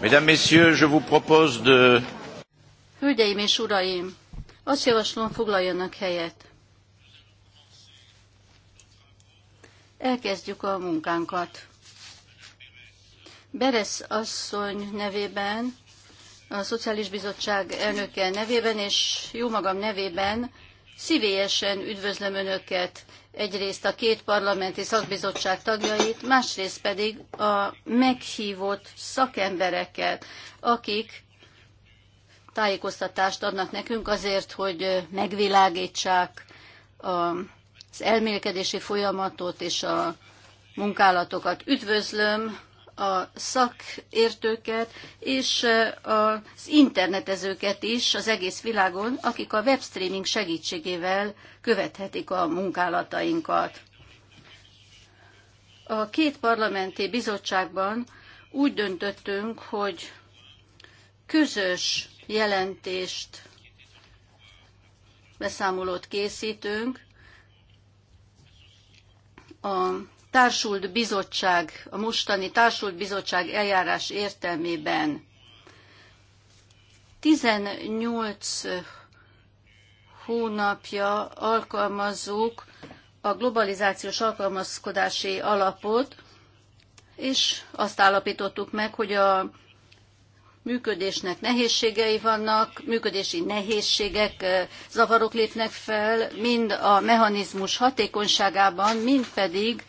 Mesdames, Messieurs, je vous propose de... Hölgyeim és uraim, azt javaslom, foglaljanak helyet. Elkezdjük a munkánkat. Beresz asszony nevében, a Szociális Bizottság elnöke nevében és jó magam nevében szívélyesen üdvözlöm Önöket egyrészt a két parlamenti szakbizottság tagjait, másrészt pedig a meghívott szakembereket, akik tájékoztatást adnak nekünk azért, hogy megvilágítsák az elmélkedési folyamatot és a munkálatokat. Üdvözlöm a szakértőket és az internetezőket is az egész világon, akik a webstreaming segítségével követhetik a munkálatainkat. A két parlamenti bizottságban úgy döntöttünk, hogy közös jelentést, beszámolót készítünk a társult bizottság, a mostani társult bizottság eljárás értelmében 18 hónapja alkalmazzuk a globalizációs alkalmazkodási alapot, és azt állapítottuk meg, hogy a működésnek nehézségei vannak, működési nehézségek, zavarok lépnek fel, mind a mechanizmus hatékonyságában, mind pedig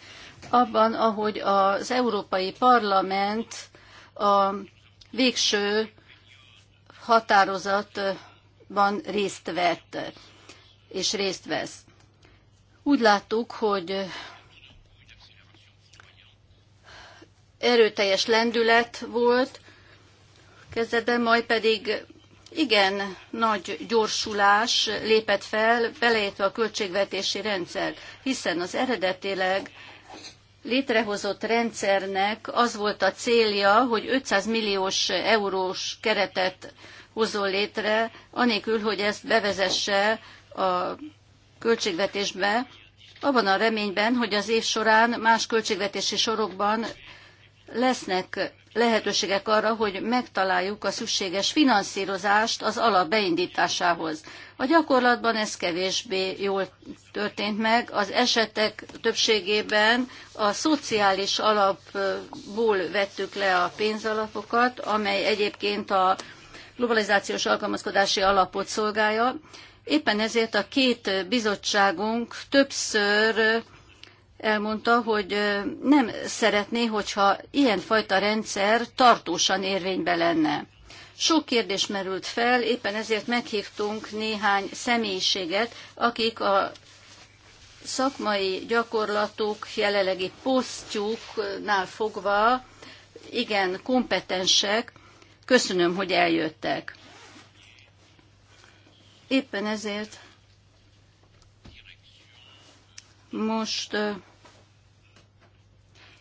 abban, ahogy az Európai Parlament a végső határozatban részt vett, és részt vesz. Úgy láttuk, hogy erőteljes lendület volt, kezdetben majd pedig igen nagy gyorsulás lépett fel, beleértve a költségvetési rendszer, hiszen az eredetileg létrehozott rendszernek az volt a célja, hogy 500 milliós eurós keretet hozzon létre, anélkül, hogy ezt bevezesse a költségvetésbe, abban a reményben, hogy az év során más költségvetési sorokban lesznek lehetőségek arra, hogy megtaláljuk a szükséges finanszírozást az alap beindításához. A gyakorlatban ez kevésbé jól történt meg. Az esetek többségében a szociális alapból vettük le a pénzalapokat, amely egyébként a globalizációs alkalmazkodási alapot szolgálja. Éppen ezért a két bizottságunk többször elmondta, hogy nem szeretné, hogyha ilyenfajta rendszer tartósan érvényben lenne. Sok kérdés merült fel, éppen ezért meghívtunk néhány személyiséget, akik a szakmai gyakorlatuk, jelenlegi posztjuknál fogva igen kompetensek. Köszönöm, hogy eljöttek. Éppen ezért most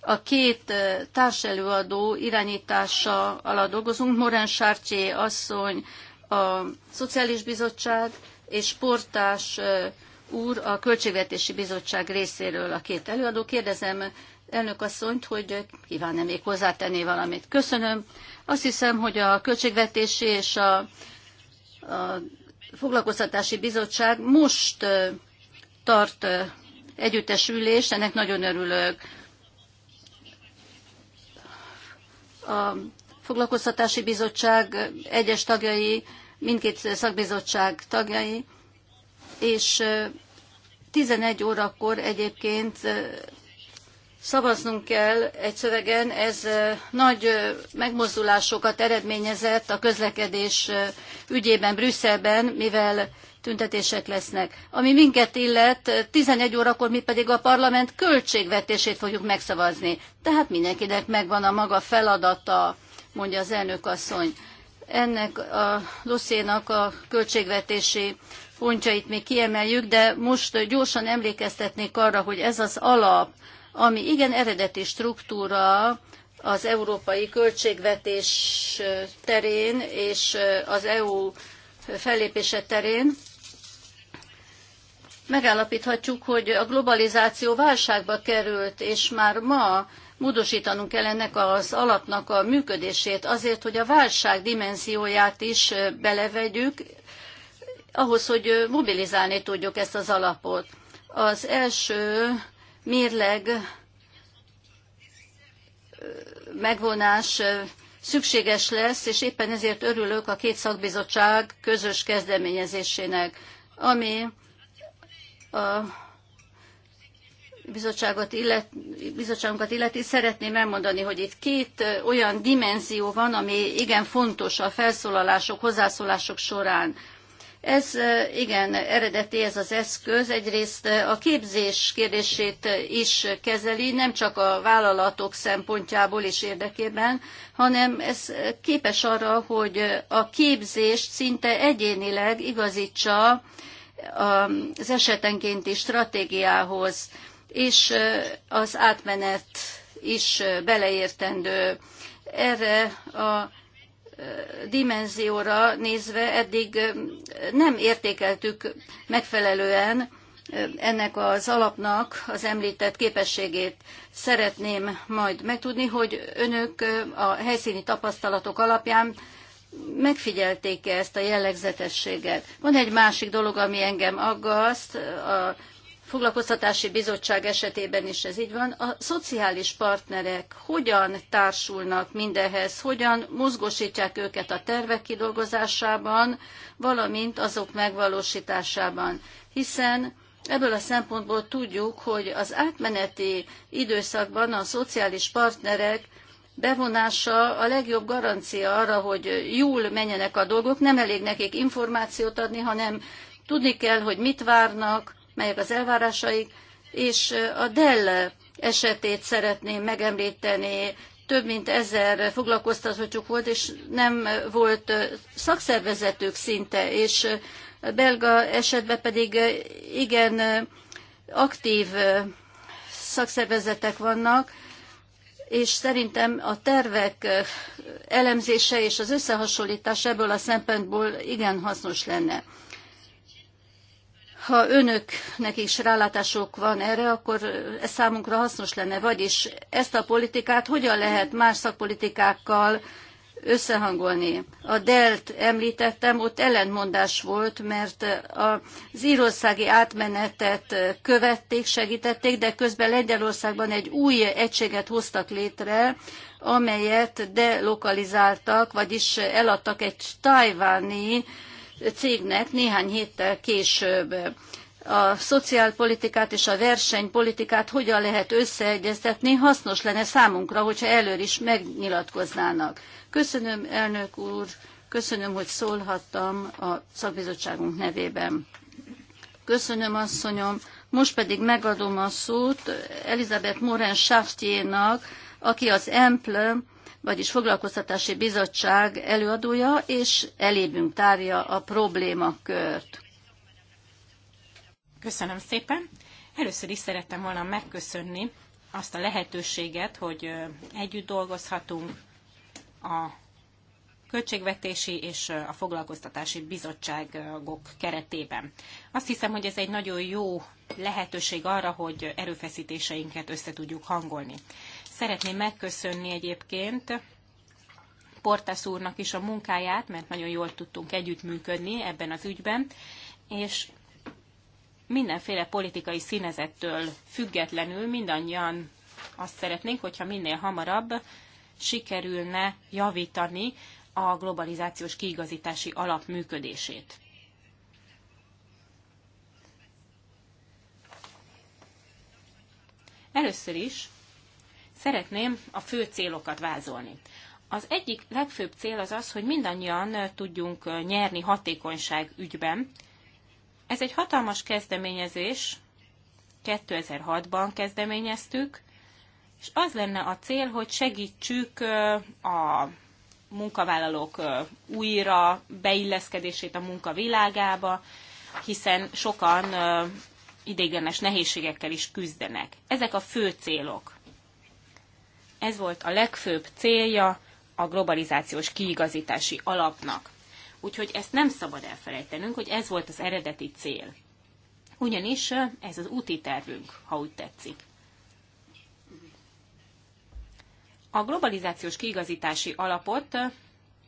a két társelőadó irányítása alatt dolgozunk. Morán Sártyé asszony, a Szociális Bizottság és Portás úr a Költségvetési Bizottság részéről a két előadó. Kérdezem elnök asszonyt, hogy kíván-e még hozzátenni valamit. Köszönöm. Azt hiszem, hogy a Költségvetési és a, a Foglalkoztatási Bizottság most tart együttes ülést, ennek nagyon örülök. A Foglalkoztatási Bizottság egyes tagjai, mindkét szakbizottság tagjai, és 11 órakor egyébként szavaznunk kell egy szövegen, ez nagy megmozdulásokat eredményezett a közlekedés ügyében Brüsszelben, mivel tüntetések lesznek. Ami minket illet, 11 órakor mi pedig a parlament költségvetését fogjuk megszavazni. Tehát mindenkinek megvan a maga feladata, mondja az elnök asszony. Ennek a dosszénak a költségvetési pontjait még kiemeljük, de most gyorsan emlékeztetnék arra, hogy ez az alap, ami igen eredeti struktúra, az európai költségvetés terén és az EU fellépése terén megállapíthatjuk, hogy a globalizáció válságba került, és már ma módosítanunk kell ennek az alapnak a működését azért, hogy a válság dimenzióját is belevegyük, ahhoz, hogy mobilizálni tudjuk ezt az alapot. Az első mérleg megvonás szükséges lesz, és éppen ezért örülök a két szakbizottság közös kezdeményezésének, ami a bizottságot illet, bizottságunkat illeti, szeretném elmondani, hogy itt két olyan dimenzió van, ami igen fontos a felszólalások, hozzászólások során. Ez igen eredeti ez az eszköz. Egyrészt a képzés kérdését is kezeli, nem csak a vállalatok szempontjából és érdekében, hanem ez képes arra, hogy a képzést szinte egyénileg igazítsa az esetenkénti stratégiához, és az átmenet is beleértendő. Erre a dimenzióra nézve eddig nem értékeltük megfelelően ennek az alapnak az említett képességét. Szeretném majd megtudni, hogy önök a helyszíni tapasztalatok alapján megfigyelték -e ezt a jellegzetességet. Van egy másik dolog, ami engem aggaszt, a foglalkoztatási bizottság esetében is ez így van. A szociális partnerek hogyan társulnak mindehhez, hogyan mozgósítják őket a tervek kidolgozásában, valamint azok megvalósításában. Hiszen Ebből a szempontból tudjuk, hogy az átmeneti időszakban a szociális partnerek bevonása a legjobb garancia arra, hogy jól menjenek a dolgok. Nem elég nekik információt adni, hanem tudni kell, hogy mit várnak, melyek az elvárásaik, és a Dell esetét szeretném megemlíteni. Több mint ezer foglalkoztatottjuk volt, és nem volt szakszervezetük szinte, és a belga esetben pedig igen aktív szakszervezetek vannak, és szerintem a tervek elemzése és az összehasonlítás ebből a szempontból igen hasznos lenne. Ha önöknek is rálátások van erre, akkor ez számunkra hasznos lenne. Vagyis ezt a politikát hogyan lehet más szakpolitikákkal összehangolni. A DELT említettem, ott ellentmondás volt, mert az írországi átmenetet követték, segítették, de közben Lengyelországban egy új egységet hoztak létre, amelyet delokalizáltak, vagyis eladtak egy tajváni cégnek néhány héttel később a szociálpolitikát és a versenypolitikát hogyan lehet összeegyeztetni, hasznos lenne számunkra, hogyha előre is megnyilatkoznának. Köszönöm, elnök úr, köszönöm, hogy szólhattam a szakbizottságunk nevében. Köszönöm, asszonyom. Most pedig megadom a szót Elizabeth Moren Sáftjénak, aki az EMPLE, vagyis Foglalkoztatási Bizottság előadója, és elébünk tárja a problémakört. Köszönöm szépen. Először is szerettem volna megköszönni azt a lehetőséget, hogy együtt dolgozhatunk, a Költségvetési és a Foglalkoztatási Bizottságok keretében. Azt hiszem, hogy ez egy nagyon jó lehetőség arra, hogy erőfeszítéseinket össze tudjuk hangolni. Szeretném megköszönni egyébként Portas úrnak is a munkáját, mert nagyon jól tudtunk együttműködni ebben az ügyben, és mindenféle politikai színezettől függetlenül mindannyian azt szeretnénk, hogyha minél hamarabb sikerülne javítani a globalizációs kiigazítási alap működését. Először is szeretném a fő célokat vázolni. Az egyik legfőbb cél az az, hogy mindannyian tudjunk nyerni hatékonyság ügyben. Ez egy hatalmas kezdeményezés, 2006-ban kezdeményeztük, és az lenne a cél, hogy segítsük a munkavállalók újra beilleszkedését a munkavilágába, hiszen sokan idéglenes nehézségekkel is küzdenek. Ezek a fő célok. Ez volt a legfőbb célja a globalizációs kiigazítási alapnak. Úgyhogy ezt nem szabad elfelejtenünk, hogy ez volt az eredeti cél. Ugyanis ez az úti tervünk, ha úgy tetszik. a globalizációs kiigazítási alapot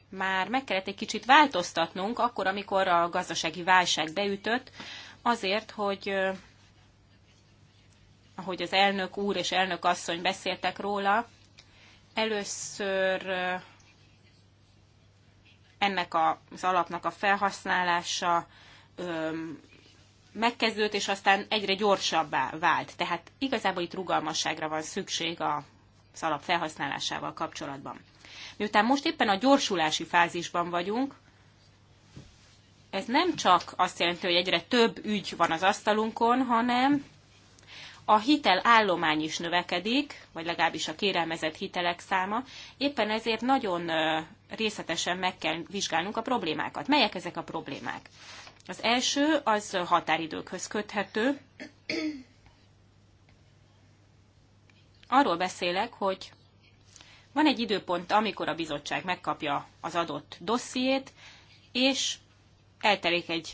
már meg kellett egy kicsit változtatnunk, akkor, amikor a gazdasági válság beütött, azért, hogy ahogy az elnök úr és elnök asszony beszéltek róla, először ennek az alapnak a felhasználása megkezdődött, és aztán egyre gyorsabbá vált. Tehát igazából itt rugalmasságra van szükség a alap felhasználásával kapcsolatban. Miután most éppen a gyorsulási fázisban vagyunk, ez nem csak azt jelenti, hogy egyre több ügy van az asztalunkon, hanem a hitel állomány is növekedik, vagy legalábbis a kérelmezett hitelek száma. Éppen ezért nagyon részletesen meg kell vizsgálnunk a problémákat. Melyek ezek a problémák? Az első az határidőkhöz köthető. Arról beszélek, hogy van egy időpont, amikor a bizottság megkapja az adott dossziét, és eltelik egy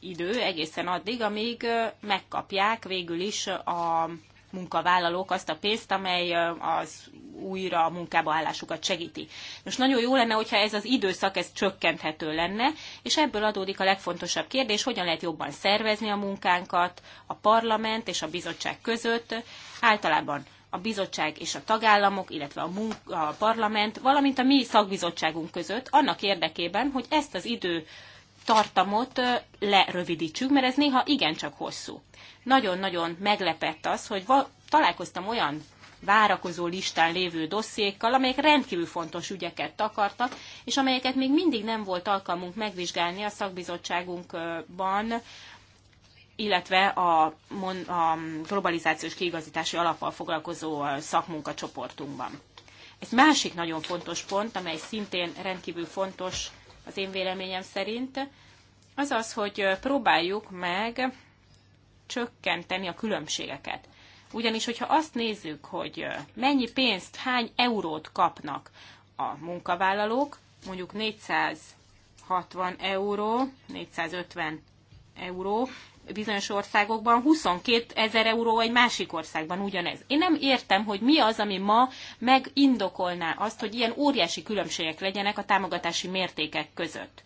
idő egészen addig, amíg megkapják végül is a munkavállalók azt a pénzt, amely az újra a munkába állásukat segíti. Most nagyon jó lenne, hogyha ez az időszak ez csökkenthető lenne, és ebből adódik a legfontosabb kérdés, hogyan lehet jobban szervezni a munkánkat a parlament és a bizottság között. Általában a bizottság és a tagállamok, illetve a, a parlament, valamint a mi szakbizottságunk között, annak érdekében, hogy ezt az idő tartamot lerövidítsük, mert ez néha igencsak hosszú. Nagyon-nagyon meglepett az, hogy találkoztam olyan várakozó listán lévő dossziékkal, amelyek rendkívül fontos ügyeket takartak, és amelyeket még mindig nem volt alkalmunk megvizsgálni a szakbizottságunkban illetve a, a globalizációs kiigazítási alappal foglalkozó szakmunkacsoportunkban. Egy másik nagyon fontos pont, amely szintén rendkívül fontos az én véleményem szerint, az az, hogy próbáljuk meg csökkenteni a különbségeket. Ugyanis, hogyha azt nézzük, hogy mennyi pénzt, hány eurót kapnak a munkavállalók, mondjuk 460 euró, 450 euró bizonyos országokban 22 ezer euró egy másik országban ugyanez. Én nem értem, hogy mi az, ami ma megindokolná azt, hogy ilyen óriási különbségek legyenek a támogatási mértékek között.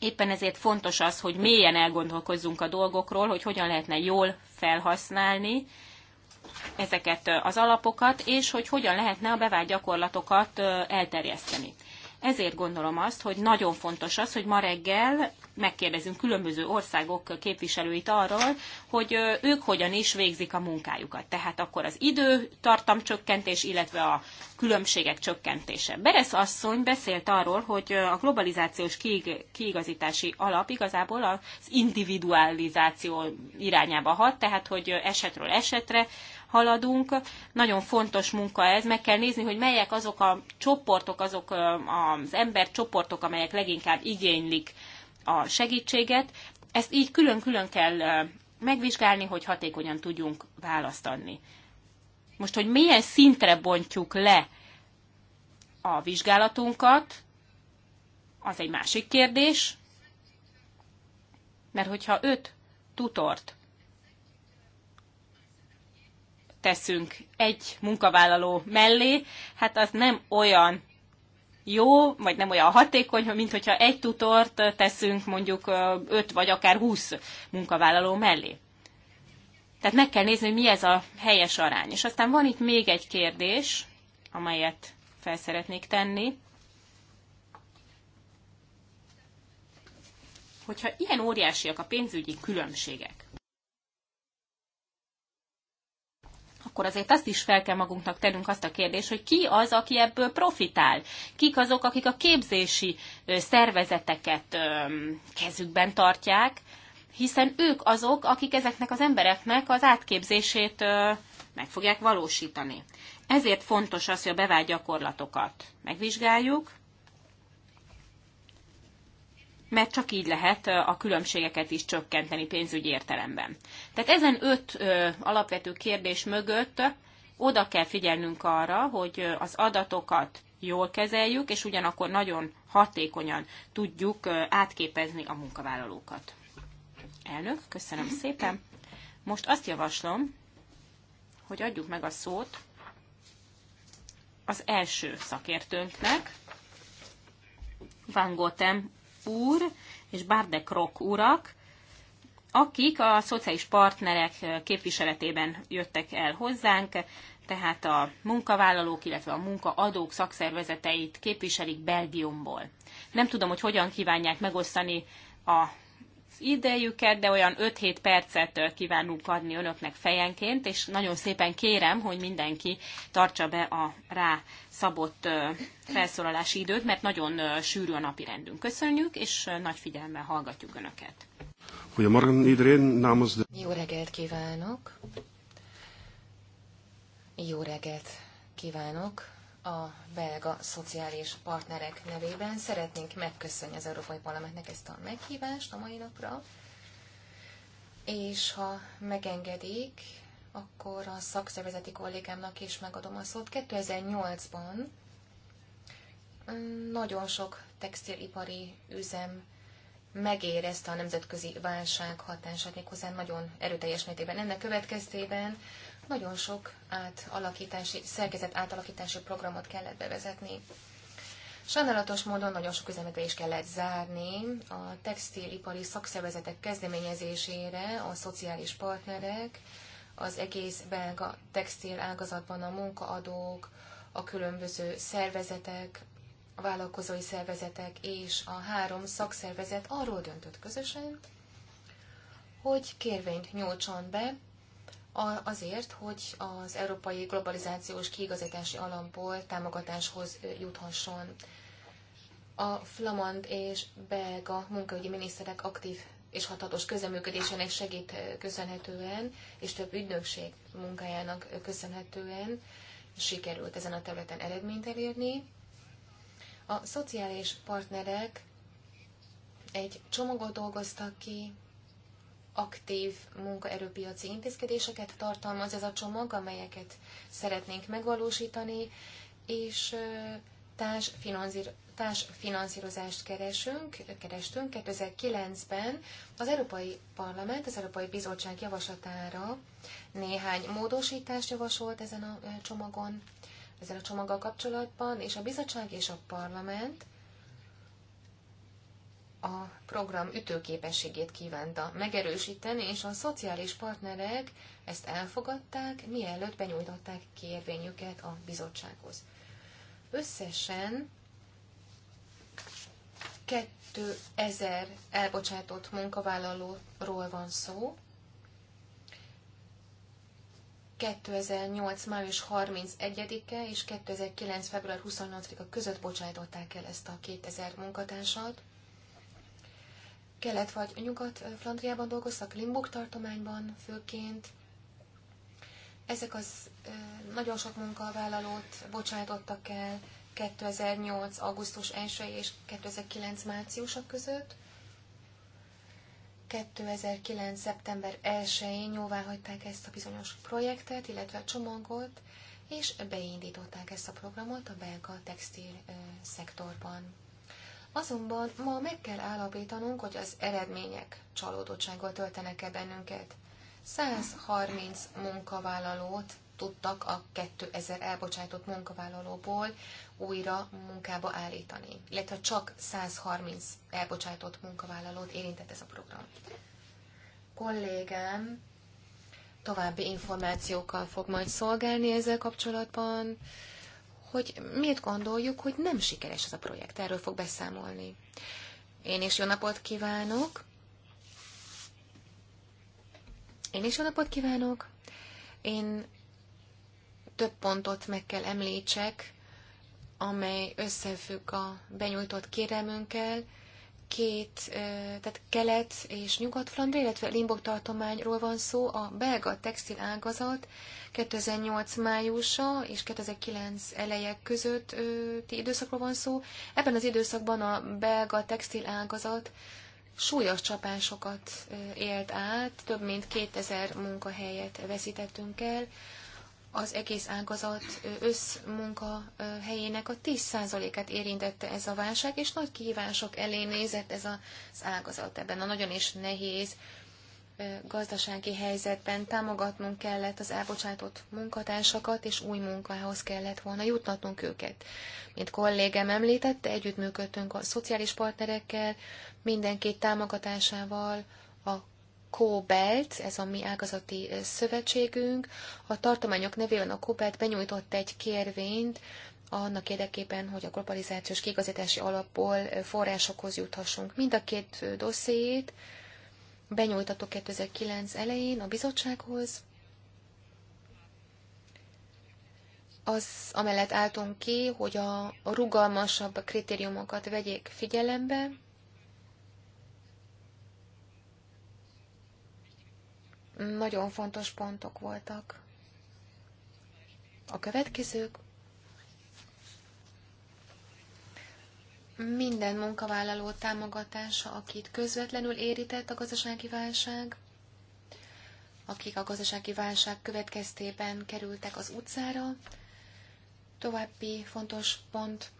Éppen ezért fontos az, hogy mélyen elgondolkozzunk a dolgokról, hogy hogyan lehetne jól felhasználni ezeket az alapokat, és hogy hogyan lehetne a bevált gyakorlatokat elterjeszteni. Ezért gondolom azt, hogy nagyon fontos az, hogy ma reggel megkérdezünk különböző országok képviselőit arról, hogy ők hogyan is végzik a munkájukat. Tehát akkor az időtartam csökkentés, illetve a különbségek csökkentése. Beresz asszony beszélt arról, hogy a globalizációs kiigazítási alap igazából az individualizáció irányába hat, tehát hogy esetről esetre haladunk. Nagyon fontos munka ez. Meg kell nézni, hogy melyek azok a csoportok, azok az ember csoportok, amelyek leginkább igénylik a segítséget. Ezt így külön-külön kell megvizsgálni, hogy hatékonyan tudjunk választani. Most, hogy milyen szintre bontjuk le a vizsgálatunkat, az egy másik kérdés, mert hogyha öt tutort teszünk egy munkavállaló mellé, hát az nem olyan jó, vagy nem olyan hatékony, mint hogyha egy tutort teszünk mondjuk 5 vagy akár 20 munkavállaló mellé. Tehát meg kell nézni, hogy mi ez a helyes arány. És aztán van itt még egy kérdés, amelyet fel szeretnék tenni. Hogyha ilyen óriásiak a pénzügyi különbségek, akkor azért azt is fel kell magunknak tennünk azt a kérdést, hogy ki az, aki ebből profitál? Kik azok, akik a képzési szervezeteket kezükben tartják, hiszen ők azok, akik ezeknek az embereknek az átképzését meg fogják valósítani. Ezért fontos az, hogy a bevált gyakorlatokat megvizsgáljuk, mert csak így lehet a különbségeket is csökkenteni pénzügyi értelemben. Tehát ezen öt alapvető kérdés mögött oda kell figyelnünk arra, hogy az adatokat jól kezeljük, és ugyanakkor nagyon hatékonyan tudjuk átképezni a munkavállalókat. Elnök, köszönöm szépen. Most azt javaslom, hogy adjuk meg a szót az első szakértőnknek, Van Gotem úr és Bardek Rock urak, akik a szociális partnerek képviseletében jöttek el hozzánk, tehát a munkavállalók, illetve a munkaadók szakszervezeteit képviselik Belgiumból. Nem tudom, hogy hogyan kívánják megosztani a idejüket, de olyan 5-7 percet kívánunk adni önöknek fejenként, és nagyon szépen kérem, hogy mindenki tartsa be a rá szabott felszólalási időt, mert nagyon sűrű a napi rendünk. Köszönjük, és nagy figyelemmel hallgatjuk Önöket. Hogy a namens de... Jó reggelt kívánok! Jó reggelt kívánok! a belga szociális partnerek nevében szeretnénk megköszönni az Európai Parlamentnek ezt a meghívást a mai napra, és ha megengedik, akkor a szakszervezeti kollégámnak is megadom a szót. 2008-ban mm, nagyon sok textilipari üzem megérezte a nemzetközi válság hatását méghozzá nagyon erőteljes mértékben. Ennek következtében nagyon sok átalakítási, szerkezet átalakítási programot kellett bevezetni. Sajnálatos módon nagyon sok üzemet be is kellett zárni. A textilipari szakszervezetek kezdeményezésére a szociális partnerek az egész belga textil ágazatban a munkaadók, a különböző szervezetek, a vállalkozói szervezetek és a három szakszervezet arról döntött közösen, hogy kérvényt nyújtson be azért, hogy az európai globalizációs kiigazítási alapból támogatáshoz juthasson. A flamand és belga munkaügyi miniszterek aktív és hatatos közeműködésének segít köszönhetően, és több ügynökség munkájának köszönhetően sikerült ezen a területen eredményt elérni. A szociális partnerek egy csomagot dolgoztak ki, aktív munkaerőpiaci intézkedéseket tartalmaz ez a csomag, amelyeket szeretnénk megvalósítani, és társ társfinanszírozást keresünk, kerestünk 2009-ben az Európai Parlament, az Európai Bizottság javaslatára néhány módosítást javasolt ezen a csomagon, ezzel a csomaggal kapcsolatban, és a bizottság és a parlament a program ütőképességét kívánta megerősíteni, és a szociális partnerek ezt elfogadták, mielőtt benyújtották kérvényüket a bizottsághoz. Összesen 2000 elbocsátott munkavállalóról van szó. 2008. május 31-e és 2009. február 28-a között bocsájtották el ezt a 2000 munkatársat. Kelet vagy Nyugat-Flandriában dolgoztak, Limburg tartományban főként. Ezek az nagyon sok munkavállalót bocsájtottak el, 2008. augusztus 1 és 2009. márciusa között, 2009. szeptember 1-én jóvá hagyták ezt a bizonyos projektet, illetve a csomagot, és beindították ezt a programot a belga textil szektorban. Azonban ma meg kell állapítanunk, hogy az eredmények csalódottsággal töltenek-e bennünket. 130 munkavállalót tudtak a 2000 elbocsátott munkavállalóból újra munkába állítani, illetve csak 130 elbocsátott munkavállalót érintett ez a program. Kollégám további információkkal fog majd szolgálni ezzel kapcsolatban, hogy miért gondoljuk, hogy nem sikeres ez a projekt. Erről fog beszámolni. Én is jó napot kívánok! Én is jó napot kívánok! Én több pontot meg kell említsek, amely összefügg a benyújtott kérelmünkkel. Két, tehát kelet és nyugat-flandria, illetve Limbok tartományról van szó. A belga textil ágazat 2008 májusa és 2009 elejek közötti időszakról van szó. Ebben az időszakban a belga textil ágazat súlyos csapásokat élt át, több mint 2000 munkahelyet veszítettünk el az egész ágazat összmunka helyének a 10%-át érintette ez a válság, és nagy kihívások elé nézett ez az ágazat ebben a nagyon is nehéz gazdasági helyzetben támogatnunk kellett az elbocsátott munkatársakat, és új munkához kellett volna jutnatnunk őket. Mint kollégám említette, együttműködtünk a szociális partnerekkel, mindenki támogatásával, a Kóbelt, ez a mi ágazati szövetségünk, a tartományok nevében a Kóbelt benyújtott egy kérvényt, annak érdekében, hogy a globalizációs kigazítási alapból forrásokhoz juthassunk. Mind a két dossziét benyújtatok 2009 elején a bizottsághoz. Az amellett álltunk ki, hogy a rugalmasabb kritériumokat vegyék figyelembe, Nagyon fontos pontok voltak. A következők. Minden munkavállaló támogatása, akit közvetlenül érített a gazdasági válság, akik a gazdasági válság következtében kerültek az utcára. További fontos pont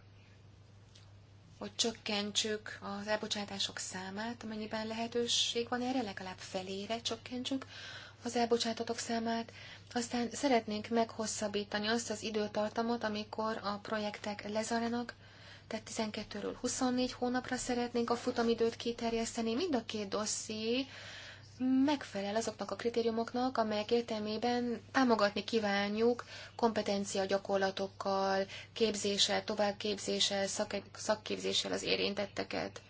hogy csökkentsük az elbocsátások számát, amennyiben lehetőség van erre, legalább felére csökkentsük az elbocsátatok számát. Aztán szeretnénk meghosszabbítani azt az időtartamot, amikor a projektek lezárnak, tehát 12-ről 24 hónapra szeretnénk a futamidőt kiterjeszteni. Mind a két dosszié megfelel azoknak a kritériumoknak, amelyek értelmében támogatni kívánjuk kompetencia gyakorlatokkal, képzéssel, továbbképzéssel, szak, szakképzéssel az érintetteket.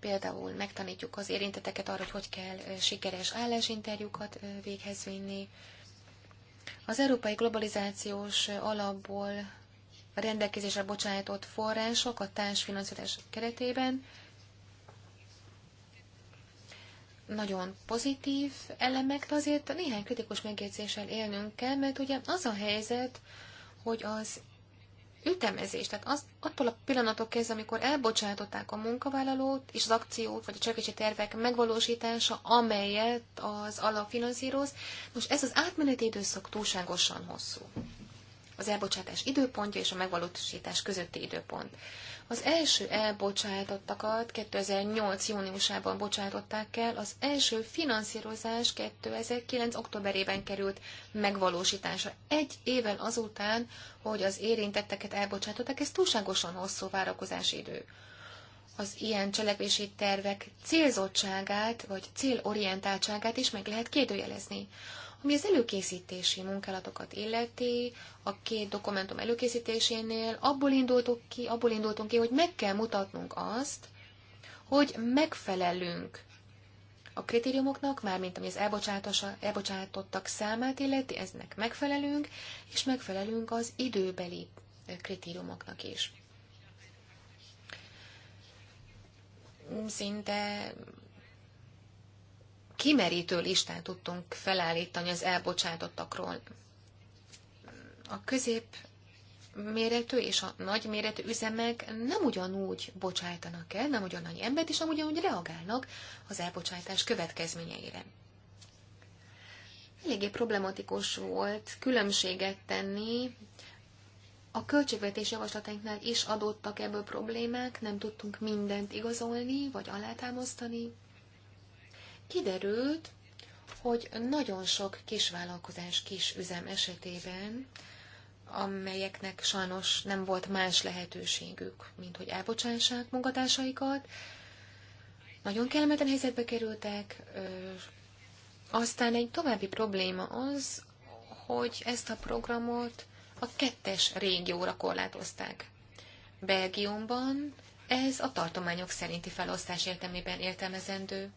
Például megtanítjuk az érintetteket arra, hogy hogy kell sikeres állásinterjúkat véghez vinni. Az európai globalizációs alapból rendelkezésre bocsájtott források a társfinanszírozás keretében nagyon pozitív elemek, de azért néhány kritikus megjegyzéssel élnünk kell, mert ugye az a helyzet, hogy az ütemezés, tehát az, attól a pillanatok kezdve, amikor elbocsátották a munkavállalót és az akciót, vagy a csökkési tervek megvalósítása, amelyet az alapfinanszíroz, finanszíroz. Most ez az átmeneti időszak túlságosan hosszú. Az elbocsátás időpontja és a megvalósítás közötti időpont. Az első elbocsátottakat 2008. júniusában bocsátották el, az első finanszírozás 2009. októberében került megvalósítása. Egy évvel azután, hogy az érintetteket elbocsátották, ez túlságosan hosszú várakozási idő. Az ilyen cselekvési tervek célzottságát vagy célorientáltságát is meg lehet kérdőjelezni. Ami az előkészítési munkálatokat illeti, a két dokumentum előkészítésénél abból indultunk ki, abból indultunk ki, hogy meg kell mutatnunk azt, hogy megfelelünk a kritériumoknak, mármint ami az elbocsátottak számát illeti, eznek megfelelünk, és megfelelünk az időbeli kritériumoknak is. Szinte kimerítő listát tudtunk felállítani az elbocsátottakról. A közép méretű és a nagy méretű üzemek nem ugyanúgy bocsájtanak el, nem ugyanannyi embert, és nem ugyanúgy reagálnak az elbocsátás következményeire. Eléggé problematikus volt különbséget tenni, a költségvetés javaslatainknál is adottak ebből problémák, nem tudtunk mindent igazolni vagy alátámasztani kiderült, hogy nagyon sok kisvállalkozás, kisüzem esetében, amelyeknek sajnos nem volt más lehetőségük, mint hogy elbocsássák munkatársaikat, nagyon kellemetlen helyzetbe kerültek. Aztán egy további probléma az, hogy ezt a programot a kettes régióra korlátozták. Belgiumban ez a tartományok szerinti felosztás értelmében értelmezendő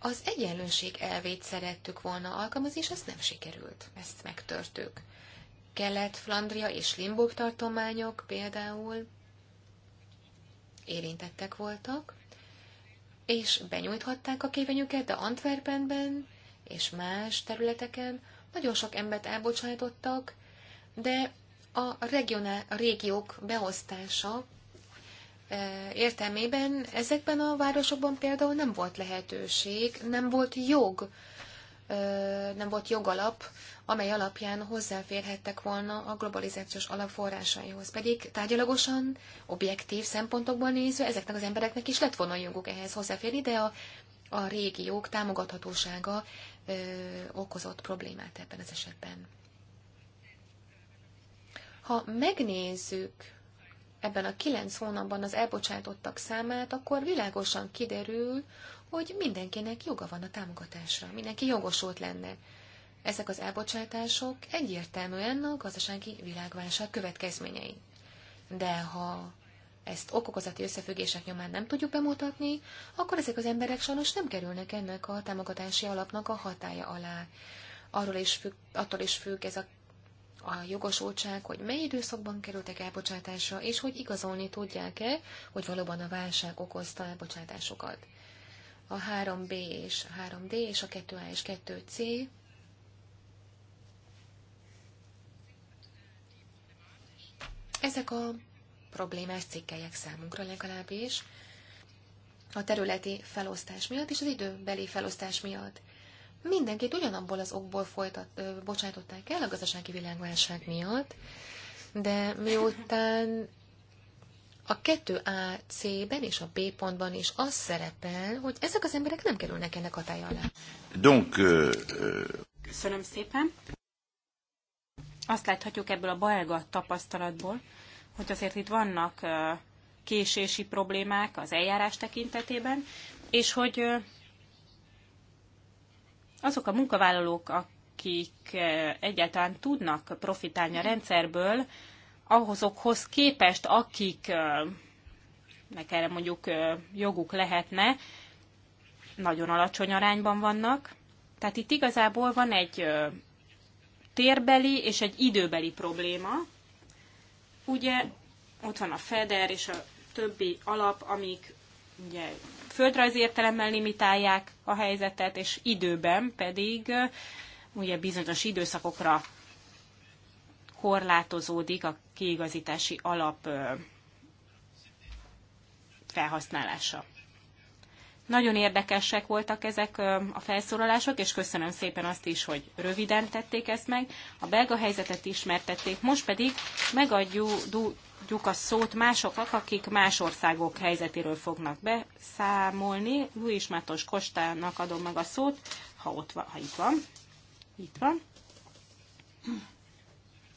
az egyenlőség elvét szerettük volna alkalmazni, és ez nem sikerült. Ezt megtörtük. Kelet-Flandria és Limburg tartományok például érintettek voltak, és benyújthatták a kévenyüket, de Antwerpenben és más területeken nagyon sok embert elbocsátottak, de a, regionál, a régiók beosztása értelmében ezekben a városokban például nem volt lehetőség, nem volt jog, nem volt jogalap, amely alapján hozzáférhettek volna a globalizációs alapforrásaihoz. Pedig tárgyalagosan, objektív szempontokból nézve ezeknek az embereknek is lett volna joguk ehhez hozzáférni, de a, a régiók támogathatósága ö, okozott problémát ebben az esetben. Ha megnézzük ebben a kilenc hónapban az elbocsátottak számát, akkor világosan kiderül, hogy mindenkinek joga van a támogatásra, mindenki jogosult lenne. Ezek az elbocsátások egyértelműen a gazdasági világválság következményei. De ha ezt okokozati összefüggések nyomán nem tudjuk bemutatni, akkor ezek az emberek sajnos nem kerülnek ennek a támogatási alapnak a hatája alá. Arról is függ, attól is függ ez a a jogosultság, hogy mely időszakban kerültek elbocsátásra, és hogy igazolni tudják-e, hogy valóban a válság okozta elbocsátásokat. A 3B és a 3D és a 2A és 2C Ezek a problémás cikkelyek számunkra legalábbis a területi felosztás miatt és az időbeli felosztás miatt mindenkit ugyanabból az okból folytat, ö, bocsájtották el a gazdasági világválság miatt, de miután a 2A C-ben és a B pontban is az szerepel, hogy ezek az emberek nem kerülnek ennek hatája alá. Donc, euh... euh Köszönöm szépen. Azt láthatjuk ebből a belga tapasztalatból, hogy azért itt vannak késési problémák az eljárás tekintetében, és hogy azok a munkavállalók, akik eh, egyáltalán tudnak profitálni a rendszerből, ahhozokhoz képest, akiknek eh, erre mondjuk eh, joguk lehetne, nagyon alacsony arányban vannak. Tehát itt igazából van egy térbeli és egy időbeli probléma. Ugye ott van a FEDER és a többi alap, amik ugye földrajzi értelemmel limitálják a helyzetet, és időben pedig ugye bizonyos időszakokra korlátozódik a kiigazítási alap felhasználása. Nagyon érdekesek voltak ezek a felszólalások, és köszönöm szépen azt is, hogy röviden tették ezt meg. A belga helyzetet ismertették, most pedig megadjuk átadjuk a szót másoknak, akik más országok helyzetéről fognak beszámolni. Luis Mátos Kostának adom meg a szót, ha, ott van, ha itt van. Itt van.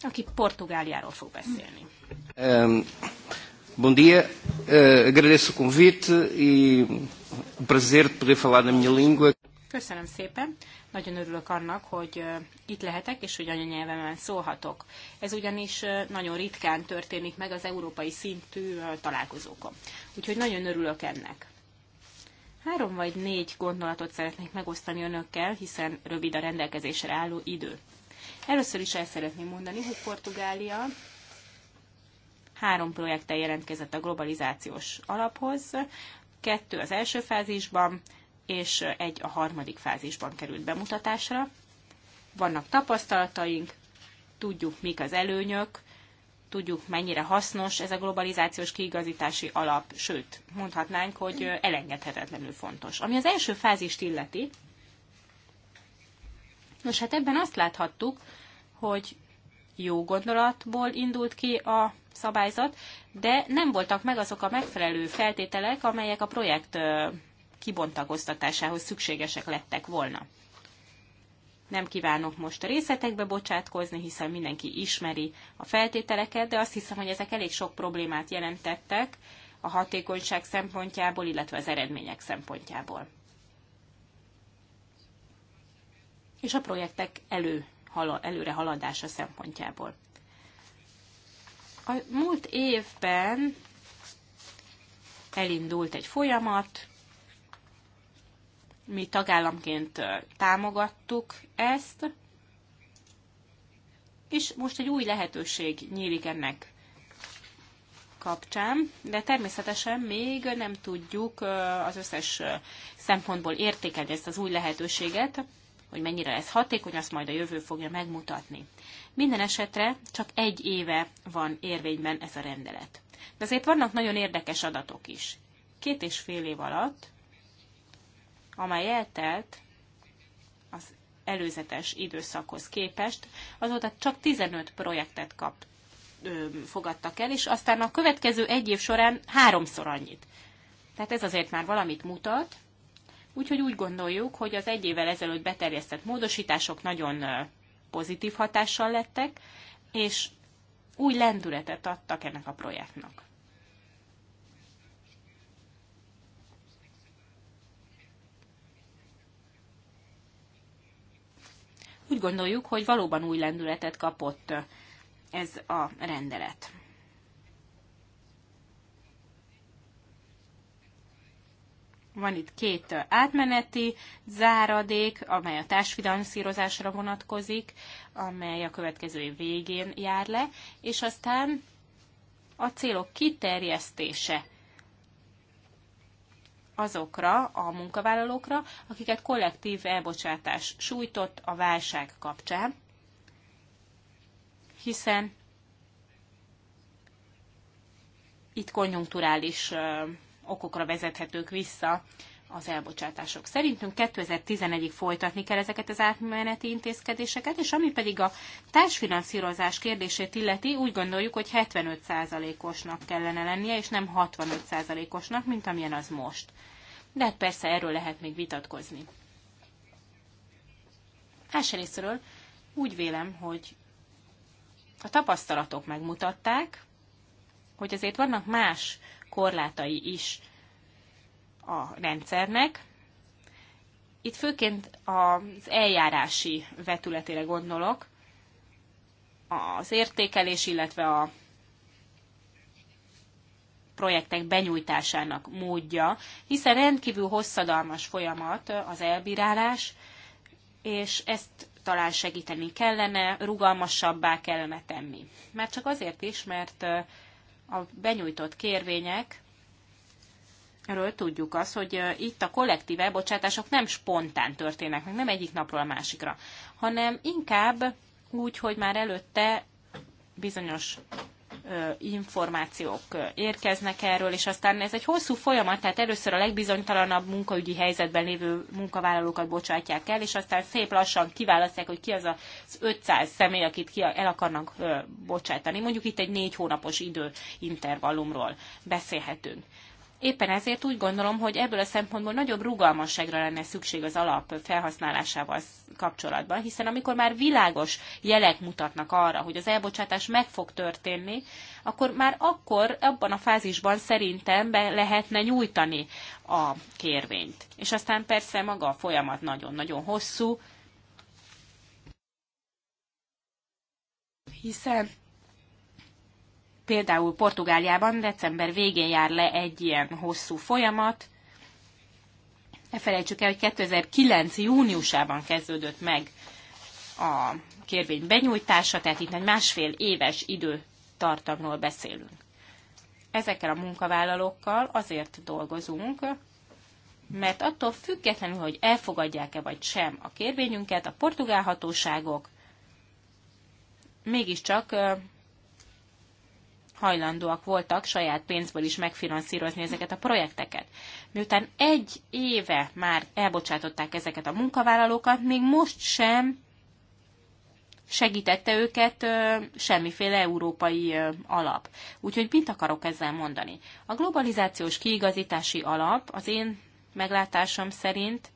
Aki Portugáliáról fog beszélni. Um, bom dia, uh, agradeço o convite e o prazer de poder falar na minha língua. Köszönöm szépen. Nagyon örülök annak, hogy itt lehetek, és hogy anyanyelvemen szólhatok. Ez ugyanis nagyon ritkán történik meg az európai szintű találkozókon. Úgyhogy nagyon örülök ennek. Három vagy négy gondolatot szeretnék megosztani önökkel, hiszen rövid a rendelkezésre álló idő. Először is el szeretném mondani, hogy Portugália három projekttel jelentkezett a globalizációs alaphoz, kettő az első fázisban, és egy a harmadik fázisban került bemutatásra. Vannak tapasztalataink, tudjuk, mik az előnyök, tudjuk, mennyire hasznos ez a globalizációs kiigazítási alap, sőt, mondhatnánk, hogy elengedhetetlenül fontos. Ami az első fázist illeti, nos hát ebben azt láthattuk, hogy jó gondolatból indult ki a szabályzat, de nem voltak meg azok a megfelelő feltételek, amelyek a projekt kibontakoztatásához szükségesek lettek volna. Nem kívánok most a részletekbe bocsátkozni, hiszen mindenki ismeri a feltételeket, de azt hiszem, hogy ezek elég sok problémát jelentettek a hatékonyság szempontjából, illetve az eredmények szempontjából. És a projektek elő, előre haladása szempontjából. A múlt évben elindult egy folyamat, mi tagállamként támogattuk ezt, és most egy új lehetőség nyílik ennek kapcsán, de természetesen még nem tudjuk az összes szempontból értékelni ezt az új lehetőséget, hogy mennyire lesz hatékony, azt majd a jövő fogja megmutatni. Minden esetre csak egy éve van érvényben ez a rendelet. De azért vannak nagyon érdekes adatok is. Két és fél év alatt amely eltelt az előzetes időszakhoz képest, azóta csak 15 projektet kap, ö, fogadtak el, és aztán a következő egy év során háromszor annyit. Tehát ez azért már valamit mutat, úgyhogy úgy gondoljuk, hogy az egy évvel ezelőtt beterjesztett módosítások nagyon pozitív hatással lettek, és új lendületet adtak ennek a projektnak. Úgy gondoljuk, hogy valóban új lendületet kapott ez a rendelet. Van itt két átmeneti záradék, amely a társfinanszírozásra vonatkozik, amely a következő év végén jár le, és aztán a célok kiterjesztése azokra a munkavállalókra, akiket kollektív elbocsátás sújtott a válság kapcsán, hiszen itt konjunkturális okokra vezethetők vissza az elbocsátások. Szerintünk 2011-ig folytatni kell ezeket az átmeneti intézkedéseket, és ami pedig a társfinanszírozás kérdését illeti, úgy gondoljuk, hogy 75%-osnak kellene lennie, és nem 65%-osnak, mint amilyen az most de hát persze erről lehet még vitatkozni. Hát részről úgy vélem, hogy a tapasztalatok megmutatták, hogy azért vannak más korlátai is a rendszernek. Itt főként az eljárási vetületére gondolok, az értékelés, illetve a projektek benyújtásának módja, hiszen rendkívül hosszadalmas folyamat az elbírálás, és ezt talán segíteni kellene, rugalmasabbá kellene tenni. Már csak azért is, mert a benyújtott kérvények Erről tudjuk azt, hogy itt a kollektív elbocsátások nem spontán történnek, meg nem egyik napról a másikra, hanem inkább úgy, hogy már előtte bizonyos információk érkeznek erről, és aztán ez egy hosszú folyamat, tehát először a legbizonytalanabb munkaügyi helyzetben lévő munkavállalókat bocsátják el, és aztán szép lassan kiválasztják, hogy ki az az 500 személy, akit ki el akarnak bocsátani. Mondjuk itt egy négy hónapos időintervallumról beszélhetünk. Éppen ezért úgy gondolom, hogy ebből a szempontból nagyobb rugalmasságra lenne szükség az alap felhasználásával kapcsolatban, hiszen amikor már világos jelek mutatnak arra, hogy az elbocsátás meg fog történni, akkor már akkor abban a fázisban szerintem be lehetne nyújtani a kérvényt. És aztán persze maga a folyamat nagyon-nagyon hosszú, hiszen Például Portugáliában december végén jár le egy ilyen hosszú folyamat. Ne felejtsük el, hogy 2009. júniusában kezdődött meg a kérvény benyújtása, tehát itt egy másfél éves időtartamról beszélünk. Ezekkel a munkavállalókkal azért dolgozunk, mert attól függetlenül, hogy elfogadják-e vagy sem a kérvényünket, a portugál hatóságok mégiscsak hajlandóak voltak saját pénzből is megfinanszírozni ezeket a projekteket. Miután egy éve már elbocsátották ezeket a munkavállalókat, még most sem segítette őket ö, semmiféle európai ö, alap. Úgyhogy mit akarok ezzel mondani? A globalizációs kiigazítási alap az én meglátásom szerint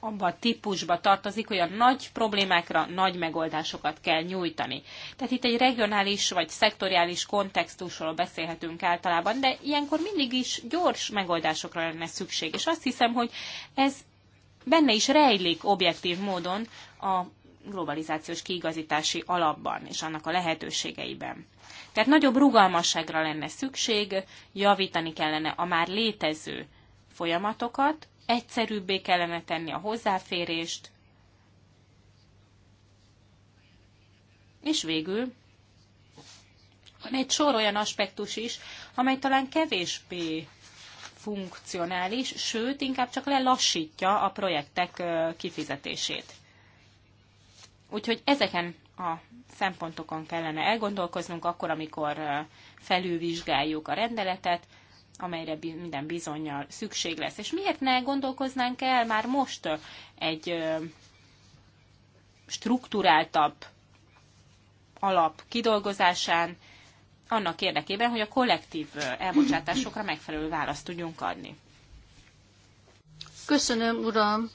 abba a típusba tartozik, hogy a nagy problémákra nagy megoldásokat kell nyújtani. Tehát itt egy regionális vagy szektoriális kontextusról beszélhetünk általában, de ilyenkor mindig is gyors megoldásokra lenne szükség. És azt hiszem, hogy ez benne is rejlik objektív módon a globalizációs kiigazítási alapban és annak a lehetőségeiben. Tehát nagyobb rugalmasságra lenne szükség, javítani kellene a már létező folyamatokat, egyszerűbbé kellene tenni a hozzáférést, és végül van egy sor olyan aspektus is, amely talán kevésbé funkcionális, sőt, inkább csak lelassítja a projektek kifizetését. Úgyhogy ezeken a szempontokon kellene elgondolkoznunk akkor, amikor felülvizsgáljuk a rendeletet, amelyre minden bizonyal szükség lesz. És miért ne gondolkoznánk el már most egy struktúráltabb alap kidolgozásán, annak érdekében, hogy a kollektív elbocsátásokra megfelelő választ tudjunk adni. Köszönöm, uram!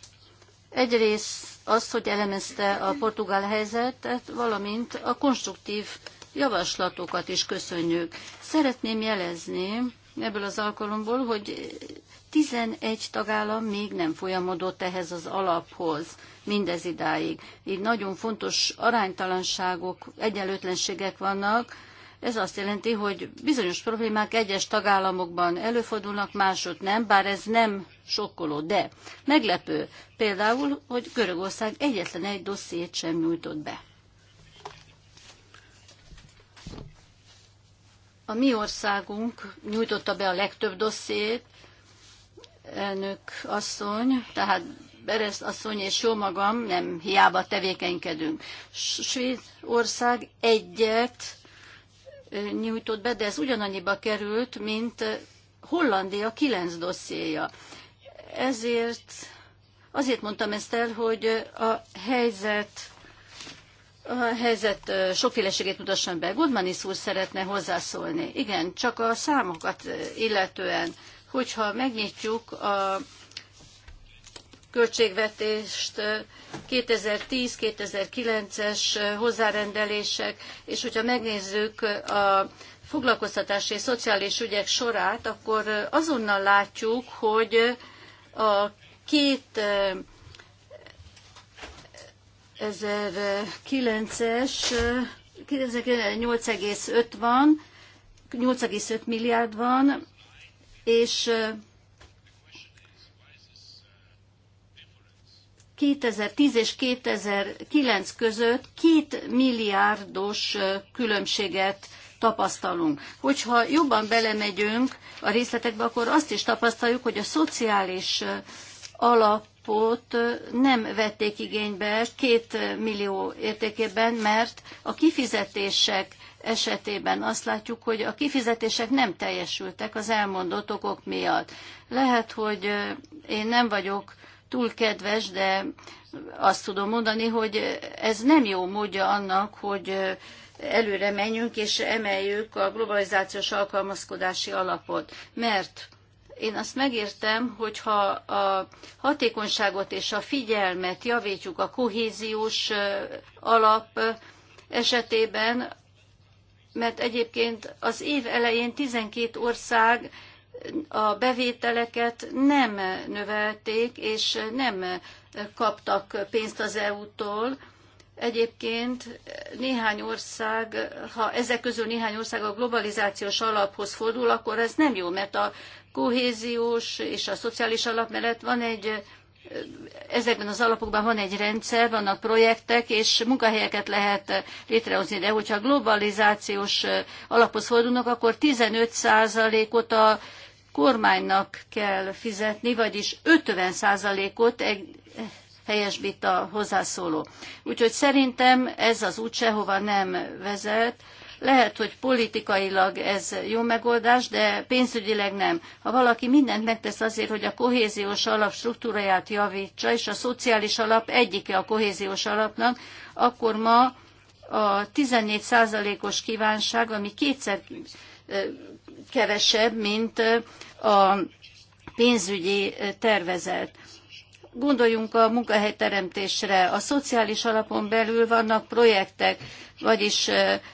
Egyrészt azt, hogy elemezte a portugál helyzetet, valamint a konstruktív javaslatokat is köszönjük. Szeretném jelezni, ebből az alkalomból, hogy 11 tagállam még nem folyamodott ehhez az alaphoz mindez idáig. Így nagyon fontos aránytalanságok, egyenlőtlenségek vannak. Ez azt jelenti, hogy bizonyos problémák egyes tagállamokban előfordulnak, másod nem, bár ez nem sokkoló, de meglepő például, hogy Görögország egyetlen egy dossziét sem nyújtott be. A mi országunk nyújtotta be a legtöbb dossziét, elnök asszony, tehát Bereszt asszony és jó magam, nem hiába tevékenykedünk. Svédország egyet nyújtott be, de ez ugyanannyiba került, mint Hollandia kilenc dossziéja. Ezért azért mondtam ezt el, hogy a helyzet a helyzet sokféleségét mutasson be. Goodmanis úr szeretne hozzászólni. Igen, csak a számokat illetően, hogyha megnyitjuk a költségvetést 2010-2009-es hozzárendelések, és hogyha megnézzük a foglalkoztatási és szociális ügyek sorát, akkor azonnal látjuk, hogy a két 2009-es 8,5 van, 8,5 milliárd van, és 2010 és 2009 között 2 milliárdos különbséget tapasztalunk. Hogyha jobban belemegyünk a részletekbe, akkor azt is tapasztaljuk, hogy a szociális alap alapot nem vették igénybe két millió értékében, mert a kifizetések esetében azt látjuk, hogy a kifizetések nem teljesültek az elmondott okok miatt. Lehet, hogy én nem vagyok túl kedves, de azt tudom mondani, hogy ez nem jó módja annak, hogy előre menjünk és emeljük a globalizációs alkalmazkodási alapot, mert én azt megértem, hogyha a hatékonyságot és a figyelmet javítjuk a kohéziós alap esetében, mert egyébként az év elején 12 ország a bevételeket nem növelték, és nem kaptak pénzt az EU-tól, Egyébként néhány ország, ha ezek közül néhány ország a globalizációs alaphoz fordul, akkor ez nem jó, mert a kohéziós és a szociális alap mellett van egy ezekben az alapokban van egy rendszer, vannak projektek, és munkahelyeket lehet létrehozni, de hogyha globalizációs alaphoz fordulnak, akkor 15%-ot a kormánynak kell fizetni, vagyis 50%-ot egy helyesbít a hozzászóló. Úgyhogy szerintem ez az út sehova nem vezet. Lehet, hogy politikailag ez jó megoldás, de pénzügyileg nem. Ha valaki mindent megtesz azért, hogy a kohéziós alap struktúráját javítsa, és a szociális alap egyike a kohéziós alapnak, akkor ma a 14 os kívánság, ami kétszer kevesebb, mint a pénzügyi tervezet. Gondoljunk a munkahelyteremtésre. A szociális alapon belül vannak projektek, vagyis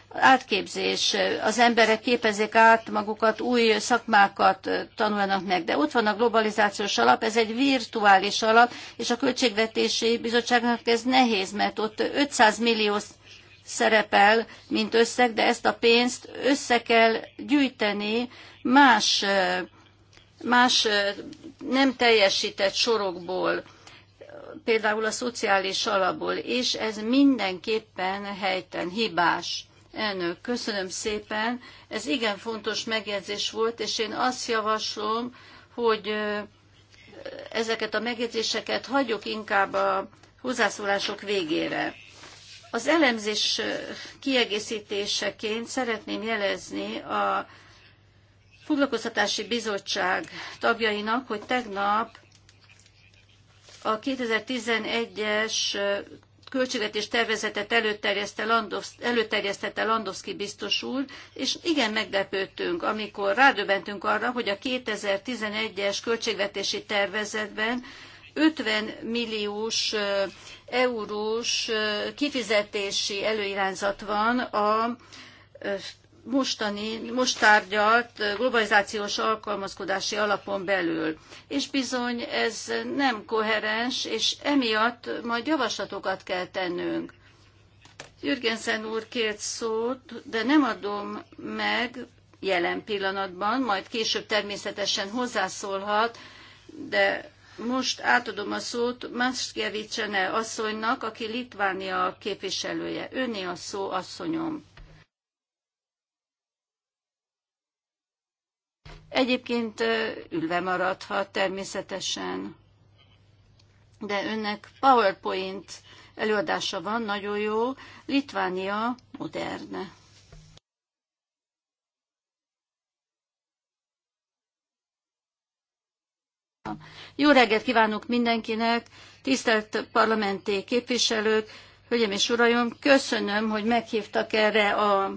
átképzés, az emberek képezik át magukat, új szakmákat tanulnak meg. De ott van a globalizációs alap, ez egy virtuális alap, és a Költségvetési Bizottságnak ez nehéz, mert ott 500 millió szerepel, mint összeg, de ezt a pénzt össze kell gyűjteni más más nem teljesített sorokból, például a szociális alapból, és ez mindenképpen helyten hibás. Elnök, köszönöm szépen. Ez igen fontos megjegyzés volt, és én azt javaslom, hogy ezeket a megjegyzéseket hagyjuk inkább a hozzászólások végére. Az elemzés kiegészítéseként szeretném jelezni a foglalkoztatási bizottság tagjainak, hogy tegnap a 2011-es költségvetés tervezetet előterjesztette Landowski, előterjesztette Landowski biztos úr, és igen meglepődtünk, amikor rádöbentünk arra, hogy a 2011-es költségvetési tervezetben 50 milliós eurós kifizetési előirányzat van a mostani, most tárgyalt globalizációs alkalmazkodási alapon belül. És bizony ez nem koherens, és emiatt majd javaslatokat kell tennünk. Jürgensen úr kért szót, de nem adom meg jelen pillanatban, majd később természetesen hozzászólhat, de most átadom a szót Maszkjevicsene asszonynak, aki Litvánia képviselője. Öné a szó, asszonyom. Egyébként ülve maradhat természetesen. De önnek PowerPoint előadása van, nagyon jó. Litvánia moderne. Jó reggelt kívánok mindenkinek, tisztelt parlamenti képviselők, hölgyeim és uraim, köszönöm, hogy meghívtak erre a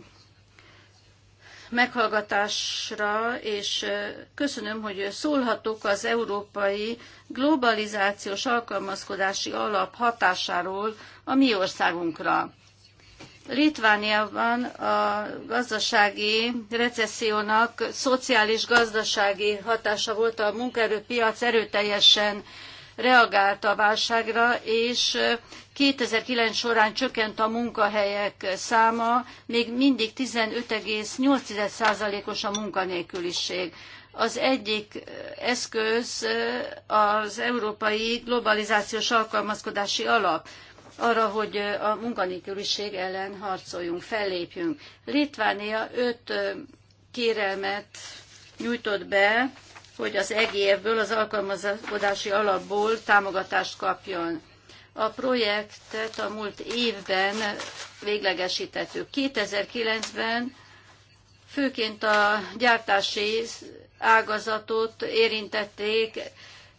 meghallgatásra, és köszönöm, hogy szólhatok az európai globalizációs alkalmazkodási alap hatásáról a mi országunkra. Litvániában a gazdasági recessziónak szociális-gazdasági hatása volt a munkaerőpiac erőteljesen reagált a válságra, és 2009 során csökkent a munkahelyek száma, még mindig 15,8%-os a munkanélküliség. Az egyik eszköz az Európai Globalizációs Alkalmazkodási Alap arra, hogy a munkanélküliség ellen harcoljunk, fellépjünk. Litvánia öt kérelmet nyújtott be hogy az EGF-ből, az alkalmazkodási alapból támogatást kapjon. A projektet a múlt évben véglegesítettük. 2009-ben főként a gyártási ágazatot érintették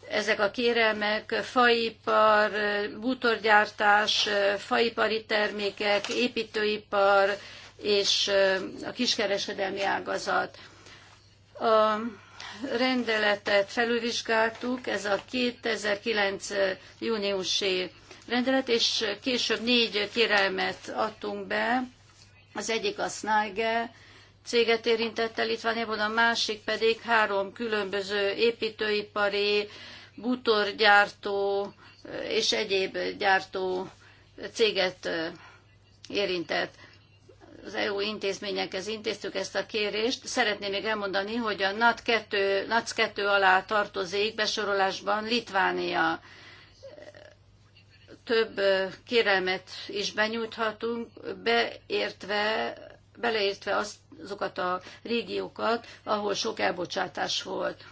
ezek a kérelmek, faipar, bútorgyártás, faipari termékek, építőipar és a kiskereskedelmi ágazat. A rendeletet felülvizsgáltuk, ez a 2009. júniusi rendelet, és később négy kérelmet adtunk be. Az egyik a Snage céget érintette Litvániában, a másik pedig három különböző építőipari, bútorgyártó és egyéb gyártó céget érintett az EU intézményekhez intéztük ezt a kérést. Szeretném még elmondani, hogy a NAT 2, NAC 2 alá tartozik besorolásban Litvánia. Több kérelmet is benyújthatunk, beértve, beleértve azokat a régiókat, ahol sok elbocsátás volt.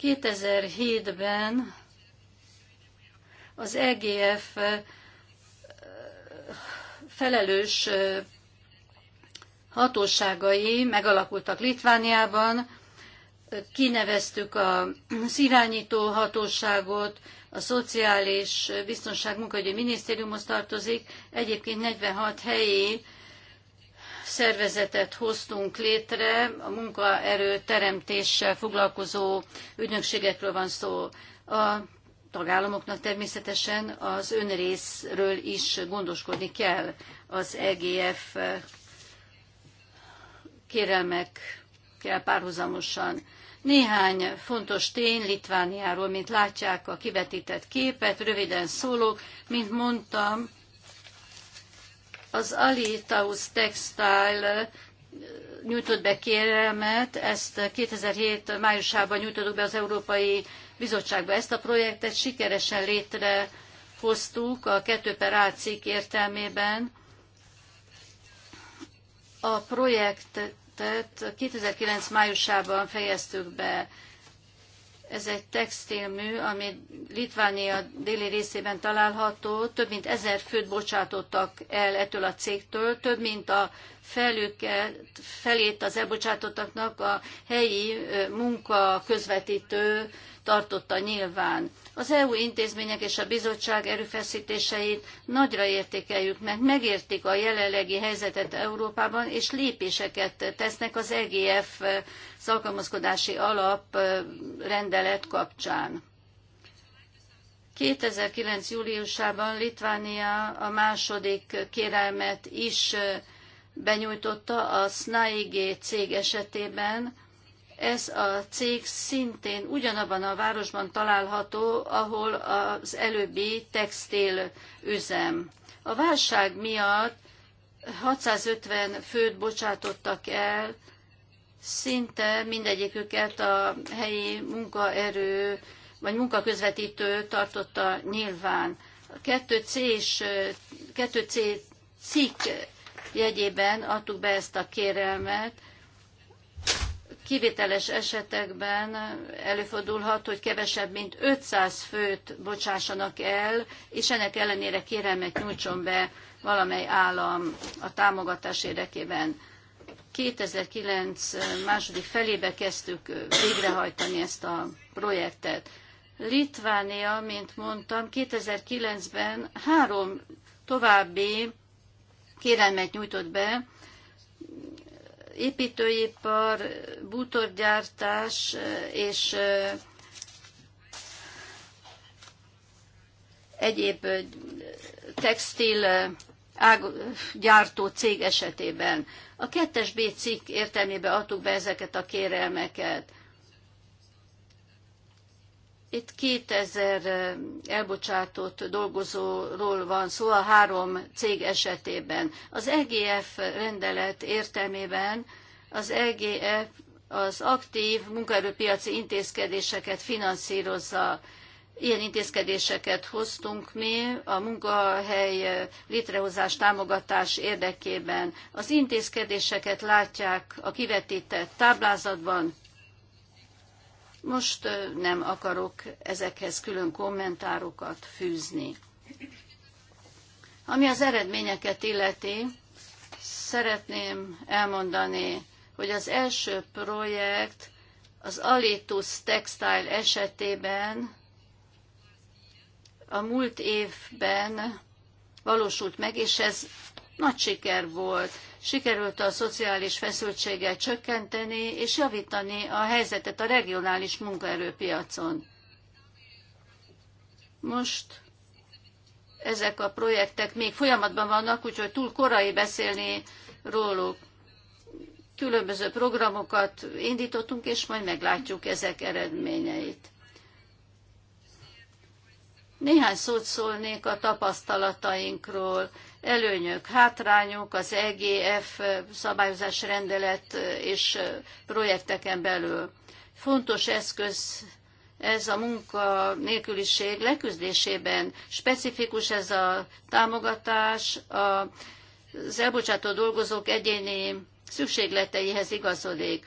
2007-ben az EGF felelős hatóságai megalakultak Litvániában, kineveztük a irányító hatóságot, a Szociális Biztonság Munkahogyi Minisztériumhoz tartozik, egyébként 46 helyi szervezetet hoztunk létre, a munkaerő teremtéssel foglalkozó ügynökségekről van szó. A tagállamoknak természetesen az önrészről is gondoskodni kell az EGF kérelmekkel párhuzamosan. Néhány fontos tény Litvániáról, mint látják a kivetített képet, röviden szólok, mint mondtam, az Alitaus Textile eh, nyújtott be kérelmet, ezt 2007. májusában nyújtottuk be az Európai Bizottságba. Ezt a projektet sikeresen létrehoztuk a 2 per értelmében. A projekt projektet 2009. májusában fejeztük be. Ez egy textilmű, ami Litvánia déli részében található. Több mint ezer főt bocsátottak el ettől a cégtől, több mint a felüket, felét az elbocsátottaknak a helyi munka közvetítő tartotta nyilván. Az EU intézmények és a bizottság erőfeszítéseit nagyra értékeljük mert megértik a jelenlegi helyzetet Európában, és lépéseket tesznek az EGF eh, szalkalmazkodási alap eh, rendelet kapcsán. 2009. júliusában Litvánia a második kérelmet is eh, benyújtotta a SNAIG cég esetében, ez a cég szintén ugyanabban a városban található, ahol az előbbi textil üzem. A válság miatt 650 főt bocsátottak el, szinte mindegyiküket a helyi munkaerő vagy munkaközvetítő tartotta nyilván. A 2C-s, 2C cikk jegyében adtuk be ezt a kérelmet, Kivételes esetekben előfordulhat, hogy kevesebb, mint 500 főt bocsássanak el, és ennek ellenére kérelmet nyújtson be valamely állam a támogatás érdekében. 2009 második felébe kezdtük végrehajtani ezt a projektet. Litvánia, mint mondtam, 2009-ben három további kérelmet nyújtott be, építőipar, bútorgyártás és egyéb textil gyártó cég esetében. A 2 B cikk értelmében adtuk be ezeket a kérelmeket. Itt 2000 elbocsátott dolgozóról van szó a három cég esetében. Az EGF rendelet értelmében az EGF az aktív munkaerőpiaci intézkedéseket finanszírozza. Ilyen intézkedéseket hoztunk mi a munkahely létrehozás támogatás érdekében. Az intézkedéseket látják a kivetített táblázatban, most nem akarok ezekhez külön kommentárokat fűzni. Ami az eredményeket illeti, szeretném elmondani, hogy az első projekt az Alitus Textile esetében a múlt évben valósult meg, és ez nagy siker volt sikerült a szociális feszültséget csökkenteni és javítani a helyzetet a regionális munkaerőpiacon. Most ezek a projektek még folyamatban vannak, úgyhogy túl korai beszélni róluk. Különböző programokat indítottunk, és majd meglátjuk ezek eredményeit. Néhány szót szólnék a tapasztalatainkról előnyök, hátrányok az EGF szabályozás rendelet és projekteken belül. Fontos eszköz ez a munka nélküliség leküzdésében. Specifikus ez a támogatás az elbocsátó dolgozók egyéni szükségleteihez igazodik.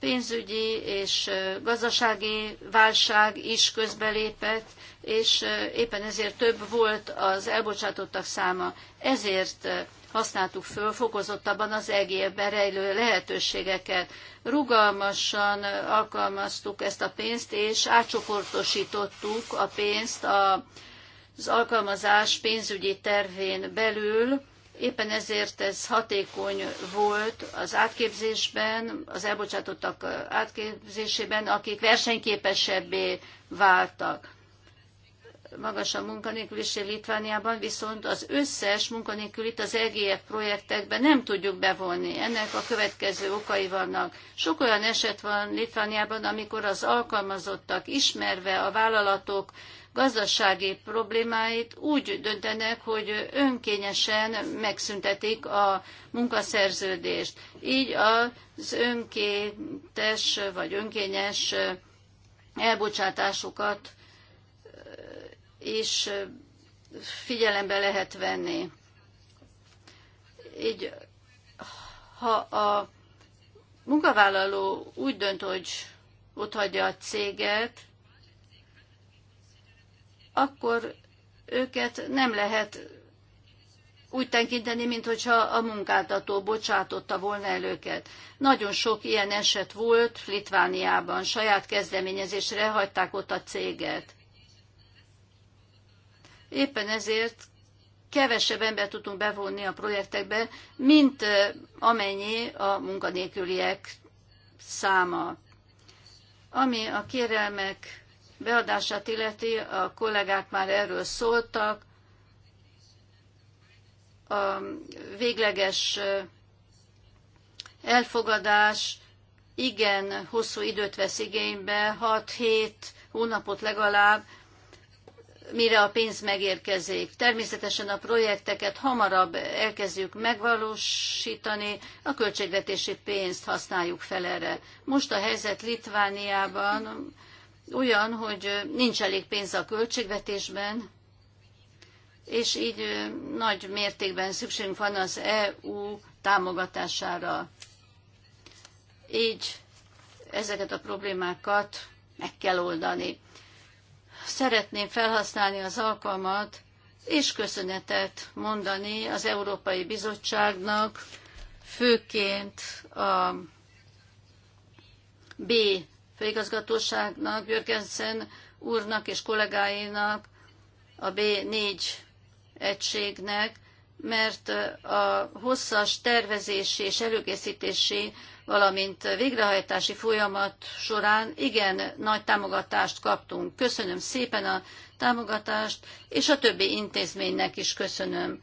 Pénzügyi és gazdasági válság is közbelépett, és éppen ezért több volt az elbocsátottak száma. Ezért használtuk föl fokozottabban az egérben rejlő lehetőségeket. Rugalmasan alkalmaztuk ezt a pénzt, és átcsoportosítottuk a pénzt a, az alkalmazás pénzügyi tervén belül, Éppen ezért ez hatékony volt az átképzésben, az elbocsátottak átképzésében, akik versenyképesebbé váltak magas a munkanélküliség Litvániában, viszont az összes munkanélkülit az EGF projektekbe nem tudjuk bevonni. Ennek a következő okai vannak. Sok olyan eset van Litvániában, amikor az alkalmazottak ismerve a vállalatok gazdasági problémáit úgy döntenek, hogy önkényesen megszüntetik a munkaszerződést. Így az önkéntes vagy önkényes elbocsátásokat is figyelembe lehet venni. Így ha a munkavállaló úgy dönt, hogy otthagyja a céget, akkor őket nem lehet úgy tekinteni, mintha a munkáltató bocsátotta volna el őket. Nagyon sok ilyen eset volt Litvániában. Saját kezdeményezésre hagyták ott a céget. Éppen ezért kevesebb embert tudtunk bevonni a projektekbe, mint amennyi a munkanélküliek száma. Ami a kérelmek beadását illeti, a kollégák már erről szóltak, a végleges elfogadás igen hosszú időt vesz igénybe, 6-7 hónapot legalább, mire a pénz megérkezik. Természetesen a projekteket hamarabb elkezdjük megvalósítani, a költségvetési pénzt használjuk fel erre. Most a helyzet Litvániában olyan, hogy nincs elég pénz a költségvetésben, és így nagy mértékben szükségünk van az EU támogatására. Így ezeket a problémákat meg kell oldani szeretném felhasználni az alkalmat, és köszönetet mondani az Európai Bizottságnak, főként a B főigazgatóságnak, Jörgensen úrnak és kollégáinak, a B4 egységnek, mert a hosszas tervezési és előkészítési, valamint végrehajtási folyamat során igen nagy támogatást kaptunk. Köszönöm szépen a támogatást, és a többi intézménynek is köszönöm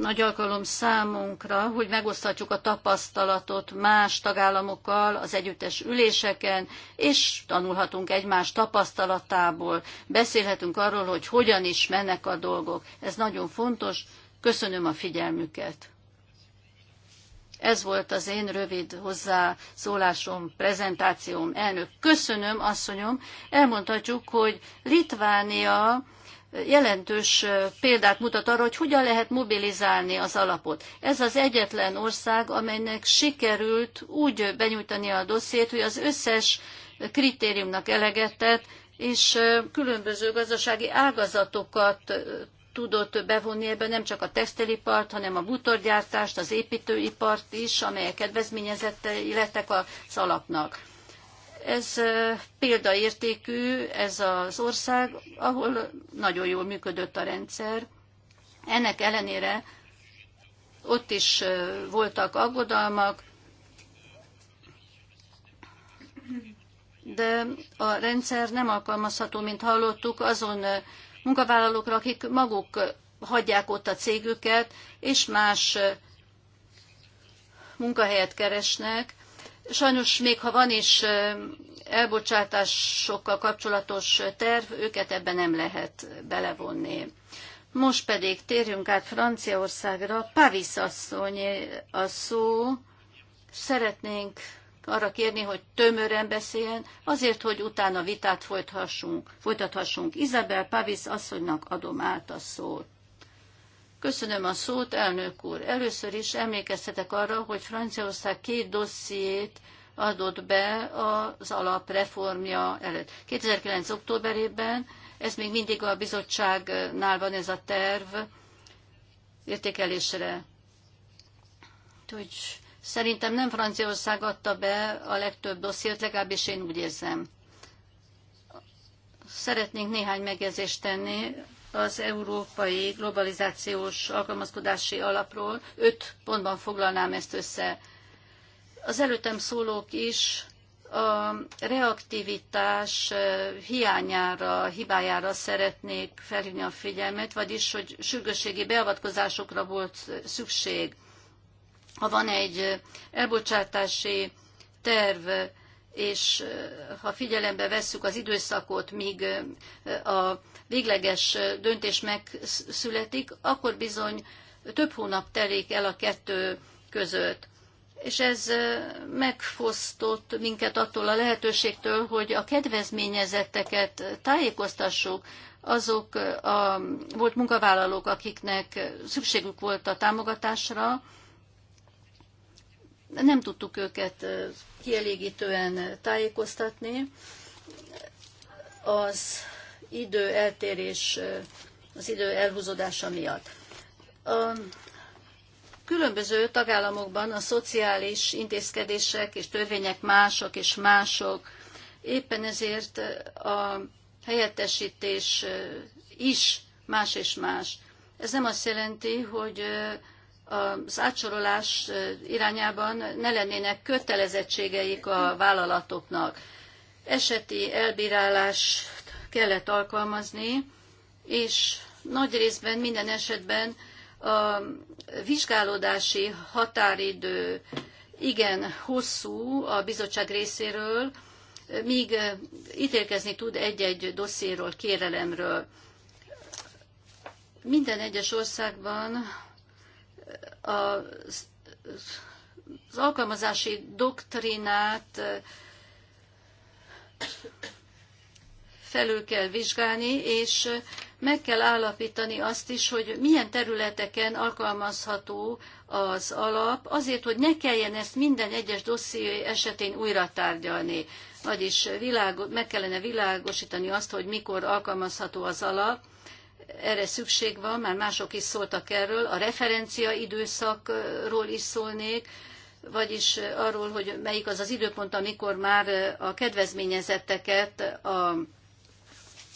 nagy alkalom számunkra, hogy megosztatjuk a tapasztalatot más tagállamokkal az együttes üléseken, és tanulhatunk egymás tapasztalatából, beszélhetünk arról, hogy hogyan is mennek a dolgok. Ez nagyon fontos. Köszönöm a figyelmüket. Ez volt az én rövid hozzászólásom, prezentációm, elnök. Köszönöm, asszonyom. Elmondhatjuk, hogy Litvánia jelentős példát mutat arra, hogy hogyan lehet mobilizálni az alapot. Ez az egyetlen ország, amelynek sikerült úgy benyújtani a dossziét, hogy az összes kritériumnak eleget tett, és különböző gazdasági ágazatokat tudott bevonni ebbe nem csak a textilipart, hanem a butorgyártást, az építőipart is, amelyek kedvezményezettei lettek az alapnak. Ez példaértékű, ez az ország, ahol nagyon jól működött a rendszer. Ennek ellenére ott is voltak aggodalmak, de a rendszer nem alkalmazható, mint hallottuk, azon munkavállalókra, akik maguk hagyják ott a cégüket, és más munkahelyet keresnek, Sajnos még ha van is elbocsátásokkal kapcsolatos terv, őket ebben nem lehet belevonni. Most pedig térjünk át Franciaországra. Pavis asszony a szó. Szeretnénk arra kérni, hogy tömören beszéljen, azért, hogy utána vitát folytathassunk. Izabel Pavis asszonynak adom át a szót. Köszönöm a szót, elnök úr. Először is emlékeztetek arra, hogy Franciaország két dossziét adott be az alapreformja előtt. 2009. októberében, ez még mindig a bizottságnál van ez a terv értékelésre. Úgy, szerintem nem Franciaország adta be a legtöbb dossziét, legalábbis én úgy érzem. Szeretnénk néhány megjegyzést tenni az európai globalizációs alkalmazkodási alapról. Öt pontban foglalnám ezt össze. Az előttem szólók is a reaktivitás eh, hiányára, hibájára szeretnék felhívni a figyelmet, vagyis, hogy sürgősségi beavatkozásokra volt szükség. Ha van egy elbocsátási terv, és eh, ha figyelembe vesszük az időszakot, míg eh, a végleges döntés megszületik, akkor bizony több hónap telik el a kettő között. És ez megfosztott minket attól a lehetőségtől, hogy a kedvezményezetteket tájékoztassuk, azok a volt munkavállalók, akiknek szükségük volt a támogatásra, nem tudtuk őket kielégítően tájékoztatni. Az idő eltérés, az idő elhúzódása miatt. A különböző tagállamokban a szociális intézkedések és törvények mások és mások. Éppen ezért a helyettesítés is más és más. Ez nem azt jelenti, hogy az átsorolás irányában ne lennének kötelezettségeik a vállalatoknak. Eseti elbírálás kellett alkalmazni, és nagy részben minden esetben a vizsgálódási határidő igen hosszú a bizottság részéről, míg ítélkezni tud egy-egy dosszéről, kérelemről. Minden egyes országban az, az alkalmazási doktrinát felül kell vizsgálni, és meg kell állapítani azt is, hogy milyen területeken alkalmazható az alap, azért, hogy ne kelljen ezt minden egyes dosszié esetén újra tárgyalni. Vagyis világo- meg kellene világosítani azt, hogy mikor alkalmazható az alap, erre szükség van, már mások is szóltak erről, a referencia időszakról is szólnék, vagyis arról, hogy melyik az az időpont, amikor már a kedvezményezetteket a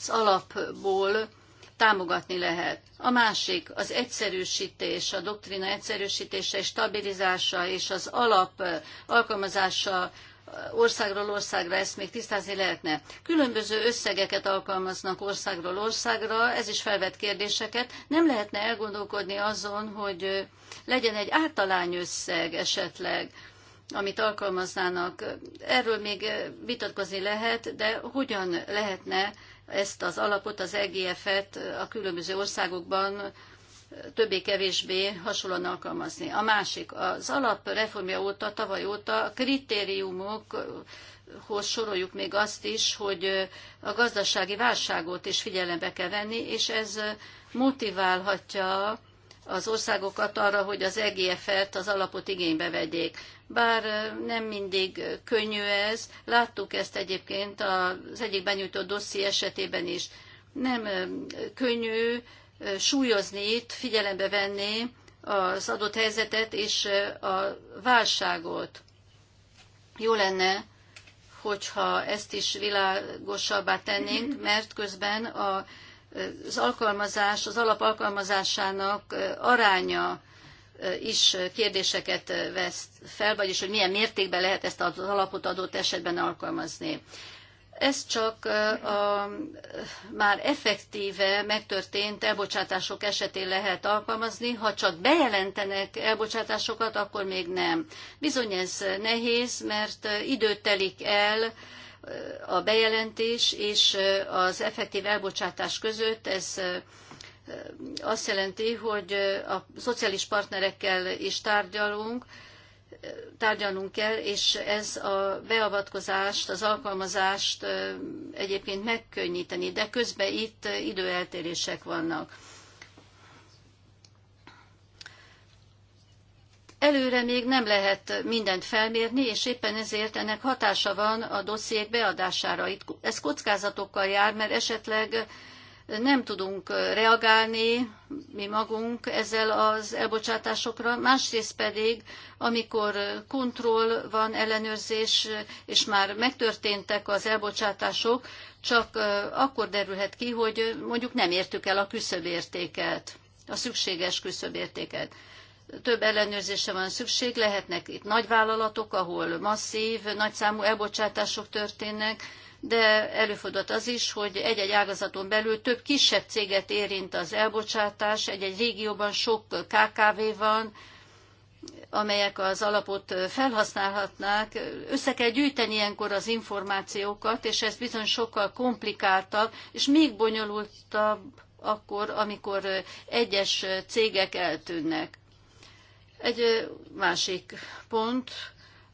az alapból támogatni lehet. A másik az egyszerűsítés, a doktrina egyszerűsítése, stabilizása és az alap alkalmazása országról országra ezt még tisztázni lehetne. Különböző összegeket alkalmaznak országról országra, ez is felvet kérdéseket. Nem lehetne elgondolkodni azon, hogy legyen egy általány összeg esetleg, amit alkalmaznának. Erről még vitatkozni lehet, de hogyan lehetne ezt az alapot, az EGF-et a különböző országokban többé-kevésbé hasonlóan alkalmazni. A másik, az alap reformja óta, tavaly óta a kritériumokhoz soroljuk még azt is, hogy a gazdasági válságot is figyelembe kell venni, és ez motiválhatja az országokat arra, hogy az EGF-et, az alapot igénybe vegyék bár nem mindig könnyű ez. Láttuk ezt egyébként az egyik benyújtott dosszi esetében is. Nem könnyű súlyozni, figyelembe venni az adott helyzetet és a válságot. Jó lenne, hogyha ezt is világosabbá tennénk, mert közben a, az alkalmazás, az alapalkalmazásának aránya is kérdéseket vesz fel, vagyis hogy milyen mértékben lehet ezt az alapot adott esetben alkalmazni. Ez csak a már effektíve megtörtént elbocsátások esetén lehet alkalmazni, ha csak bejelentenek elbocsátásokat, akkor még nem. Bizony ez nehéz, mert idő telik el a bejelentés és az effektív elbocsátás között, ez azt jelenti, hogy a szociális partnerekkel is tárgyalunk, tárgyalnunk kell, és ez a beavatkozást, az alkalmazást egyébként megkönnyíteni, de közben itt időeltérések vannak. Előre még nem lehet mindent felmérni, és éppen ezért ennek hatása van a dossziék beadására. Itt ez kockázatokkal jár, mert esetleg nem tudunk reagálni mi magunk ezzel az elbocsátásokra, másrészt pedig, amikor kontroll van, ellenőrzés, és már megtörténtek az elbocsátások, csak akkor derülhet ki, hogy mondjuk nem értük el a küszöbértéket, a szükséges küszöbértéket több ellenőrzése van szükség, lehetnek itt nagyvállalatok, ahol masszív, nagyszámú elbocsátások történnek, de előfordult az is, hogy egy-egy ágazaton belül több kisebb céget érint az elbocsátás, egy-egy régióban sok KKV van, amelyek az alapot felhasználhatnák. Össze kell gyűjteni ilyenkor az információkat, és ez bizony sokkal komplikáltabb, és még bonyolultabb akkor, amikor egyes cégek eltűnnek. Egy másik pont,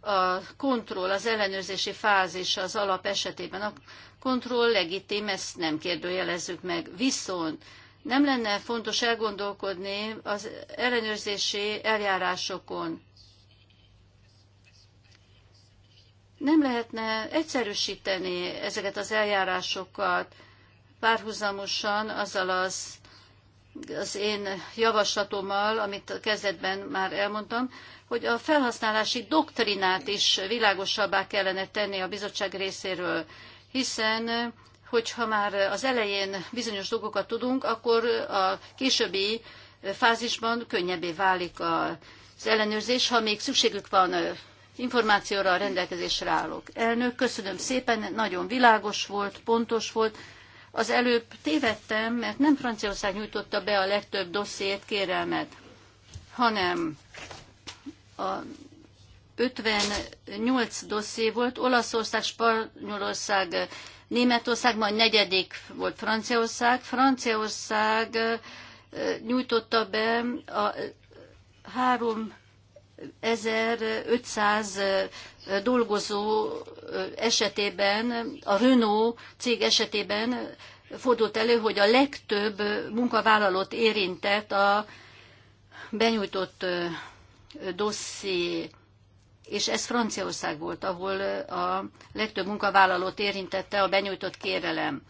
a kontroll, az ellenőrzési fázis az alap esetében. A kontroll legitim, ezt nem kérdőjelezzük meg. Viszont nem lenne fontos elgondolkodni az ellenőrzési eljárásokon. Nem lehetne egyszerűsíteni ezeket az eljárásokat párhuzamosan azzal az az én javaslatommal, amit a kezdetben már elmondtam, hogy a felhasználási doktrinát is világosabbá kellene tenni a bizottság részéről, hiszen hogyha már az elején bizonyos dolgokat tudunk, akkor a későbbi fázisban könnyebbé válik az ellenőrzés, ha még szükségük van információra a rendelkezésre állok. Elnök, köszönöm szépen, nagyon világos volt, pontos volt, az előbb tévedtem, mert nem Franciaország nyújtotta be a legtöbb dossziét, kérelmet, hanem a 58 dosszié volt, Olaszország, Spanyolország, Németország, majd negyedik volt Franciaország. Franciaország nyújtotta be a három 1500 dolgozó esetében, a Renault cég esetében fordult elő, hogy a legtöbb munkavállalót érintett a benyújtott dosszié, és ez Franciaország volt, ahol a legtöbb munkavállalót érintette a benyújtott kérelem.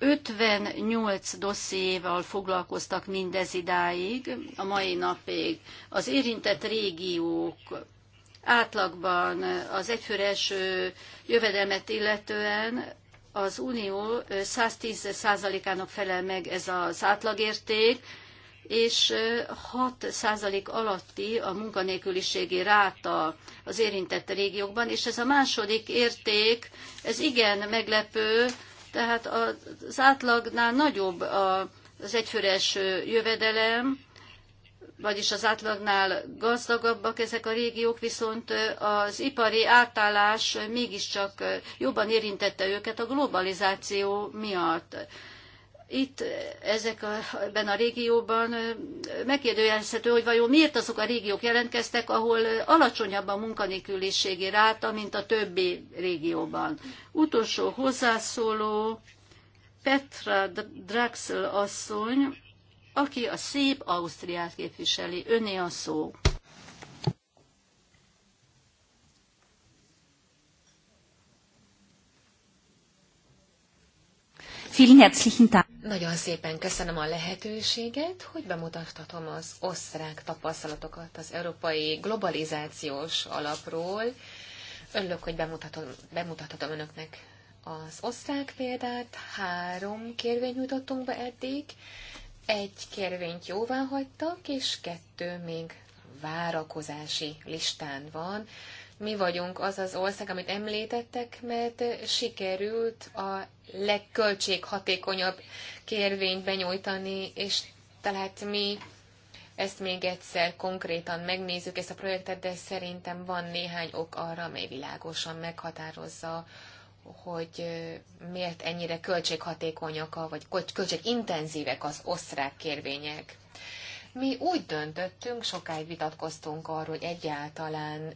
58 dossziéval foglalkoztak mindez idáig, a mai napig. Az érintett régiók átlagban az egyfőre első jövedelmet illetően az Unió 110%-ának felel meg ez az átlagérték, és 6% alatti a munkanélküliségi ráta az érintett régiókban, és ez a második érték, ez igen meglepő, tehát az átlagnál nagyobb az egyfőres jövedelem, vagyis az átlagnál gazdagabbak ezek a régiók, viszont az ipari átállás mégiscsak jobban érintette őket a globalizáció miatt itt ezek a, ebben a régióban megkérdőjelezhető, hogy vajon miért azok a régiók jelentkeztek, ahol alacsonyabb a munkanélküliségi ráta, mint a többi régióban. Utolsó hozzászóló Petra Draxel asszony, aki a szép Ausztriát képviseli. Öné a szó. Vielen herzlichen Dank. Nagyon szépen köszönöm a lehetőséget, hogy bemutathatom az osztrák tapasztalatokat az európai globalizációs alapról. Örülök, hogy bemutatom, bemutathatom önöknek az osztrák példát. Három kérvényt nyújtottunk be eddig. Egy kérvényt jóvá hagytak, és kettő még várakozási listán van mi vagyunk az az ország, amit említettek, mert sikerült a legköltséghatékonyabb kérvényt benyújtani, és tehát mi ezt még egyszer konkrétan megnézzük, ezt a projektet, de szerintem van néhány ok arra, amely világosan meghatározza, hogy miért ennyire költséghatékonyak, vagy költségintenzívek az osztrák kérvények. Mi úgy döntöttünk, sokáig vitatkoztunk arról, hogy egyáltalán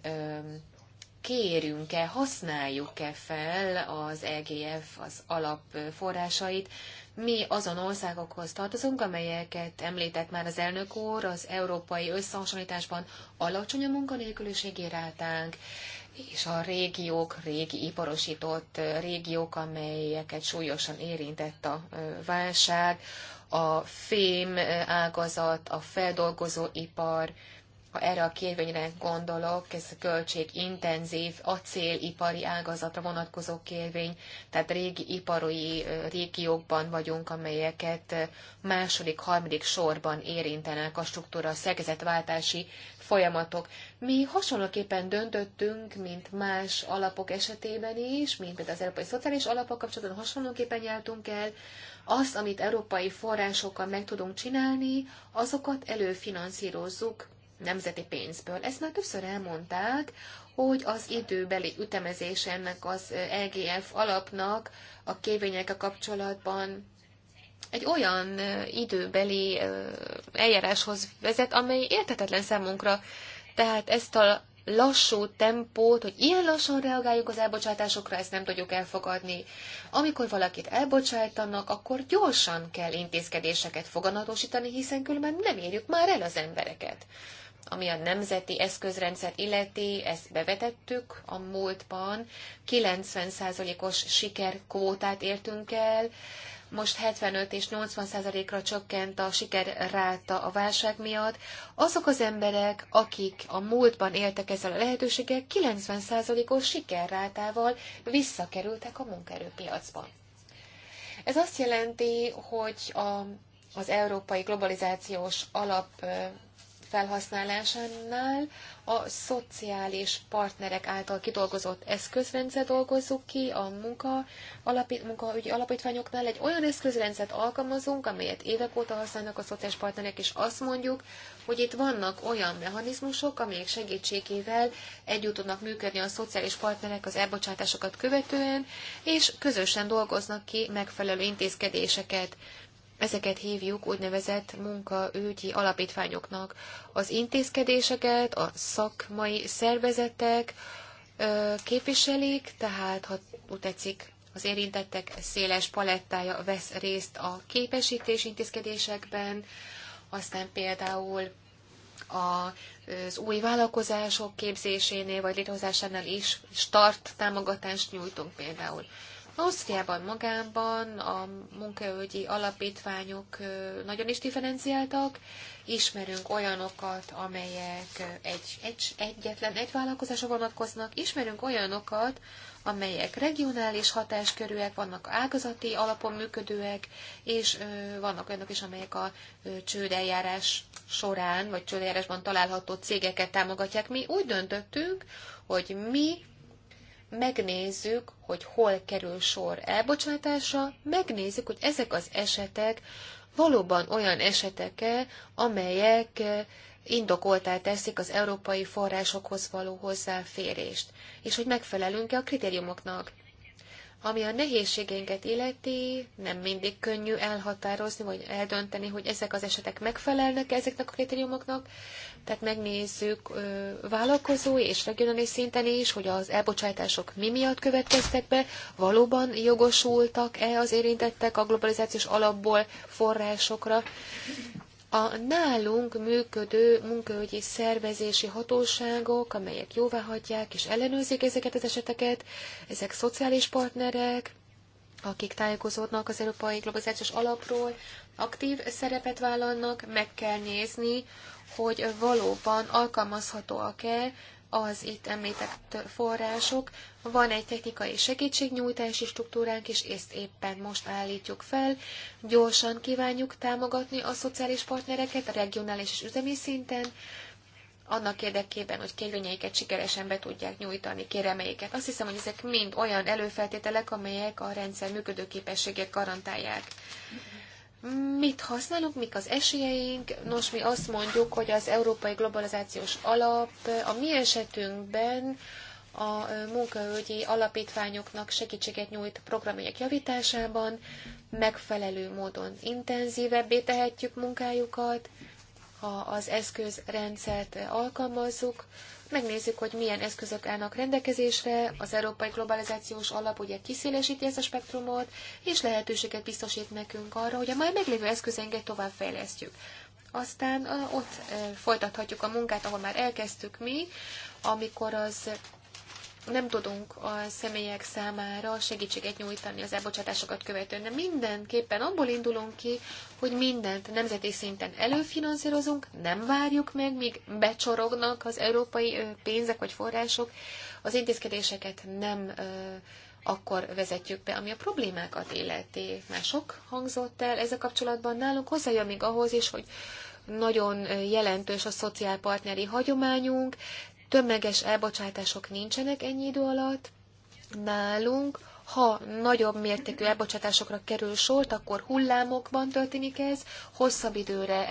kérjünk-e, használjuk-e fel az EGF, az alapforrásait. Mi azon országokhoz tartozunk, amelyeket említett már az elnök úr, az európai összehasonlításban alacsony a munkanélküliségi rátánk, és a régiók, régi iparosított régiók, amelyeket súlyosan érintett a válság, a fém ágazat, a feldolgozó ipar ha erre a kérvényre gondolok, ez a intenzív, acélipari ágazatra vonatkozó kérvény, tehát régi ipari régiókban vagyunk, amelyeket második, harmadik sorban érintenek a struktúra, a szerkezetváltási folyamatok. Mi hasonlóképpen döntöttünk, mint más alapok esetében is, mint például az Európai Szociális Alapok kapcsolatban hasonlóképpen nyeltünk el, azt, amit európai forrásokkal meg tudunk csinálni, azokat előfinanszírozzuk nemzeti pénzből. Ezt már többször elmondták, hogy az időbeli ütemezés ennek az EGF alapnak a kévényekkel kapcsolatban egy olyan időbeli eljáráshoz vezet, amely értetetlen számunkra. Tehát ezt a lassú tempót, hogy ilyen lassan reagáljuk az elbocsátásokra, ezt nem tudjuk elfogadni. Amikor valakit elbocsájtanak, akkor gyorsan kell intézkedéseket foganatosítani, hiszen különben nem érjük már el az embereket ami a nemzeti eszközrendszert illeti, ezt bevetettük a múltban, 90%-os sikerkvótát értünk el, most 75 és 80%-ra csökkent a siker ráta a válság miatt. Azok az emberek, akik a múltban éltek ezzel a lehetőséggel, 90%-os sikerrátával visszakerültek a munkaerőpiacba. Ez azt jelenti, hogy a, az európai globalizációs alap felhasználásánál a szociális partnerek által kidolgozott eszközrendszer dolgozzuk ki, a munka alapít, munkaügyi alapítványoknál egy olyan eszközrendszert alkalmazunk, amelyet évek óta használnak a szociális partnerek, és azt mondjuk, hogy itt vannak olyan mechanizmusok, amelyek segítségével együtt tudnak működni a szociális partnerek az elbocsátásokat követően, és közösen dolgoznak ki megfelelő intézkedéseket Ezeket hívjuk úgynevezett munkaügyi alapítványoknak. Az intézkedéseket a szakmai szervezetek képviselik, tehát ha úgy tetszik, az érintettek széles palettája vesz részt a képesítés intézkedésekben, aztán például a, az új vállalkozások képzésénél vagy létrehozásánál is start támogatást nyújtunk például. Ausztriában magában a munkaügyi alapítványok nagyon is differenciáltak, ismerünk olyanokat, amelyek egy, egy, egyetlen egy vállalkozásra vonatkoznak, ismerünk olyanokat, amelyek regionális hatáskörűek, vannak ágazati alapon működőek, és ö, vannak olyanok is, amelyek a ö, csődeljárás során, vagy csődeljárásban található cégeket támogatják. Mi úgy döntöttünk, hogy mi megnézzük, hogy hol kerül sor elbocsátásra, megnézzük, hogy ezek az esetek valóban olyan esetek-e, amelyek eh, indokoltá teszik az európai forrásokhoz való hozzáférést, és hogy megfelelünk-e a kritériumoknak. Ami a nehézségénket illeti, nem mindig könnyű elhatározni, vagy eldönteni, hogy ezek az esetek megfelelnek -e ezeknek a kritériumoknak. Tehát megnézzük ö, vállalkozói és regionális szinten is, hogy az elbocsátások mi miatt következtek be, valóban jogosultak-e az érintettek a globalizációs alapból forrásokra a nálunk működő munkaügyi szervezési hatóságok, amelyek jóváhagyják és ellenőrzik ezeket az eseteket, ezek szociális partnerek, akik tájékozódnak az Európai Globalizációs Alapról, aktív szerepet vállalnak, meg kell nézni, hogy valóban alkalmazhatóak-e az itt említett források. Van egy technikai segítségnyújtási struktúránk is, ezt éppen most állítjuk fel. Gyorsan kívánjuk támogatni a szociális partnereket a regionális és üzemi szinten, annak érdekében, hogy kérvényeiket sikeresen be tudják nyújtani, kéremeiket. Azt hiszem, hogy ezek mind olyan előfeltételek, amelyek a rendszer működőképességét garantálják. Mit használunk, mik az esélyeink? Nos, mi azt mondjuk, hogy az Európai Globalizációs Alap a mi esetünkben a munkaügyi alapítványoknak segítséget nyújt programjaik javításában, megfelelő módon intenzívebbé tehetjük munkájukat, ha az eszközrendszert alkalmazzuk, megnézzük, hogy milyen eszközök állnak rendelkezésre, az Európai Globalizációs Alap ugye kiszélesíti ezt a spektrumot, és lehetőséget biztosít nekünk arra, hogy a már meglévő eszközeinket továbbfejlesztjük. Aztán ott folytathatjuk a munkát, ahol már elkezdtük mi, amikor az nem tudunk a személyek számára segítséget nyújtani az elbocsátásokat követően, de mindenképpen abból indulunk ki, hogy mindent nemzeti szinten előfinanszírozunk, nem várjuk meg, míg becsorognak az európai pénzek vagy források, az intézkedéseket nem akkor vezetjük be, ami a problémákat illeti. Már sok hangzott el ezzel kapcsolatban nálunk, hozzájön még ahhoz is, hogy nagyon jelentős a szociálpartneri hagyományunk, tömeges elbocsátások nincsenek ennyi idő alatt. Nálunk, ha nagyobb mértékű elbocsátásokra kerül sor, akkor hullámokban történik ez, hosszabb időre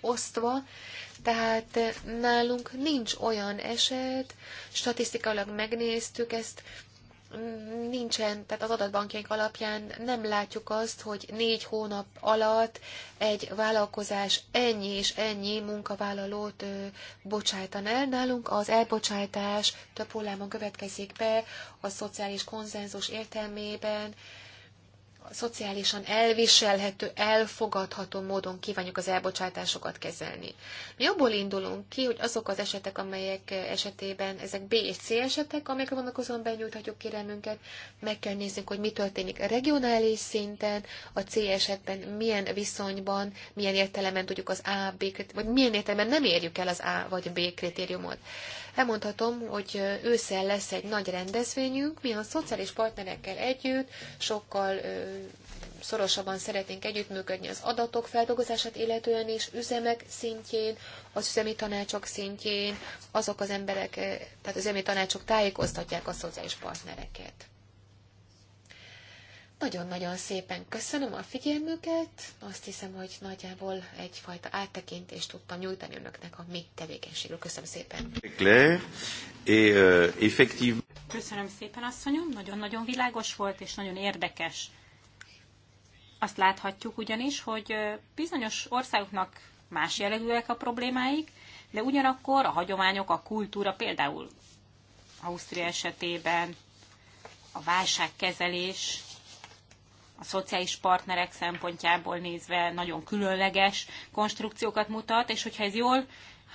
elosztva. Tehát nálunk nincs olyan eset, statisztikailag megnéztük ezt, nincsen, tehát az adatbankjaink alapján nem látjuk azt, hogy négy hónap alatt egy vállalkozás ennyi és ennyi munkavállalót ö, bocsájtan el. Nálunk az elbocsátás több hullámon következik be a szociális konzenzus értelmében, szociálisan elviselhető, elfogadható módon kívánjuk az elbocsátásokat kezelni. Mi abból indulunk ki, hogy azok az esetek, amelyek esetében ezek B és C esetek, amelyekre vonatkozóan benyújthatjuk kérelmünket, meg kell néznünk, hogy mi történik a regionális szinten, a C esetben milyen viszonyban, milyen értelemben tudjuk az A, B, vagy milyen értelemben nem érjük el az A vagy B kritériumot. Elmondhatom, hogy ősszel lesz egy nagy rendezvényünk, mi a szociális partnerekkel együtt sokkal szorosabban szeretnénk együttműködni az adatok feldolgozását illetően is, üzemek szintjén, az üzemi tanácsok szintjén, azok az emberek, tehát az üzemi tanácsok tájékoztatják a szociális partnereket. Nagyon-nagyon szépen köszönöm a figyelmüket. Azt hiszem, hogy nagyjából egyfajta áttekintést tudtam nyújtani önöknek a mi tevékenységről. Köszönöm szépen. Claire, euh, Köszönöm szépen, asszonyom. Nagyon-nagyon világos volt, és nagyon érdekes. Azt láthatjuk ugyanis, hogy euh, bizonyos országoknak más jellegűek a problémáik, de ugyanakkor a hagyományok, a kultúra például Ausztria esetében, a válságkezelés, a szociális partnerek szempontjából nézve nagyon különleges konstrukciókat mutat, és hogyha ez jól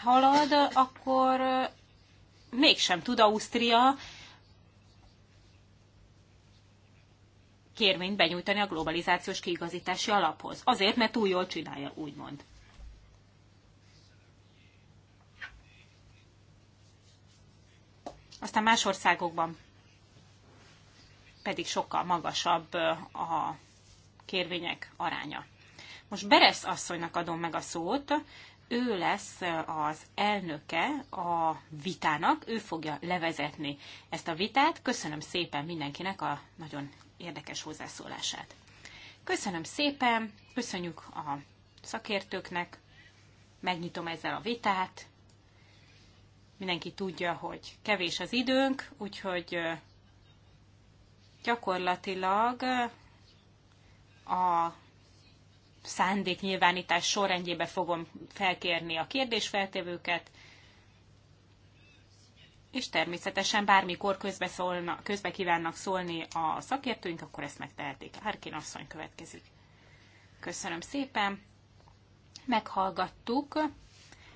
halad, akkor mégsem tud Ausztria kérvényt benyújtani a globalizációs kiigazítási alaphoz. Azért, mert túl jól csinálja, úgymond. Aztán más országokban pedig sokkal magasabb a kérvények aránya. Most Beresz asszonynak adom meg a szót, ő lesz az elnöke a vitának, ő fogja levezetni ezt a vitát. Köszönöm szépen mindenkinek a nagyon érdekes hozzászólását. Köszönöm szépen, köszönjük a szakértőknek, megnyitom ezzel a vitát. Mindenki tudja, hogy kevés az időnk, úgyhogy gyakorlatilag a szándéknyilvánítás sorrendjébe fogom felkérni a kérdésfeltevőket, és természetesen bármikor közbe, szólna, közbe kívánnak szólni a szakértőink, akkor ezt megtehetik. Árkin asszony következik. Köszönöm szépen. Meghallgattuk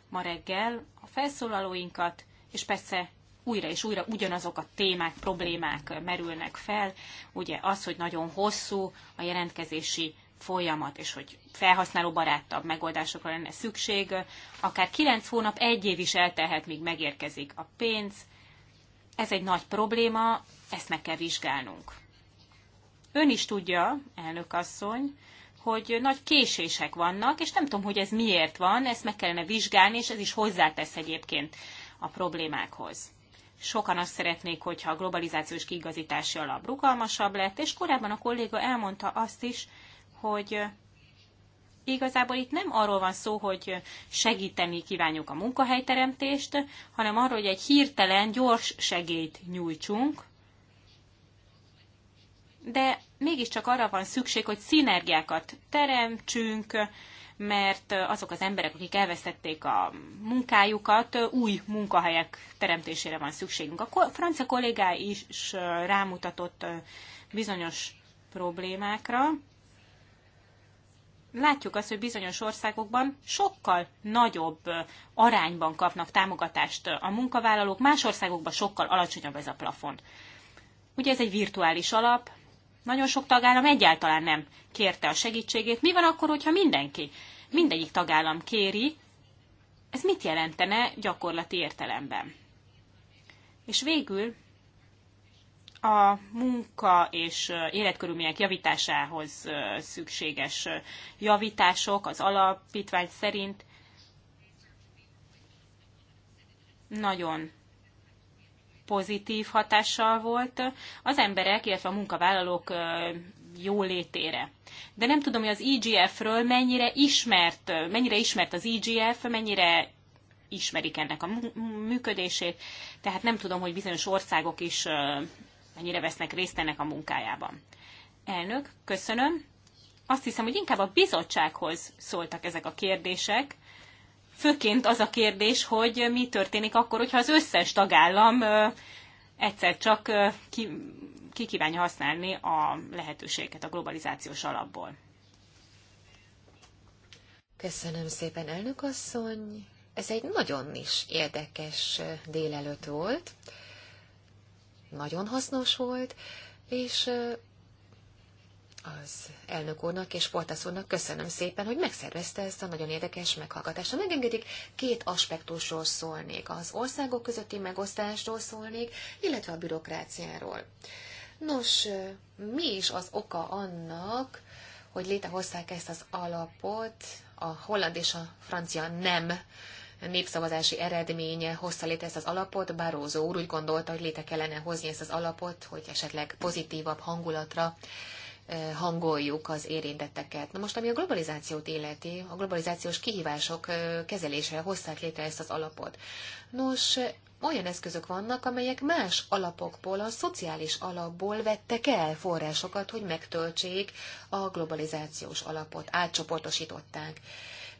ma reggel a felszólalóinkat, és persze újra és újra ugyanazok a témák, problémák merülnek fel. Ugye az, hogy nagyon hosszú a jelentkezési folyamat, és hogy felhasználóbarátabb megoldásokra lenne szükség. Akár 9 hónap, egy év is eltelhet, míg megérkezik a pénz. Ez egy nagy probléma, ezt meg kell vizsgálnunk. Ön is tudja, elnök asszony, hogy nagy késések vannak, és nem tudom, hogy ez miért van, ezt meg kellene vizsgálni, és ez is hozzátesz egyébként a problémákhoz sokan azt szeretnék, hogyha a globalizációs kiigazítási alap rugalmasabb lett, és korábban a kolléga elmondta azt is, hogy igazából itt nem arról van szó, hogy segíteni kívánjuk a munkahelyteremtést, hanem arról, hogy egy hirtelen, gyors segélyt nyújtsunk, de mégiscsak arra van szükség, hogy szinergiákat teremtsünk, mert azok az emberek, akik elvesztették a munkájukat, új munkahelyek teremtésére van szükségünk. A francia kollégái is rámutatott bizonyos problémákra. Látjuk azt, hogy bizonyos országokban sokkal nagyobb arányban kapnak támogatást a munkavállalók, más országokban sokkal alacsonyabb ez a plafon. Ugye ez egy virtuális alap, nagyon sok tagállam egyáltalán nem kérte a segítségét. Mi van akkor, hogyha mindenki, mindegyik tagállam kéri? Ez mit jelentene gyakorlati értelemben? És végül a munka és életkörülmények javításához szükséges javítások az alapítvány szerint nagyon pozitív hatással volt az emberek, illetve a munkavállalók jólétére. De nem tudom, hogy az IGF-ről e mennyire ismert, mennyire ismert az IGF, e mennyire ismerik ennek a működését, tehát nem tudom, hogy bizonyos országok is mennyire vesznek részt ennek a munkájában. Elnök, köszönöm. Azt hiszem, hogy inkább a bizottsághoz szóltak ezek a kérdések, Főként az a kérdés, hogy mi történik akkor, hogyha az összes tagállam egyszer csak ki, ki kívánja használni a lehetőséget a globalizációs alapból. Köszönöm szépen, elnök asszony. Ez egy nagyon is érdekes délelőtt volt, nagyon hasznos volt, és az elnök úrnak és Portasz úrnak köszönöm szépen, hogy megszervezte ezt a nagyon érdekes meghallgatást. Ha megengedik, két aspektusról szólnék. Az országok közötti megosztásról szólnék, illetve a bürokráciáról. Nos, mi is az oka annak, hogy létrehozták ezt az alapot, a holland és a francia nem népszavazási eredménye hozta létre ezt az alapot. Barózó úr úgy gondolta, hogy létre kellene hozni ezt az alapot, hogy esetleg pozitívabb hangulatra hangoljuk az érintetteket. Na most, ami a globalizációt illeti, a globalizációs kihívások kezelése hozták létre ezt az alapot. Nos, olyan eszközök vannak, amelyek más alapokból, a szociális alapból vettek el forrásokat, hogy megtöltsék a globalizációs alapot, átcsoportosították.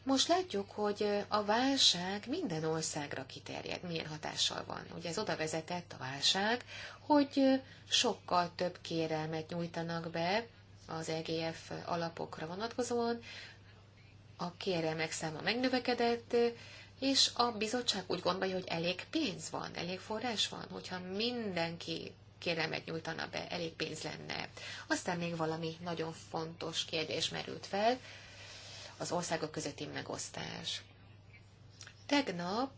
Most látjuk, hogy a válság minden országra kiterjed, milyen hatással van. Ugye ez oda vezetett a válság, hogy sokkal több kérelmet nyújtanak be az EGF alapokra vonatkozóan, a kérelmek száma megnövekedett, és a bizottság úgy gondolja, hogy elég pénz van, elég forrás van, hogyha mindenki kérelmet nyújtana be, elég pénz lenne. Aztán még valami nagyon fontos kérdés merült fel, az országok közötti megosztás. Tegnap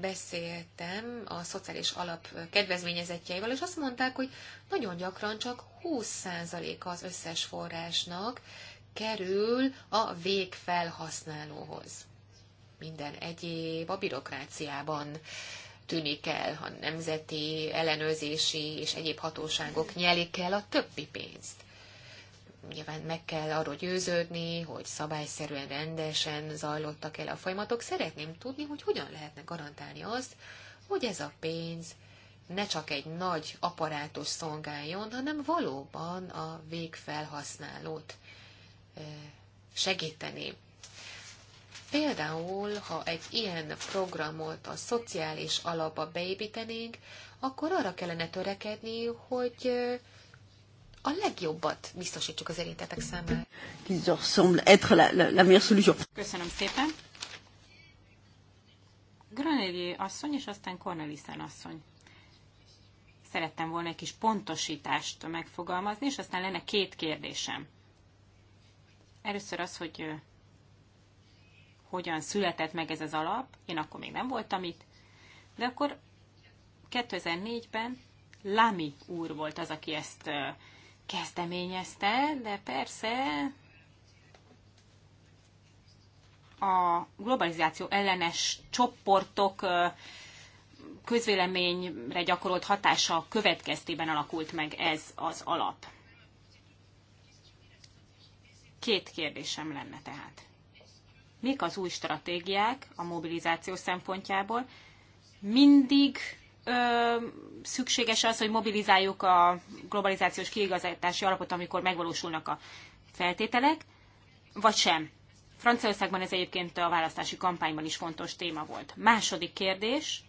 beszéltem a szociális alap kedvezményezetjeivel, és azt mondták, hogy nagyon gyakran csak 20% az összes forrásnak kerül a végfelhasználóhoz. Minden egyéb a birokráciában tűnik el, a nemzeti ellenőrzési és egyéb hatóságok nyelik el a többi pénzt nyilván meg kell arról győződni, hogy szabályszerűen, rendesen zajlottak el a folyamatok. Szeretném tudni, hogy hogyan lehetne garantálni azt, hogy ez a pénz ne csak egy nagy aparátus szolgáljon, hanem valóban a végfelhasználót segíteni. Például, ha egy ilyen programot a szociális alapba beépítenénk, akkor arra kellene törekedni, hogy a legjobbat biztosítsuk az érintettek számára. Köszönöm szépen. Granelli asszony, és aztán Cornelissen asszony. Szerettem volna egy kis pontosítást megfogalmazni, és aztán lenne két kérdésem. Először az, hogy hogyan született meg ez az alap, én akkor még nem voltam itt, de akkor 2004-ben Lami úr volt az, aki ezt uh, kezdeményezte, de persze a globalizáció ellenes csoportok közvéleményre gyakorolt hatása következtében alakult meg ez az alap. Két kérdésem lenne tehát. Mik az új stratégiák a mobilizáció szempontjából? Mindig ö, szükséges az, hogy mobilizáljuk a globalizációs kiigazítási alapot, amikor megvalósulnak a feltételek, vagy sem? Franciaországban ez egyébként a választási kampányban is fontos téma volt. Második kérdés,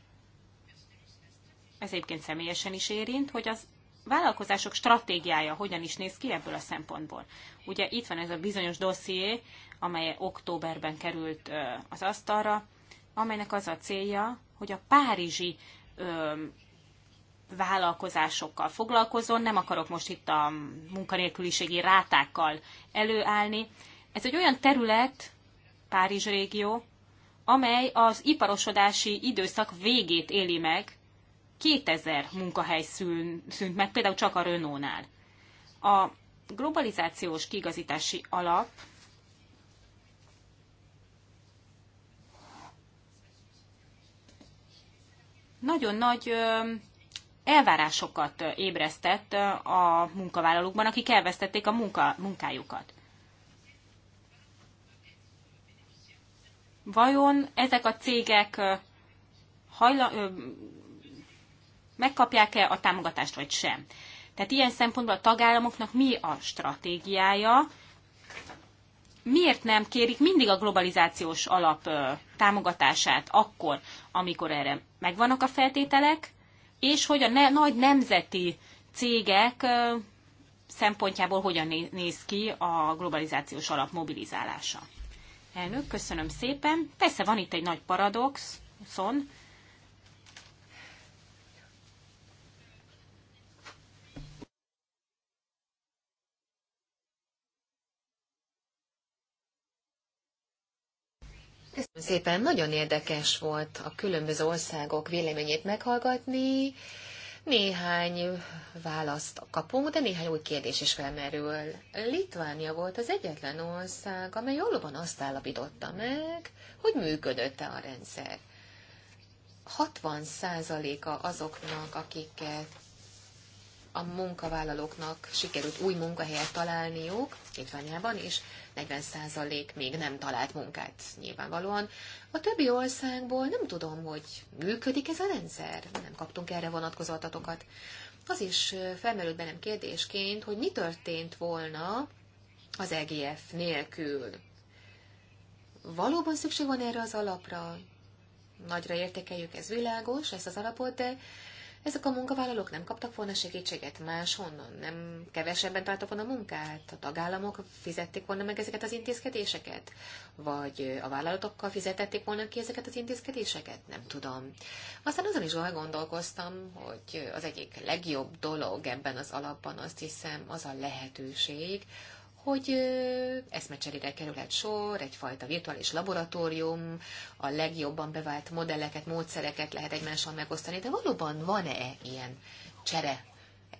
ez egyébként személyesen is érint, hogy az vállalkozások stratégiája hogyan is néz ki ebből a szempontból. Ugye itt van ez a bizonyos dosszié, amely októberben került az asztalra, amelynek az a célja, hogy a párizsi vállalkozásokkal foglalkozom, nem akarok most itt a munkanélküliségi rátákkal előállni. Ez egy olyan terület, Párizs régió, amely az iparosodási időszak végét éli meg, 2000 munkahely szűnt meg, például csak a Renault-nál. A globalizációs kigazítási alap nagyon nagy elvárásokat ébresztett a munkavállalókban, akik elvesztették a munka, munkájukat. Vajon ezek a cégek hajla, megkapják-e a támogatást, vagy sem? Tehát ilyen szempontból a tagállamoknak mi a stratégiája, miért nem kérik mindig a globalizációs alap támogatását akkor, amikor erre megvannak a feltételek, és hogy a ne, nagy nemzeti cégek szempontjából hogyan néz ki a globalizációs alap mobilizálása. Elnök, köszönöm szépen. Persze van itt egy nagy paradoxon, Köszönöm szépen, nagyon érdekes volt a különböző országok véleményét meghallgatni. Néhány választ kapunk, de néhány új kérdés is felmerül. Litvánia volt az egyetlen ország, amely valóban azt állapította meg, hogy működött-e a rendszer. 60%-a azoknak, akiket a munkavállalóknak sikerült új munkahelyet találniuk Litvániában, és 40% még nem talált munkát nyilvánvalóan. A többi országból nem tudom, hogy működik ez a rendszer. Nem kaptunk erre vonatkozó adatokat. Az is felmerült bennem kérdésként, hogy mi történt volna az EGF nélkül. Valóban szükség van erre az alapra? Nagyra értékeljük, ez világos, ezt az alapot, de ezek a munkavállalók nem kaptak volna segítséget máshonnan, nem kevesebben tartok volna munkát, a tagállamok fizették volna meg ezeket az intézkedéseket, vagy a vállalatokkal fizetették volna ki ezeket az intézkedéseket, nem tudom. Aztán azon is gondolkoztam, hogy az egyik legjobb dolog ebben az alapban azt hiszem az a lehetőség, hogy eszmecserére kerülhet sor, egyfajta virtuális laboratórium, a legjobban bevált modelleket, módszereket lehet egymással megosztani, de valóban van-e ilyen csere,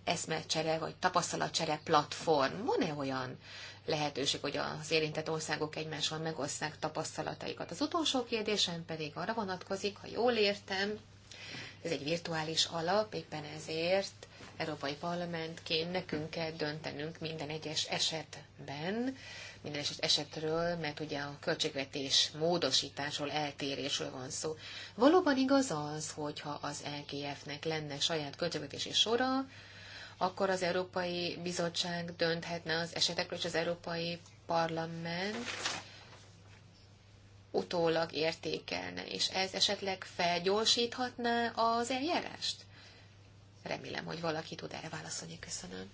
eszmecsere vagy tapasztalatcsere platform? Van-e olyan lehetőség, hogy az érintett országok egymással megosztják tapasztalataikat? Az utolsó kérdésem pedig arra vonatkozik, ha jól értem, ez egy virtuális alap, éppen ezért Európai Parlamentként nekünk kell döntenünk minden egyes esetben, minden egyes esetről, mert ugye a költségvetés módosításról, eltérésről van szó. Valóban igaz az, hogyha az LGF-nek lenne saját költségvetési sora, akkor az Európai Bizottság dönthetne az esetekről, és az Európai Parlament utólag értékelne, és ez esetleg felgyorsíthatná az eljárást? Remélem, hogy valaki tud erre válaszolni. Köszönöm.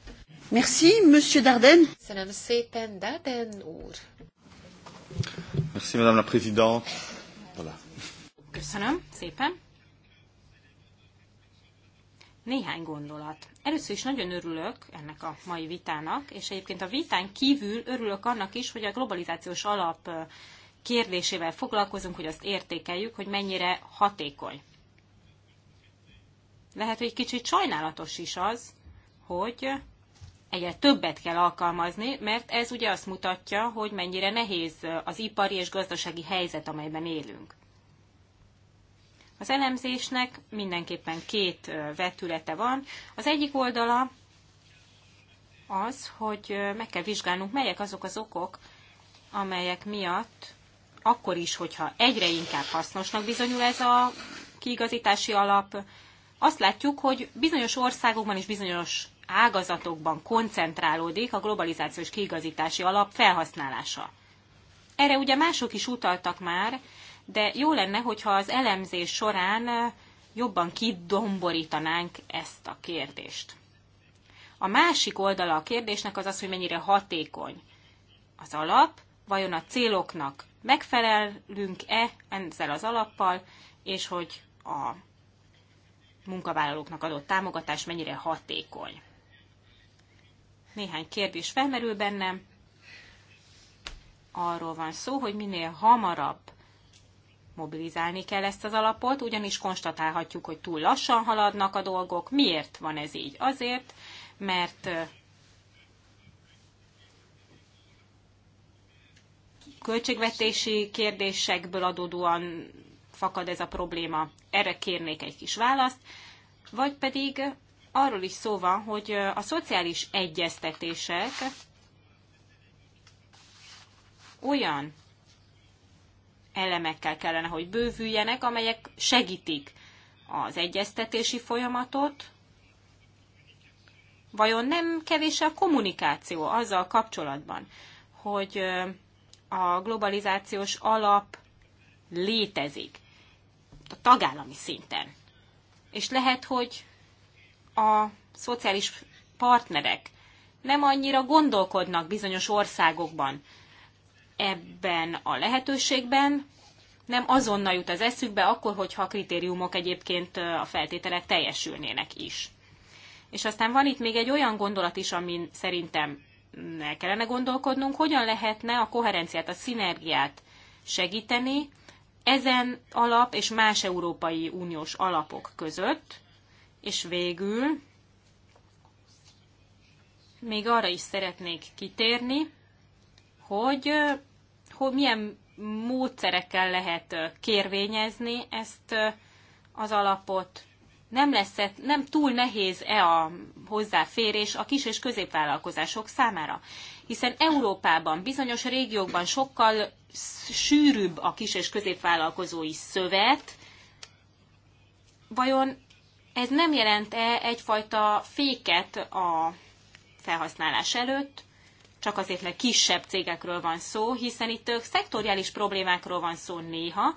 Merci, Monsieur Darden. Köszönöm szépen, Darden úr. Merci, Madame la Présidente. Voilà. Köszönöm szépen. Néhány gondolat. Először is nagyon örülök ennek a mai vitának, és egyébként a vitán kívül örülök annak is, hogy a globalizációs alap kérdésével foglalkozunk, hogy azt értékeljük, hogy mennyire hatékony. Lehet, hogy kicsit sajnálatos is az, hogy egyre többet kell alkalmazni, mert ez ugye azt mutatja, hogy mennyire nehéz az ipari és gazdasági helyzet, amelyben élünk. Az elemzésnek mindenképpen két vetülete van. Az egyik oldala az, hogy meg kell vizsgálnunk, melyek azok az okok, amelyek miatt akkor is, hogyha egyre inkább hasznosnak bizonyul ez a kiigazítási alap, azt látjuk, hogy bizonyos országokban és bizonyos ágazatokban koncentrálódik a globalizációs kiigazítási alap felhasználása. Erre ugye mások is utaltak már, de jó lenne, hogyha az elemzés során eh, jobban kidomborítanánk ezt a kérdést. A másik oldala a kérdésnek az az, hogy mennyire hatékony az alap, vajon a céloknak megfelelünk-e ezzel az alappal, és hogy a munkavállalóknak adott támogatás mennyire hatékony. Néhány kérdés felmerül bennem. Arról van szó, hogy minél hamarabb mobilizálni kell ezt az alapot, ugyanis konstatálhatjuk, hogy túl lassan haladnak a dolgok. Miért van ez így? Azért, mert költségvetési kérdésekből adódóan fakad ez a probléma? Erre kérnék egy kis választ. Vagy pedig arról is szó van, hogy a szociális egyeztetések olyan elemekkel kellene, hogy bővüljenek, amelyek segítik az egyeztetési folyamatot. Vajon nem kevés a kommunikáció azzal kapcsolatban, hogy a globalizációs alap létezik a tagállami szinten. És lehet, hogy a szociális partnerek nem annyira gondolkodnak bizonyos országokban ebben a lehetőségben, nem azonnal jut az eszükbe, akkor, hogyha a kritériumok egyébként a feltételek teljesülnének is. És aztán van itt még egy olyan gondolat is, amin szerintem el kellene gondolkodnunk, hogyan lehetne a koherenciát, a szinergiát segíteni ezen alap és más Európai Uniós alapok között, és végül még arra is szeretnék kitérni, hogy, hogy milyen módszerekkel lehet kérvényezni ezt az alapot. Nem, lesz, e- nem túl nehéz-e a hozzáférés a kis és középvállalkozások számára hiszen Európában bizonyos régiókban sokkal sűrűbb a kis- és középvállalkozói szövet. Vajon ez nem jelent-e egyfajta féket a felhasználás előtt, csak azért, mert kisebb cégekről van szó, hiszen itt szektoriális problémákról van szó néha,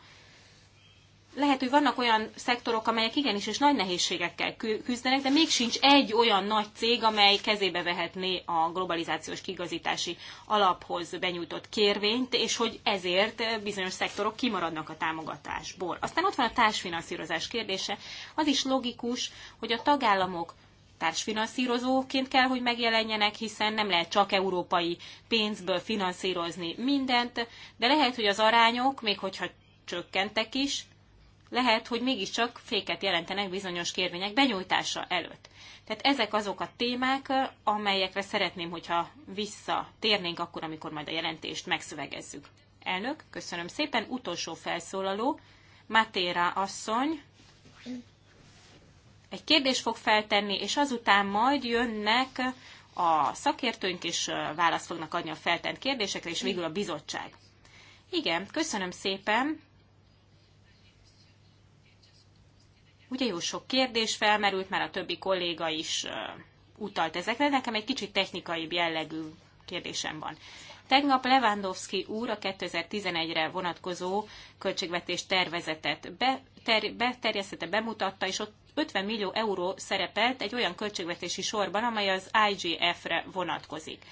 lehet, hogy vannak olyan szektorok, amelyek igenis és nagy nehézségekkel küzdenek, de még sincs egy olyan nagy cég, amely kezébe vehetné a globalizációs kigazítási alaphoz benyújtott kérvényt, és hogy ezért bizonyos szektorok kimaradnak a támogatásból. Aztán ott van a társfinanszírozás kérdése. Az is logikus, hogy a tagállamok társfinanszírozóként kell, hogy megjelenjenek, hiszen nem lehet csak európai pénzből finanszírozni mindent, de lehet, hogy az arányok, még hogyha csökkentek is, lehet, hogy mégiscsak féket jelentenek bizonyos kérvények benyújtása előtt. Tehát ezek azok a témák, amelyekre szeretném, hogyha visszatérnénk akkor, amikor majd a jelentést megszövegezzük. Elnök, köszönöm szépen. Utolsó felszólaló, Matéra asszony. Egy kérdést fog feltenni, és azután majd jönnek a szakértőink, és választ fognak adni a feltett kérdésekre, és végül a bizottság. Igen, köszönöm szépen. Ugye jó sok kérdés felmerült, már a többi kolléga is utalt ezekre, nekem egy kicsit technikai jellegű kérdésem van. Tegnap Lewandowski úr a 2011-re vonatkozó költségvetés tervezetet beterjesztette, bemutatta, és ott 50 millió euró szerepelt egy olyan költségvetési sorban, amely az IGF-re vonatkozik.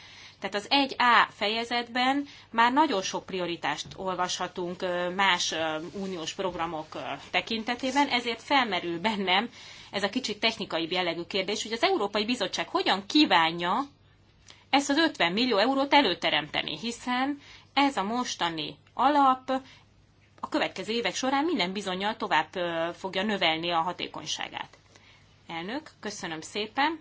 Tehát az 1A fejezetben már nagyon sok prioritást olvashatunk más uniós programok tekintetében, ezért felmerül bennem ez a kicsit technikai jellegű kérdés, hogy az Európai Bizottság hogyan kívánja ezt az 50 millió eurót előteremteni, hiszen ez a mostani alap a következő évek során minden bizonyal tovább fogja növelni a hatékonyságát. Elnök, köszönöm szépen.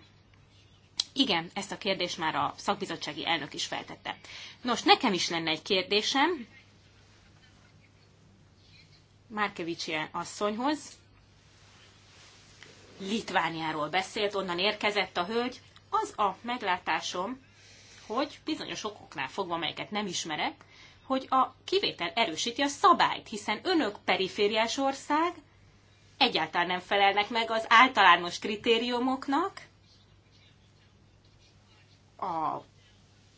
Igen, ezt a kérdést már a szakbizottsági elnök is feltette. Nos, nekem is lenne egy kérdésem Márkevicsi asszonyhoz. Litvániáról beszélt, onnan érkezett a hölgy. Az a meglátásom, hogy bizonyos okoknál fogva, amelyeket nem ismerek, hogy a kivétel erősíti a szabályt, hiszen önök perifériás ország, egyáltalán nem felelnek meg az általános kritériumoknak, a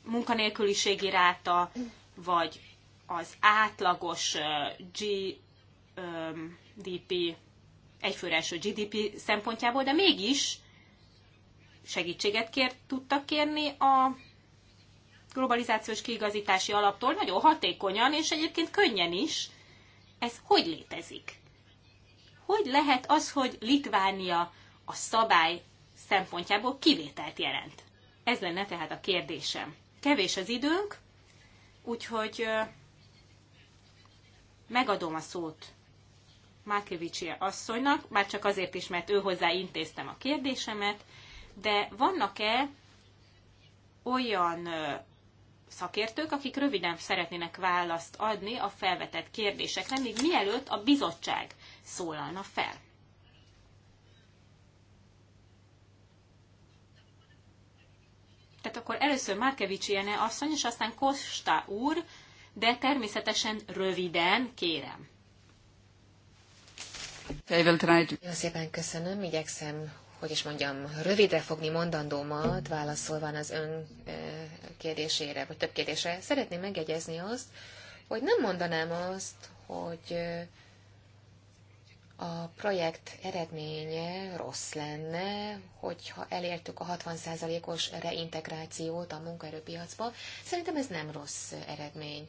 munkanélküliségi ráta, vagy az átlagos GDP, egyfőre első GDP szempontjából, de mégis segítséget kér, tudtak kérni a globalizációs kiigazítási alaptól, nagyon hatékonyan, és egyébként könnyen is. Ez hogy létezik? Hogy lehet az, hogy Litvánia a szabály szempontjából kivételt jelent? Ez lenne tehát a kérdésem. Kevés az időnk, úgyhogy megadom a szót Mákevicsi asszonynak, már csak azért is, mert ő hozzá intéztem a kérdésemet, de vannak-e olyan szakértők, akik röviden szeretnének választ adni a felvetett kérdésekre, még mielőtt a bizottság szólalna fel? Tehát akkor először Márkevics Jene asszony, és aztán Kosta úr, de természetesen röviden, kérem. Nagyon szépen köszönöm, igyekszem, hogy is mondjam, rövidre fogni mondandómat, válaszolván az ön kérdésére, vagy több kérdésre. Szeretném megjegyezni azt, hogy nem mondanám azt, hogy a projekt eredménye rossz lenne, hogyha elértük a 60%-os reintegrációt a munkaerőpiacba. Szerintem ez nem rossz eredmény.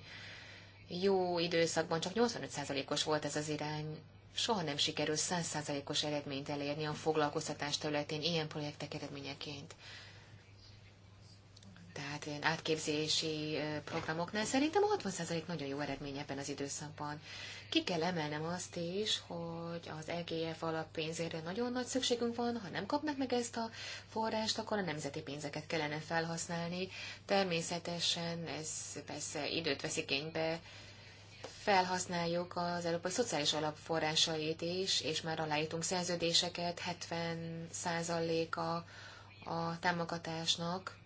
Jó időszakban csak 85%-os volt ez az irány. Soha nem sikerül 100%-os eredményt elérni a foglalkoztatás területén ilyen projektek eredményeként tehát ilyen átképzési programoknál. Szerintem a 60% nagyon jó eredmény ebben az időszakban. Ki kell emelnem azt is, hogy az EGF alappénzére nagyon nagy szükségünk van, ha nem kapnak meg ezt a forrást, akkor a nemzeti pénzeket kellene felhasználni. Természetesen ez persze időt vesz igénybe, felhasználjuk az Európai Szociális Alap forrásait is, és már aláírtunk szerződéseket, 70 a a támogatásnak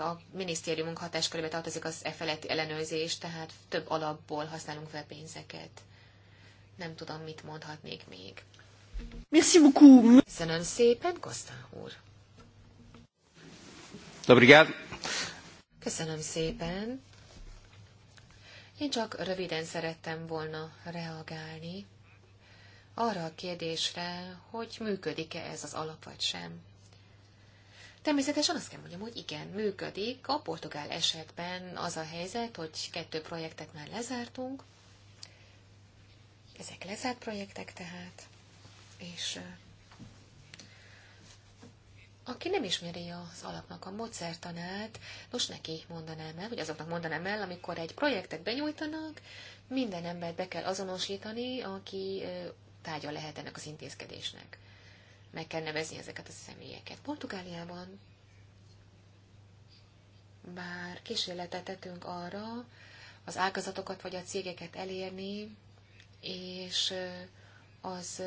a minisztériumunk hatáskörébe tartozik az e feletti ellenőrzés, tehát több alapból használunk fel pénzeket. Nem tudom, mit mondhatnék még. Merci beaucoup. Köszönöm szépen, Kosta úr. Obrigado. Köszönöm szépen. Én csak röviden szerettem volna reagálni arra a kérdésre, hogy működik-e ez az alap vagy sem. Természetesen azt kell mondjam, hogy igen, működik. A portugál esetben az a helyzet, hogy kettő projektet már lezártunk. Ezek lezárt projektek tehát, és aki nem ismeri az alapnak a módszertanát, most neki mondanám el, vagy azoknak mondanám el, amikor egy projektet benyújtanak, minden embert be kell azonosítani, aki tárgya lehet ennek az intézkedésnek meg kell nevezni ezeket a személyeket. Portugáliában bár kísérletet tettünk arra, az ágazatokat vagy a cégeket elérni, és az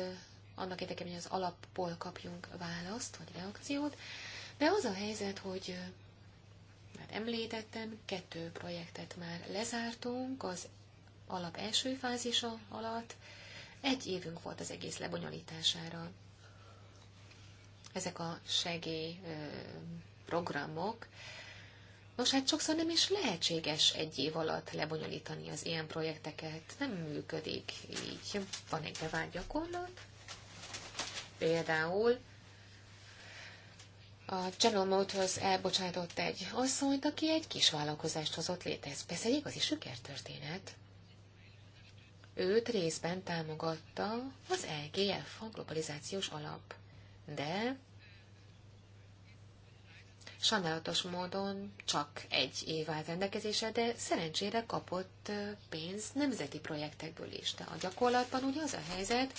annak érdekében, hogy az alapból kapjunk választ vagy reakciót, de az a helyzet, hogy már hát említettem, kettő projektet már lezártunk az alap első fázisa alatt, egy évünk volt az egész lebonyolítására ezek a segélyprogramok. Nos, hát sokszor nem is lehetséges egy év alatt lebonyolítani az ilyen projekteket, nem működik így. Van egy bevált gyakorlat, például a General Motors elbocsátott egy asszonyt, aki egy kis vállalkozást hozott létre. Ez persze egy igazi sikertörténet. Őt részben támogatta az EGF, a globalizációs alap de sajnálatos módon csak egy év áll rendelkezésre, de szerencsére kapott pénzt nemzeti projektekből is. De a gyakorlatban ugye az a helyzet,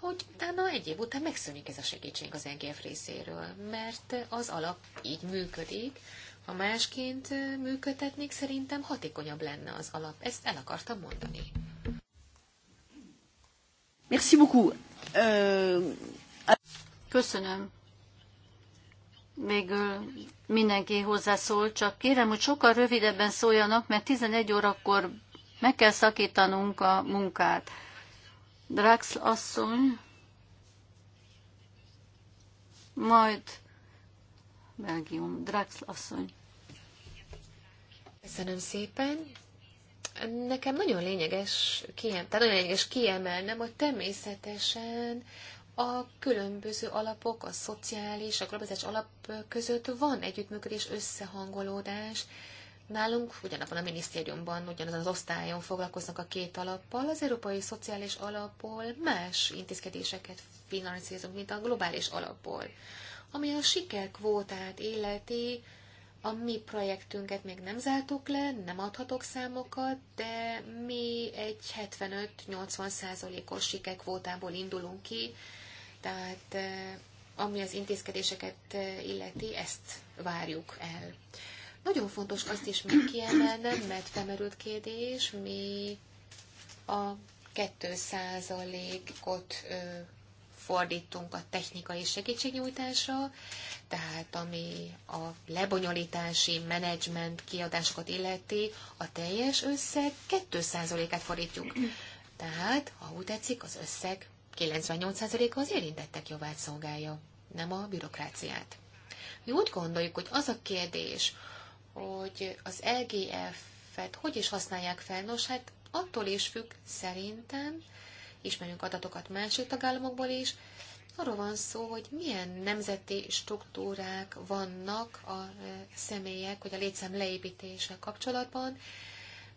hogy utána egy év után megszűnik ez a segítség az NGF e részéről, mert az alap így működik, ha másként működtetnék, szerintem hatékonyabb lenne az alap. Ezt el akartam mondani. Merci beaucoup. Euh, Köszönöm. Végül mindenki hozzászól, csak kérem, hogy sokkal rövidebben szóljanak, mert 11 órakor meg kell szakítanunk a munkát. Drax asszony, majd Belgium, Drax asszony. Köszönöm szépen. Nekem nagyon lényeges, kiem, tehát nagyon lényeges kiemelnem, hogy természetesen a különböző alapok, a szociális, a globalizás alap között van együttműködés, összehangolódás. Nálunk ugyanabban a minisztériumban, ugyanazon az osztályon foglalkoznak a két alappal, az európai szociális alapból más intézkedéseket finanszírozunk, mint a globális alapból. Ami a sikerkvótát illeti, a mi projektünket még nem zártuk le, nem adhatok számokat, de mi egy 75-80 százalékos sikerkvótából indulunk ki, tehát ami az intézkedéseket illeti, ezt várjuk el. Nagyon fontos azt is még kiemelnem, mert felmerült kérdés, mi a 2%-ot fordítunk a technikai segítségnyújtásra, tehát ami a lebonyolítási menedzsment kiadásokat illeti, a teljes összeg 2%-át fordítjuk. Tehát, ha úgy tetszik, az összeg 98%-a az érintettek jobbát szolgálja, nem a bürokráciát. Mi úgy gondoljuk, hogy az a kérdés, hogy az LGF-et hogy is használják fel, nos, hát attól is függ szerintem, ismerünk adatokat másik tagállamokból is, arról van szó, hogy milyen nemzeti struktúrák vannak a e, személyek, vagy a létszám leépítése kapcsolatban,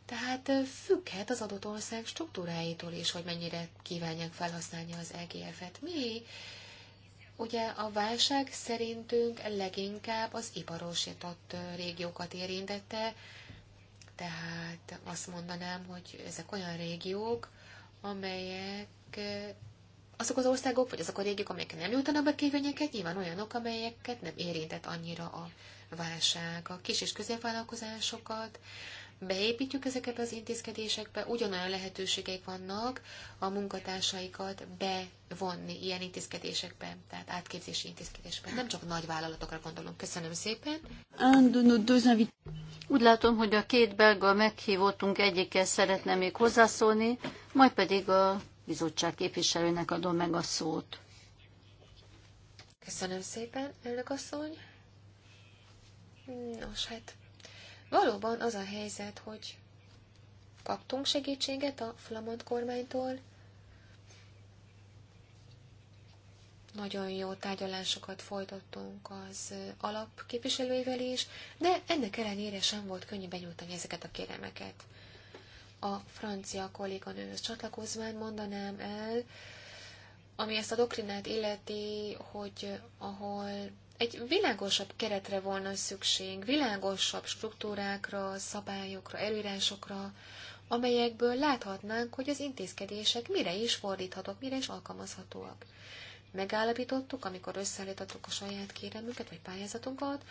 tehát függhet az adott ország struktúráitól is, hogy mennyire kívánják felhasználni az EGF-et. Mi Ugye a válság szerintünk leginkább az iparosított régiókat érintette, tehát azt mondanám, hogy ezek olyan régiók, amelyek azok az országok, vagy azok a régiók, amelyek nem jutanak be kérvényeket, nyilván olyanok, amelyeket nem érintett annyira a válság, a kis és középvállalkozásokat, beépítjük ezeket az intézkedésekbe, ugyanolyan lehetőségek vannak a munkatársaikat bevonni ilyen intézkedésekbe, tehát átképzési intézkedésekbe. Nem csak nagy vállalatokra gondolunk. Köszönöm szépen. Úgy látom, hogy a két belga meghívottunk egyikkel szeretne még hozzászólni, majd pedig a bizottság képviselőnek adom meg a szót. Köszönöm szépen, elnök asszony. Nos, hát Valóban az a helyzet, hogy kaptunk segítséget a flamand kormánytól, nagyon jó tárgyalásokat folytattunk az alapképviselőivel is, de ennek ellenére sem volt könnyű benyújtani ezeket a kéremeket. A francia kolléganőhöz csatlakozván mondanám el, ami ezt a doktrinát illeti, hogy ahol egy világosabb keretre volna szükség, világosabb struktúrákra, szabályokra, előírásokra, amelyekből láthatnánk, hogy az intézkedések mire is fordíthatók, mire is alkalmazhatóak. Megállapítottuk, amikor összeállítottuk a saját kérelmünket vagy pályázatunkat,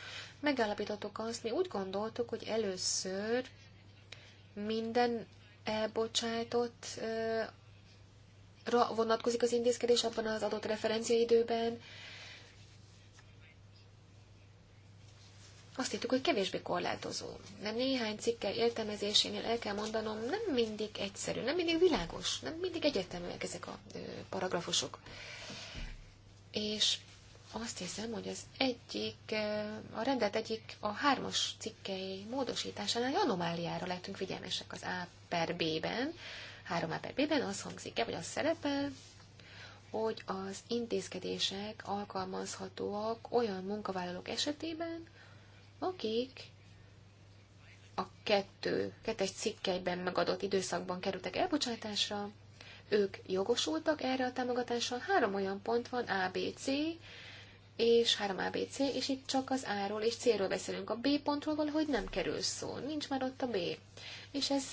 megállapítottuk azt, mi úgy gondoltuk, hogy először minden elbocsájtott ra vonatkozik az intézkedés abban az adott referenciaidőben, azt hittük, hogy kevésbé korlátozó. De néhány cikke értelmezésénél el kell mondanom, nem mindig egyszerű, nem mindig világos, nem mindig egyértelműek ezek a paragrafusok. És azt hiszem, hogy az egyik, a rendet egyik a hármas cikkei módosításánál anomáliára lettünk figyelmesek az A per B-ben. 3 A per B-ben az hangzik e vagy az szerepel, hogy az intézkedések alkalmazhatóak olyan munkavállalók esetében, akik a kettő, kettes cikkeiben megadott időszakban kerültek elbocsátásra, ők jogosultak erre a támogatásra. Három olyan pont van, ABC és 3ABC, és itt csak az A-ról és C-ről beszélünk. A B pontról valahogy nem kerül szó, nincs már ott a B, és ez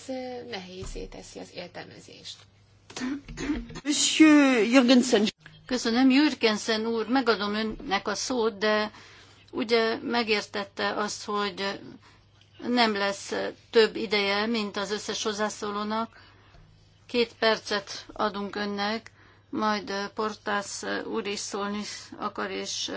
nehézé teszi az értelmezést. Monsieur Jürgensen. Köszönöm, Jürgensen úr, megadom önnek a szót, de ugye megértette azt, hogy nem lesz több ideje, mint az összes hozzászólónak. Két percet adunk önnek, majd Portász úr is szólni akar, és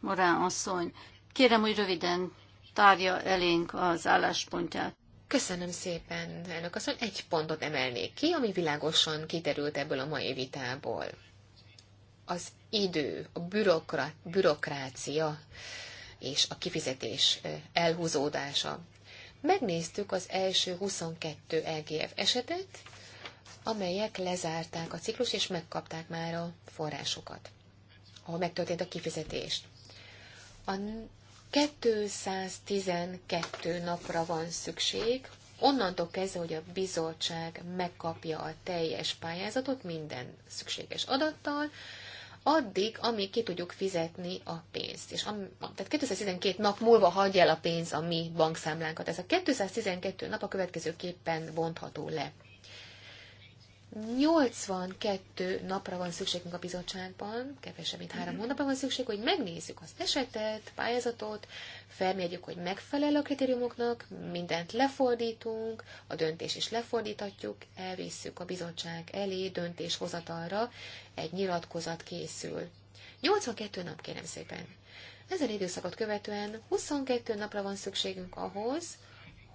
Morán asszony. Kérem, hogy röviden tárja elénk az álláspontját. Köszönöm szépen, elnök asszony. Egy pontot emelnék ki, ami világosan kiderült ebből a mai vitából az idő, a bürokra, bürokrácia és a kifizetés elhúzódása. Megnéztük az első 22 LGF esetet, amelyek lezárták a ciklus és megkapták már a forrásokat, ahol megtörtént a kifizetés. A 212 napra van szükség, onnantól kezdve, hogy a bizottság megkapja a teljes pályázatot minden szükséges adattal, addig, amíg ki tudjuk fizetni a pénzt. És am, tehát 212 nap múlva hagyja el a pénz a mi bankszámlánkat. Ez a 212 nap a következőképpen bontható le. 82 napra van szükségünk a bizottságban, kevesebb, mint három mhm. hónapra van szükség, hogy megnézzük az esetet, pályázatot, felmérjük, hogy megfelel a kritériumoknak, mindent lefordítunk, a döntés is lefordítatjuk, elvisszük a bizottság elé döntéshozatalra, egy nyilatkozat készül. 82 nap, kérem szépen. Ezen időszakot követően 22 napra van szükségünk ahhoz,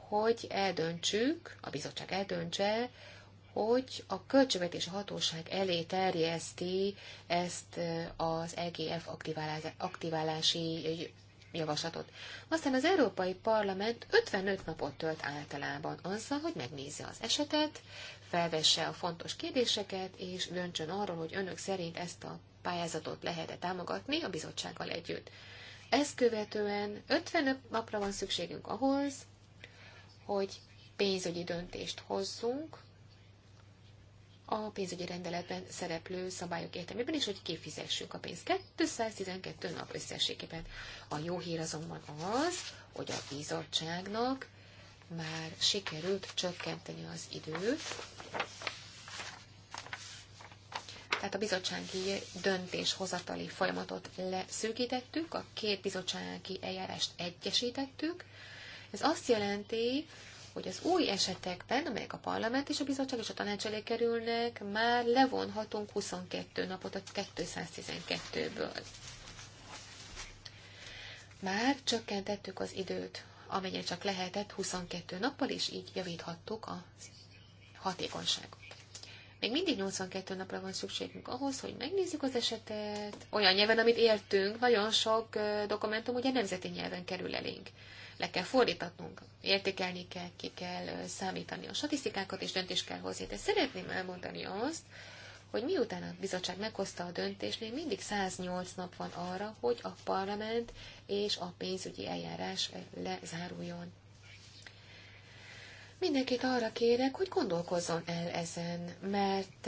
hogy eldöntsük, a bizottság eldöntse, hogy a költségvetési hatóság elé terjeszti ezt az EGF aktiválási javaslatot. Aztán az Európai Parlament 55 napot tölt általában azzal, hogy megnézze az esetet, felvesse a fontos kérdéseket, és döntsön arról, hogy önök szerint ezt a pályázatot lehet-e támogatni a bizottsággal együtt. Ezt követően 55 napra van szükségünk ahhoz, hogy pénzügyi döntést hozzunk a pénzügyi rendeletben szereplő szabályok értelmében is, hogy kifizessük a pénzt. 212 nap összességében. A jó hír azonban az, hogy a bizottságnak már sikerült csökkenteni az időt, tehát a bizottsági döntéshozatali folyamatot leszűkítettük, a két bizottsági eljárást egyesítettük. Ez azt jelenti, hogy az új esetekben, amelyek a parlament és a bizottság és a tanács elé kerülnek, már levonhatunk 22 napot a 212-ből. Már csökkentettük az időt, amennyire csak lehetett 22 nappal, és így javíthattuk a hatékonyságot. Még mindig 82 napra van szükségünk ahhoz, hogy megnézzük az esetet. Olyan nyelven, amit értünk, nagyon sok dokumentum ugye nemzeti nyelven kerül elénk le kell fordítatnunk, értékelni kell, ki kell számítani a statisztikákat, és döntés kell hozni. De szeretném elmondani azt, hogy miután a bizottság meghozta a döntést, még mindig 108 nap van arra, hogy a parlament és a pénzügyi eljárás lezáruljon. Mindenkit arra kérek, hogy gondolkozzon el ezen, mert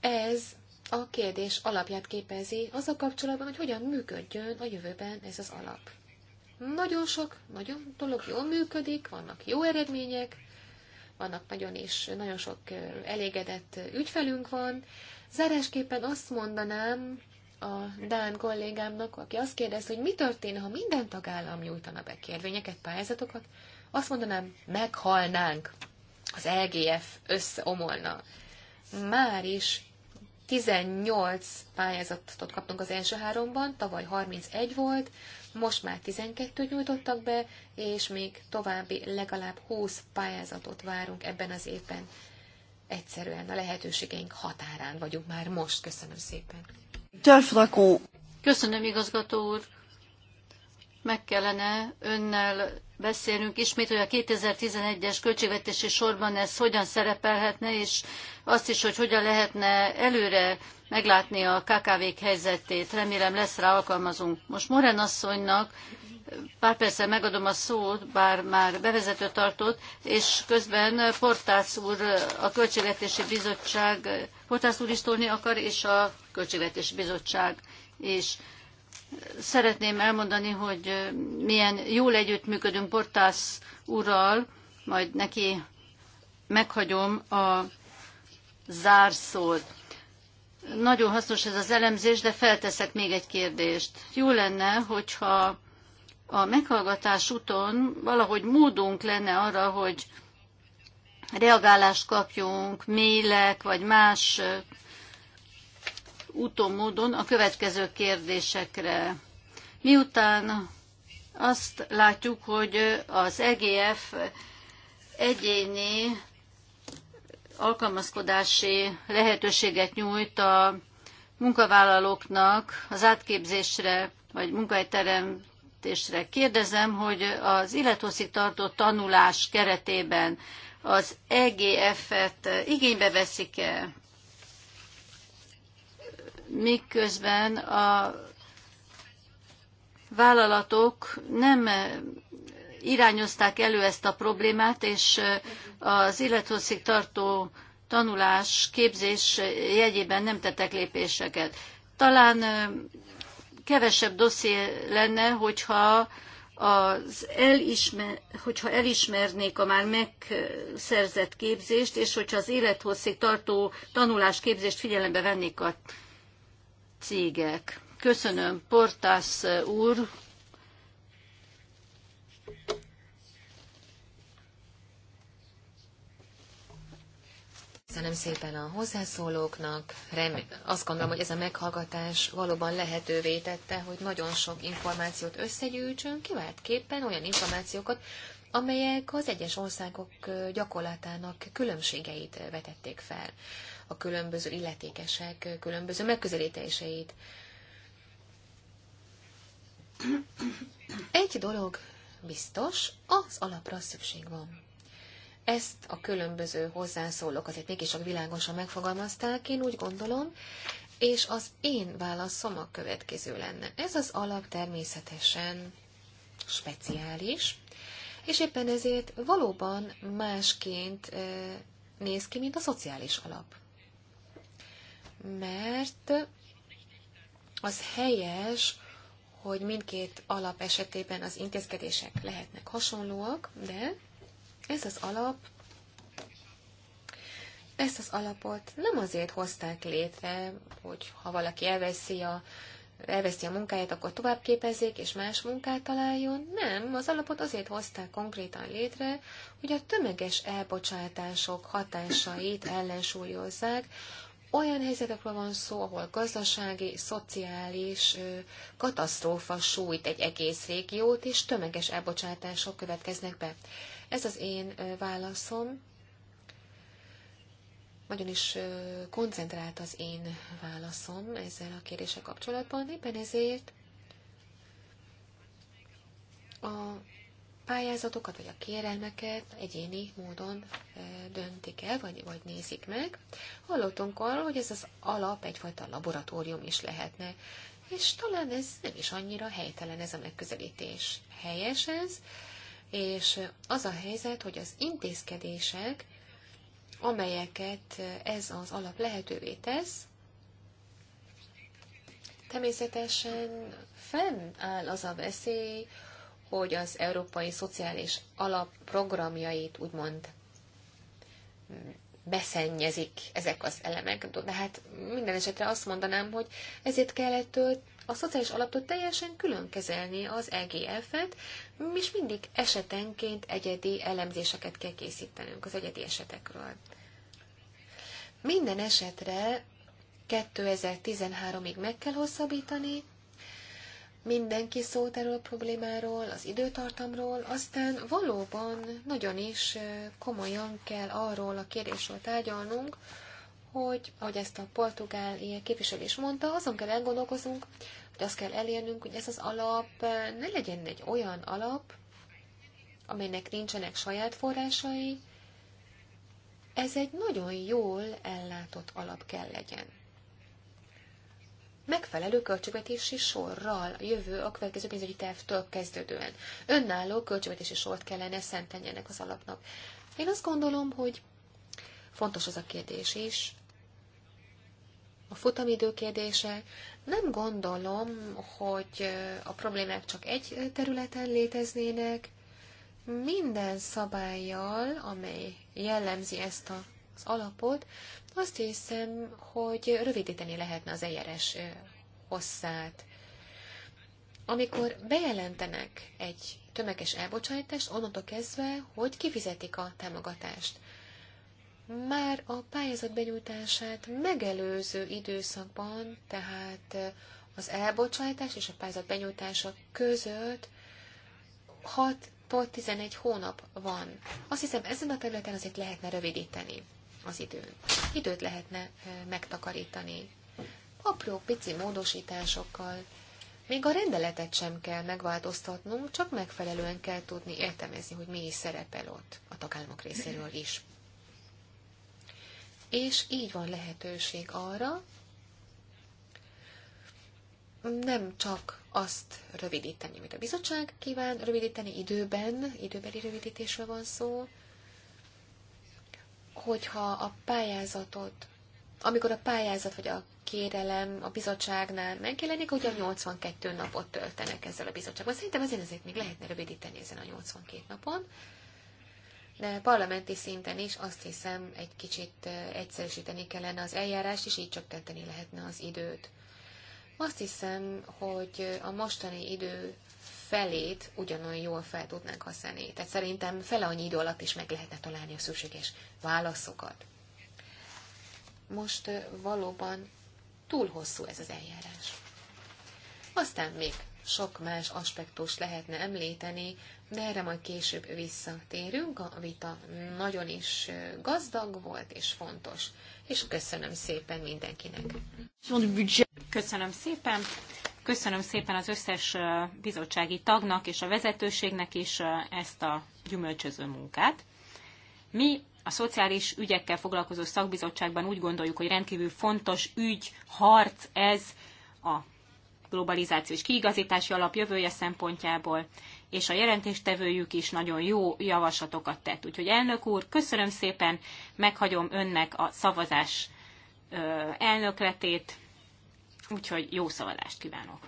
ez a kérdés alapját képezi az a kapcsolatban, hogy hogyan működjön a jövőben ez az alap. Nagyon sok, nagyon dolog jól működik, vannak jó eredmények, vannak nagyon is, nagyon sok elégedett ügyfelünk van. Zárásképpen azt mondanám a Dán kollégámnak, aki azt kérdezte, hogy mi történne, ha minden tagállam nyújtana be kérvényeket, pályázatokat, azt mondanám, meghalnánk. Az LGF összeomolna. Már is 18 pályázatot kaptunk az első háromban, tavaly 31 volt, most már 12-t nyújtottak be, és még további legalább 20 pályázatot várunk ebben az évben. Egyszerűen a lehetőségeink határán vagyunk már most. Köszönöm szépen. Köszönöm, igazgató úr meg kellene önnel beszélnünk ismét, hogy a 2011-es költségvetési sorban ez hogyan szerepelhetne, és azt is, hogy hogyan lehetne előre meglátni a KKV-k helyzetét. Remélem lesz rá alkalmazunk. Most Morán asszonynak pár perccel megadom a szót, bár már bevezető tartott, és közben Portász úr, a Költségvetési Bizottság, Portász úr is tolni akar, és a Költségvetési Bizottság is. És szeretném elmondani, hogy milyen jól együttműködünk Portász úrral, majd neki meghagyom a zárszót. Nagyon hasznos ez az elemzés, de felteszek még egy kérdést. Jó lenne, hogyha a meghallgatás úton valahogy módunk lenne arra, hogy reagálást kapjunk, mélek vagy más úton, módon a következő kérdésekre. Miután azt látjuk, hogy az EGF egyéni alkalmazkodási lehetőséget nyújt a munkavállalóknak az átképzésre vagy munkahelyteremtésre. Kérdezem, hogy az illetőszik tartó tanulás keretében az EGF-et igénybe veszik-e? miközben a vállalatok nem irányozták elő ezt a problémát, és az élethosszig tartó tanulás, képzés jegyében nem tettek lépéseket. Talán kevesebb dosszié lenne, hogyha az elismer, hogyha elismernék a már megszerzett képzést, és hogyha az élethosszig tartó képzést figyelembe vennék a cégek. Köszönöm, Portás úr. Köszönöm szépen a hozzászólóknak. Rem- azt gondolom, hogy ez a meghallgatás valóban lehetővé tette, hogy nagyon sok információt összegyűjtsünk, kiváltképpen olyan információkat, amelyek az egyes országok gyakorlatának különbségeit vetették fel a különböző illetékesek különböző megközelítéseit. Egy dolog biztos, az alapra szükség van. Ezt a különböző hozzászólók azért mégiscsak világosan megfogalmazták, én úgy gondolom, és az én válaszom a következő lenne. Ez az alap természetesen speciális, és éppen ezért valóban másként eh, néz ki, mint a szociális alap mert az helyes, hogy mindkét alap esetében az intézkedések lehetnek hasonlóak, de ez az alap, ezt az alapot nem azért hozták létre, hogy ha valaki elveszi a, elveszi a munkáját, akkor tovább képezzék, és más munkát találjon. Nem, az alapot azért hozták konkrétan létre, hogy a tömeges elbocsátások hatásait ellensúlyozzák, olyan helyzetekről van szó, ahol gazdasági, szociális katasztrófa sújt egy egész régiót, és tömeges elbocsátások következnek be. Ez az én válaszom. Nagyon is koncentrált az én válaszom ezzel a kérdéssel kapcsolatban. Éppen ezért a pályázatokat vagy a kérelmeket egyéni módon e, döntik el, vagy, vagy nézik meg. Hallottunk arról, hogy ez az alap egyfajta laboratórium is lehetne, és talán ez nem is annyira helytelen ez a megközelítés. Helyes ez, és az a helyzet, hogy az intézkedések, amelyeket ez az alap lehetővé tesz, természetesen fennáll az a veszély, hogy az Európai Szociális Alap programjait úgymond beszennyezik ezek az elemek. De hát minden esetre azt mondanám, hogy ezért kell ettől a szociális alaptól teljesen külön kezelni az EGF-et, és mindig esetenként egyedi elemzéseket kell készítenünk az egyedi esetekről. Minden esetre 2013-ig meg kell hosszabbítani, mindenki szólt erről a problémáról, az időtartamról, aztán valóban nagyon is komolyan kell arról a kérdésről tárgyalnunk, hogy, ahogy ezt a portugál képviselő is mondta, azon kell elgondolkozunk, hogy azt kell elérnünk, hogy ez az alap ne legyen egy olyan alap, amelynek nincsenek saját forrásai, ez egy nagyon jól ellátott alap kell legyen megfelelő költségvetési sorral a jövő a következő pénzügyi tervtől kezdődően. Önálló költségvetési sort kellene szentelni ennek az alapnak. Én azt gondolom, hogy fontos az a kérdés is, a futamidő kérdése. Nem gondolom, hogy a problémák csak egy területen léteznének. Minden szabályjal, amely jellemzi ezt a az alapot, azt hiszem, hogy rövidíteni lehetne az eljárás hosszát. Amikor bejelentenek egy tömeges elbocsájtást, onnantól kezdve, hogy kifizetik a támogatást. Már a pályázat benyújtását megelőző időszakban, tehát az elbocsátás és a pályázat benyújtása között 6-11 hónap van. Azt hiszem, ezen a területen azért lehetne rövidíteni az időn. Időt lehetne megtakarítani. Apró, pici módosításokkal. Még a rendeletet sem kell megváltoztatnunk, csak megfelelően kell tudni értelmezni, hogy mi is szerepel ott a tagállamok részéről is. És így van lehetőség arra, nem csak azt rövidíteni, amit a bizottság kíván rövidíteni időben, időbeli rövidítésről van szó, hogyha a pályázatot, amikor a pályázat vagy a kérelem a bizottságnál megjelenik, hogy a 82 napot töltenek ezzel a bizottságban. Szerintem azért azért még lehetne rövidíteni ezen a 82 napon, de parlamenti szinten is azt hiszem egy kicsit egyszerűsíteni kellene az eljárást, és így csökkenteni lehetne az időt. Azt hiszem, hogy a mostani idő felét ugyanolyan jól fel tudnánk használni. Tehát szerintem fele annyi idő alatt is meg lehetne találni a szükséges válaszokat. Most valóban túl hosszú ez az eljárás. Aztán még sok más aspektus lehetne említeni, de erre majd később visszatérünk. A vita nagyon is gazdag volt és fontos, és köszönöm szépen mindenkinek. Köszönöm szépen. Köszönöm szépen az összes bizottsági tagnak és a vezetőségnek is ezt a gyümölcsöző munkát. Mi a szociális ügyekkel foglalkozó szakbizottságban úgy gondoljuk, hogy rendkívül fontos ügy, harc ez a globalizáció és kiigazítási alap jövője szempontjából, és a jelentéstevőjük is nagyon jó javaslatokat tett. Úgyhogy elnök úr, köszönöm szépen, meghagyom önnek a szavazás elnökletét, Úgyhogy jó szavazást kívánok!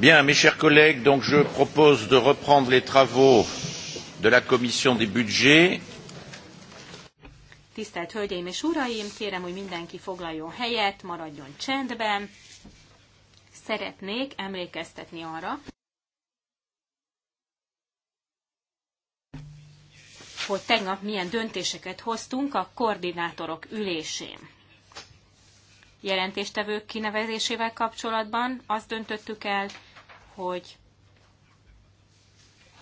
mes chers collègues, je propose de reprendre les travaux de la commission des budgets. Tisztelt Hölgyeim és Uraim, kérem, hogy mindenki foglaljon helyet, maradjon csendben. Szeretnék emlékeztetni arra, hogy tegnap milyen döntéseket hoztunk a koordinátorok ülésén. Jelentéstevők kinevezésével kapcsolatban azt döntöttük el, hogy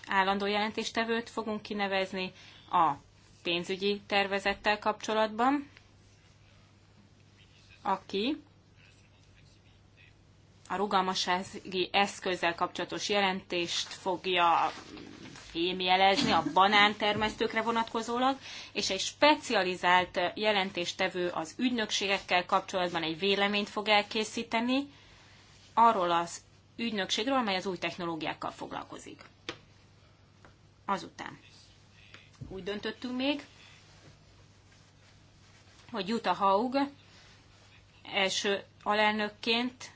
állandó jelentéstevőt fogunk kinevezni a pénzügyi tervezettel kapcsolatban, aki a rugalmassági eszközzel kapcsolatos jelentést fogja fémjelezni a banántermesztőkre vonatkozólag, és egy specializált jelentéstevő az ügynökségekkel kapcsolatban egy véleményt fog elkészíteni arról az ügynökségről, amely az új technológiákkal foglalkozik. Azután úgy döntöttünk még, hogy Jutta Haug első alelnökként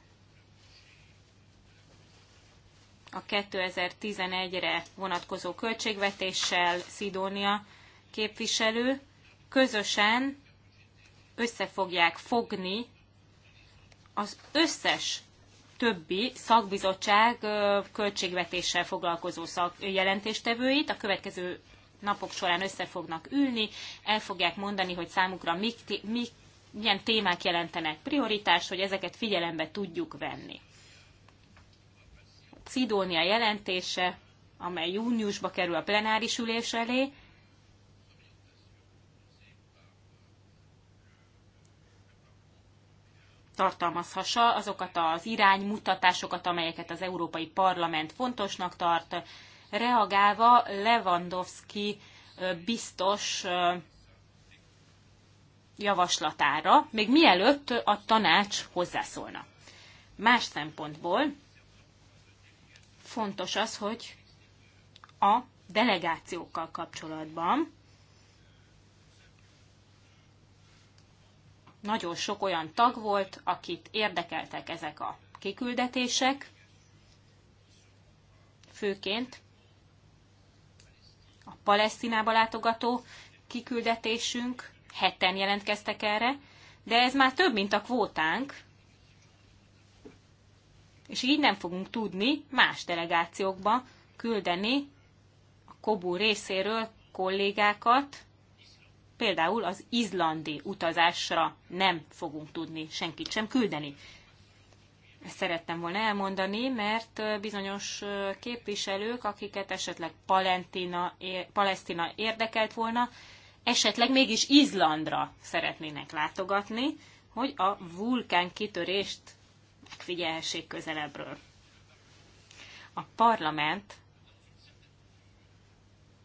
a 2011-re vonatkozó költségvetéssel Szidónia képviselő közösen össze fogják fogni az összes többi szakbizottság költségvetéssel foglalkozó szak jelentéstevőit a következő napok során össze fognak ülni, el fogják mondani, hogy számukra mik, mik, milyen témák jelentenek prioritást, hogy ezeket figyelembe tudjuk venni. Szidónia jelentése, amely júniusba kerül a plenáris ülés elé, tartalmazhassa azokat az iránymutatásokat, amelyeket az Európai Parlament fontosnak tart, reagálva Lewandowski biztos javaslatára, még mielőtt a tanács hozzászólna. Más szempontból fontos az, hogy a delegációkkal kapcsolatban nagyon sok olyan tag volt, akit érdekeltek ezek a kiküldetések, főként a Palesztinába látogató kiküldetésünk, heten jelentkeztek erre, de ez már több, mint a kvótánk, és így nem fogunk tudni más delegációkba küldeni a Kobú részéről kollégákat, például az izlandi utazásra nem fogunk tudni senkit sem küldeni. Ezt szerettem volna elmondani, mert bizonyos képviselők, akiket esetleg Palentina, Palesztina érdekelt volna, esetleg mégis Izlandra szeretnének látogatni, hogy a vulkán kitörést megfigyelhessék közelebbről. A parlament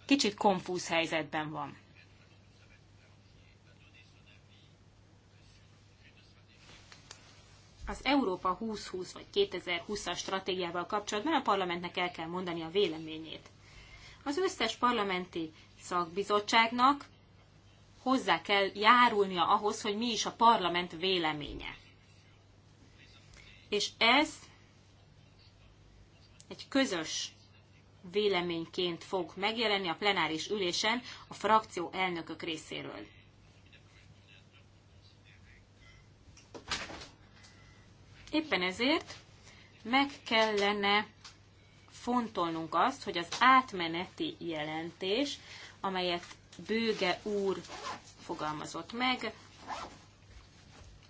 kicsit konfúz helyzetben van. az Európa 2020 vagy 2020-as stratégiával kapcsolatban a parlamentnek el kell mondani a véleményét. Az összes parlamenti szakbizottságnak hozzá kell járulnia ahhoz, hogy mi is a parlament véleménye. És ez egy közös véleményként fog megjelenni a plenáris ülésen a frakció elnökök részéről. Éppen ezért meg kellene fontolnunk azt, hogy az átmeneti jelentés, amelyet Bőge úr fogalmazott meg,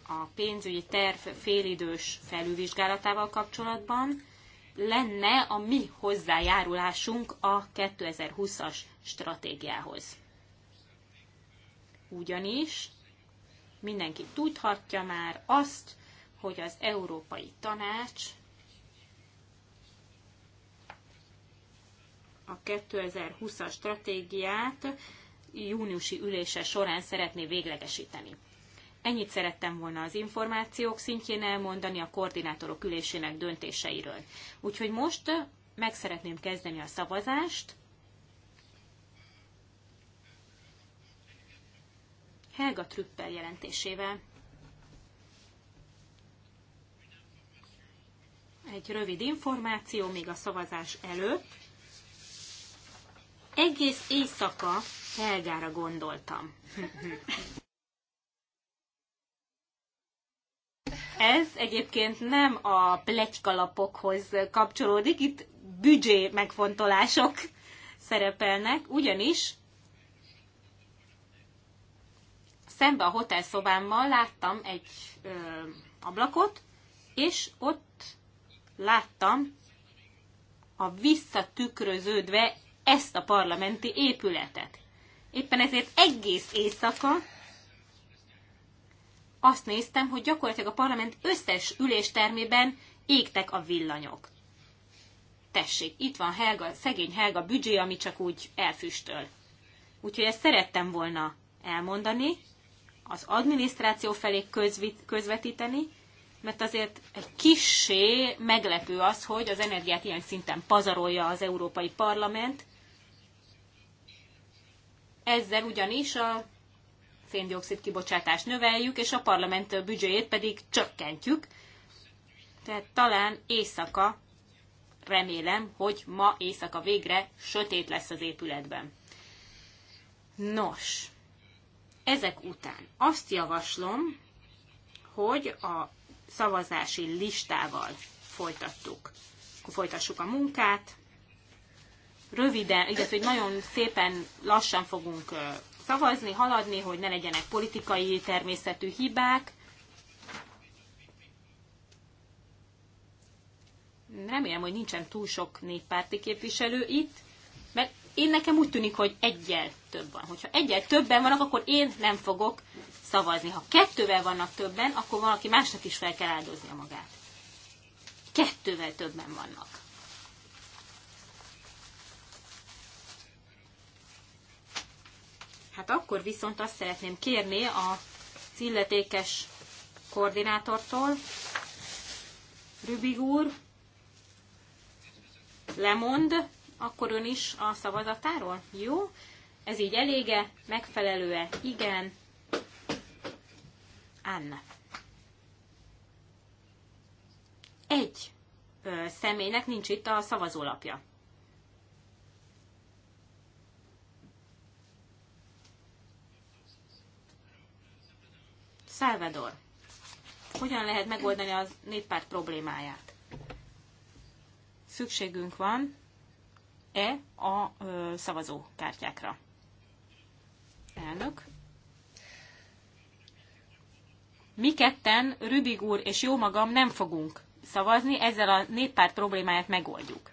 a pénzügyi terv félidős felülvizsgálatával kapcsolatban lenne a mi hozzájárulásunk a 2020-as stratégiához. Ugyanis mindenki tudhatja már azt, hogy az Európai Tanács a 2020-as stratégiát júniusi ülése során szeretné véglegesíteni. Ennyit szerettem volna az információk szintjén elmondani a koordinátorok ülésének döntéseiről. Úgyhogy most meg szeretném kezdeni a szavazást. Helga Trüppel jelentésével. egy rövid információ még a szavazás előtt. Egész éjszaka Helgára gondoltam. Ez egyébként nem a plegykalapokhoz kapcsolódik, itt büdzsé megfontolások szerepelnek, ugyanis szembe a hotelszobámmal láttam egy ö, ablakot, és ott láttam a visszatükröződve ezt a parlamenti épületet. Éppen ezért egész éjszaka azt néztem, hogy gyakorlatilag a parlament összes üléstermében égtek a villanyok. Tessék, itt van Helga, szegény Helga büdzsé, ami csak úgy elfüstöl. Úgyhogy ezt szerettem volna elmondani, az adminisztráció felé közvetíteni, mert azért egy kissé meglepő az, hogy az energiát ilyen szinten pazarolja az Európai Parlament. Ezzel ugyanis a széndiokszid kibocsátást növeljük, és a parlament büdzséjét pedig csökkentjük. Tehát talán éjszaka, remélem, hogy ma éjszaka végre sötét lesz az épületben. Nos, ezek után azt javaslom, hogy a szavazási listával folytattuk. Folytassuk a munkát. Röviden, illetve hogy nagyon szépen lassan fogunk szavazni, haladni, hogy ne legyenek politikai természetű hibák. Remélem, hogy nincsen túl sok néppárti képviselő itt én nekem úgy tűnik, hogy egyel több van. Hogyha egyel többen vannak, akkor én nem fogok szavazni. Ha kettővel vannak többen, akkor valaki másnak is fel kell áldoznia magát. Kettővel többen vannak. Hát akkor viszont azt szeretném kérni a illetékes koordinátortól, Rübig úr, lemond, akkor ön is a szavazatáról? Jó? Ez így elége? Megfelelő-e? Igen. Anna. Egy ö, személynek nincs itt a szavazólapja. Salvador. Hogyan lehet megoldani a néppárt problémáját? Szükségünk van e a szavazókártyákra. Elnök. Mi ketten, Rüdig úr és jó magam nem fogunk szavazni, ezzel a néppárt problémáját megoldjuk.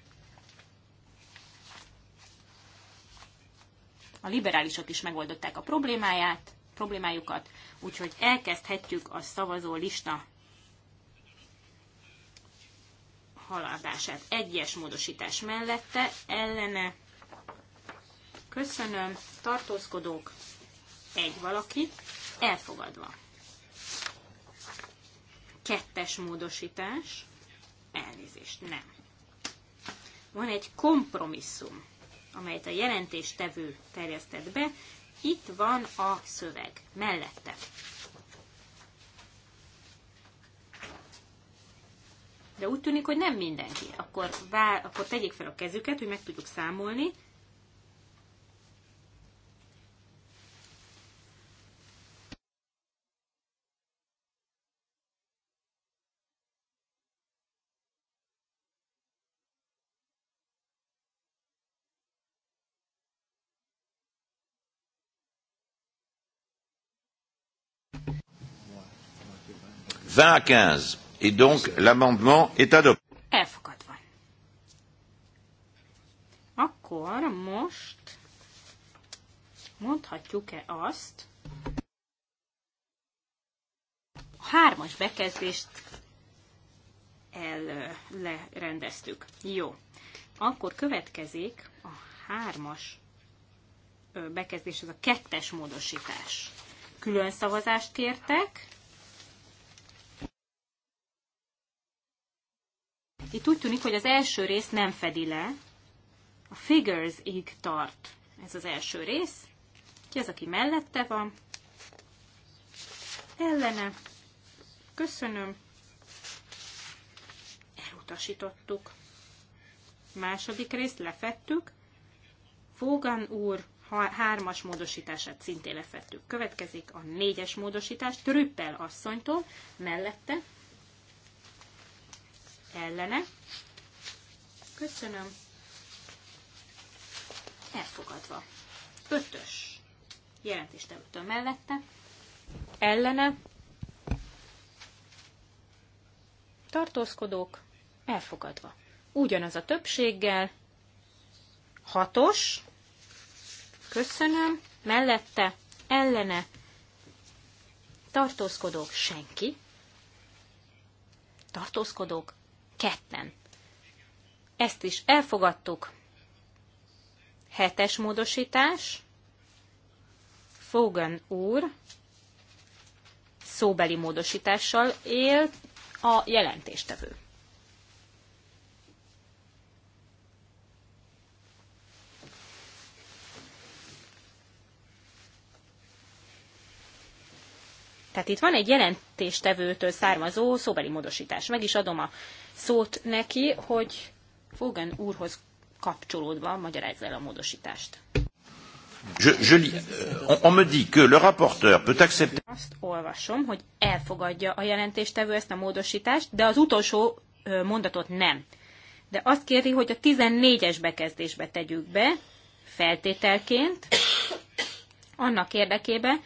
A liberálisok is megoldották a problémáját, problémájukat, úgyhogy elkezdhetjük a szavazó lista haladását egyes módosítás mellette, ellene, köszönöm, tartózkodók, egy valaki, elfogadva. Kettes módosítás, elnézést, nem. Van egy kompromisszum, amelyet a jelentéstevő terjesztett be, itt van a szöveg mellette de úgy tűnik, hogy nem mindenki. Akkor, vár, akkor tegyék fel a kezüket, hogy meg tudjuk számolni. Vingt quinze Et donc, l'amendement est adopté. Elfogadva. Akkor most mondhatjuk-e azt, a hármas bekezdést elrendeztük. Jó. Akkor következik a hármas bekezdés, ez a kettes módosítás. Külön szavazást kértek, Itt úgy tűnik, hogy az első rész nem fedi le, a figures-ig tart ez az első rész. Ki az, aki mellette van? Ellene. Köszönöm. Elutasítottuk. Második részt lefettük. Fogan úr hármas módosítását szintén lefettük. Következik a négyes módosítás Trüppel asszonytól mellette ellene. Köszönöm. Elfogadva. Ötös jelentéstevőtől mellette. Ellene. Tartózkodók. Elfogadva. Ugyanaz a többséggel. Hatos. Köszönöm. Mellette. Ellene. Tartózkodók. Senki. Tartózkodók ketten. Ezt is elfogadtuk. Hetes módosítás. Fogan úr szóbeli módosítással él a jelentéstevő. Tehát itt van egy jelent, jelentéstevőtől származó szóbeli módosítás. Meg is adom a szót neki, hogy Fogan úrhoz kapcsolódva magyarázza el a módosítást. Je, je euh, on, on me dit que le rapporteur peut accepter... Azt olvasom, hogy elfogadja a jelentéstevő ezt a módosítást, de az utolsó mondatot nem. De azt kéri, hogy a 14-es bekezdésbe tegyük be, feltételként, annak érdekében,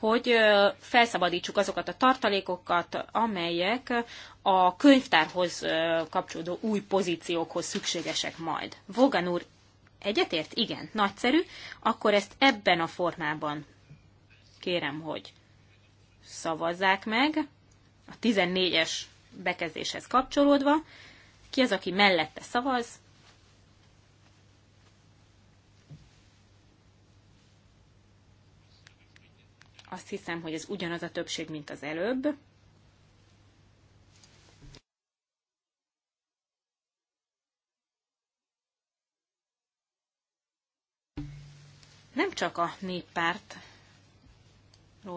hogy felszabadítsuk azokat a tartalékokat, amelyek a könyvtárhoz kapcsolódó új pozíciókhoz szükségesek majd. Vogan úr egyetért? Igen, nagyszerű. Akkor ezt ebben a formában kérem, hogy szavazzák meg a 14-es bekezdéshez kapcsolódva. Ki az, aki mellette szavaz? Azt hiszem, hogy ez ugyanaz a többség, mint az előbb. Nem csak a néppártról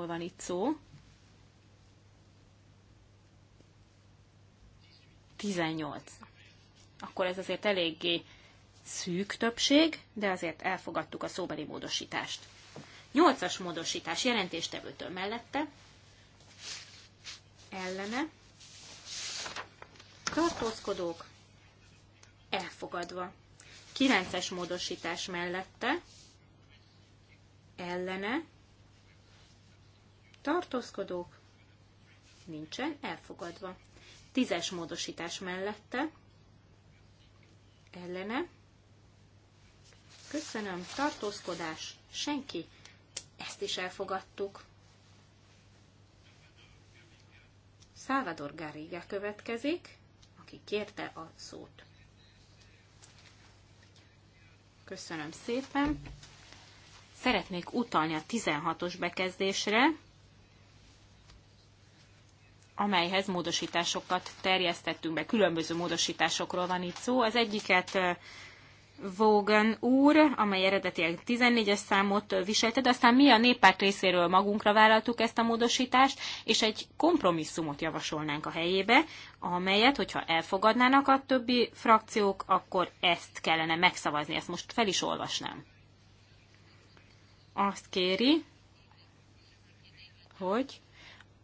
van itt szó, 18. Akkor ez azért eléggé szűk többség, de azért elfogadtuk a szóbeli módosítást. Nyolcas módosítás jelentéstevőtől mellette, ellene, tartózkodók, elfogadva. Kilences módosítás mellette, ellene, tartózkodók, nincsen, elfogadva. Tízes módosítás mellette, ellene, köszönöm, tartózkodás, senki, ezt is elfogadtuk. Salvador Garriga következik, aki kérte a szót. Köszönöm szépen. Szeretnék utalni a 16-os bekezdésre, amelyhez módosításokat terjesztettünk be. Különböző módosításokról van itt szó. Az egyiket Vogan úr, amely eredetileg 14-es számot viselte, de aztán mi a néppárt részéről magunkra vállaltuk ezt a módosítást, és egy kompromisszumot javasolnánk a helyébe, amelyet, hogyha elfogadnának a többi frakciók, akkor ezt kellene megszavazni, ezt most fel is olvasnám. Azt kéri, hogy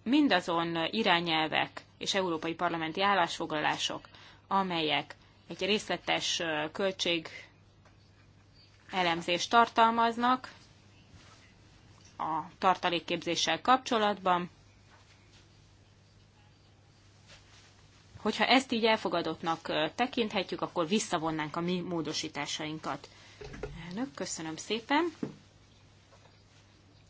mindazon irányelvek és európai parlamenti állásfoglalások, amelyek egy részletes költség elemzést tartalmaznak a tartalékképzéssel kapcsolatban. Hogyha ezt így elfogadottnak tekinthetjük, akkor visszavonnánk a mi módosításainkat. Elnök, köszönöm szépen.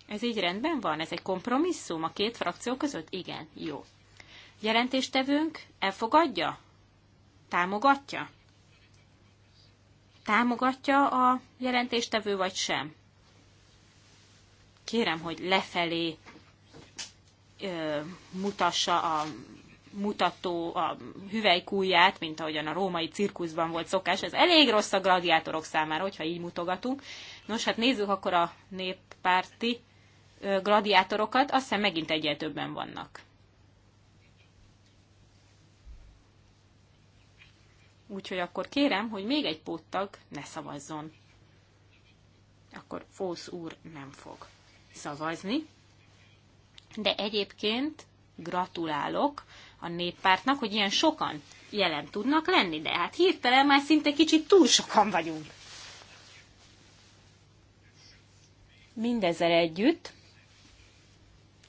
Ez így rendben van? Ez egy kompromisszum a két frakció között? Igen, jó. Jelentéstevőnk elfogadja támogatja? Támogatja a jelentéstevő, vagy sem? Kérem, hogy lefelé ö, mutassa a mutató a hüvelykújját, mint ahogyan a római cirkuszban volt szokás. Ez elég rossz a gladiátorok számára, hogyha így mutogatunk. Nos, hát nézzük akkor a néppárti gladiátorokat. Azt hiszem megint egyet többen vannak. Úgyhogy akkor kérem, hogy még egy póttag ne szavazzon. Akkor Fósz úr nem fog szavazni. De egyébként gratulálok a néppártnak, hogy ilyen sokan jelen tudnak lenni, de hát hirtelen már szinte kicsit túl sokan vagyunk. Mindezzel együtt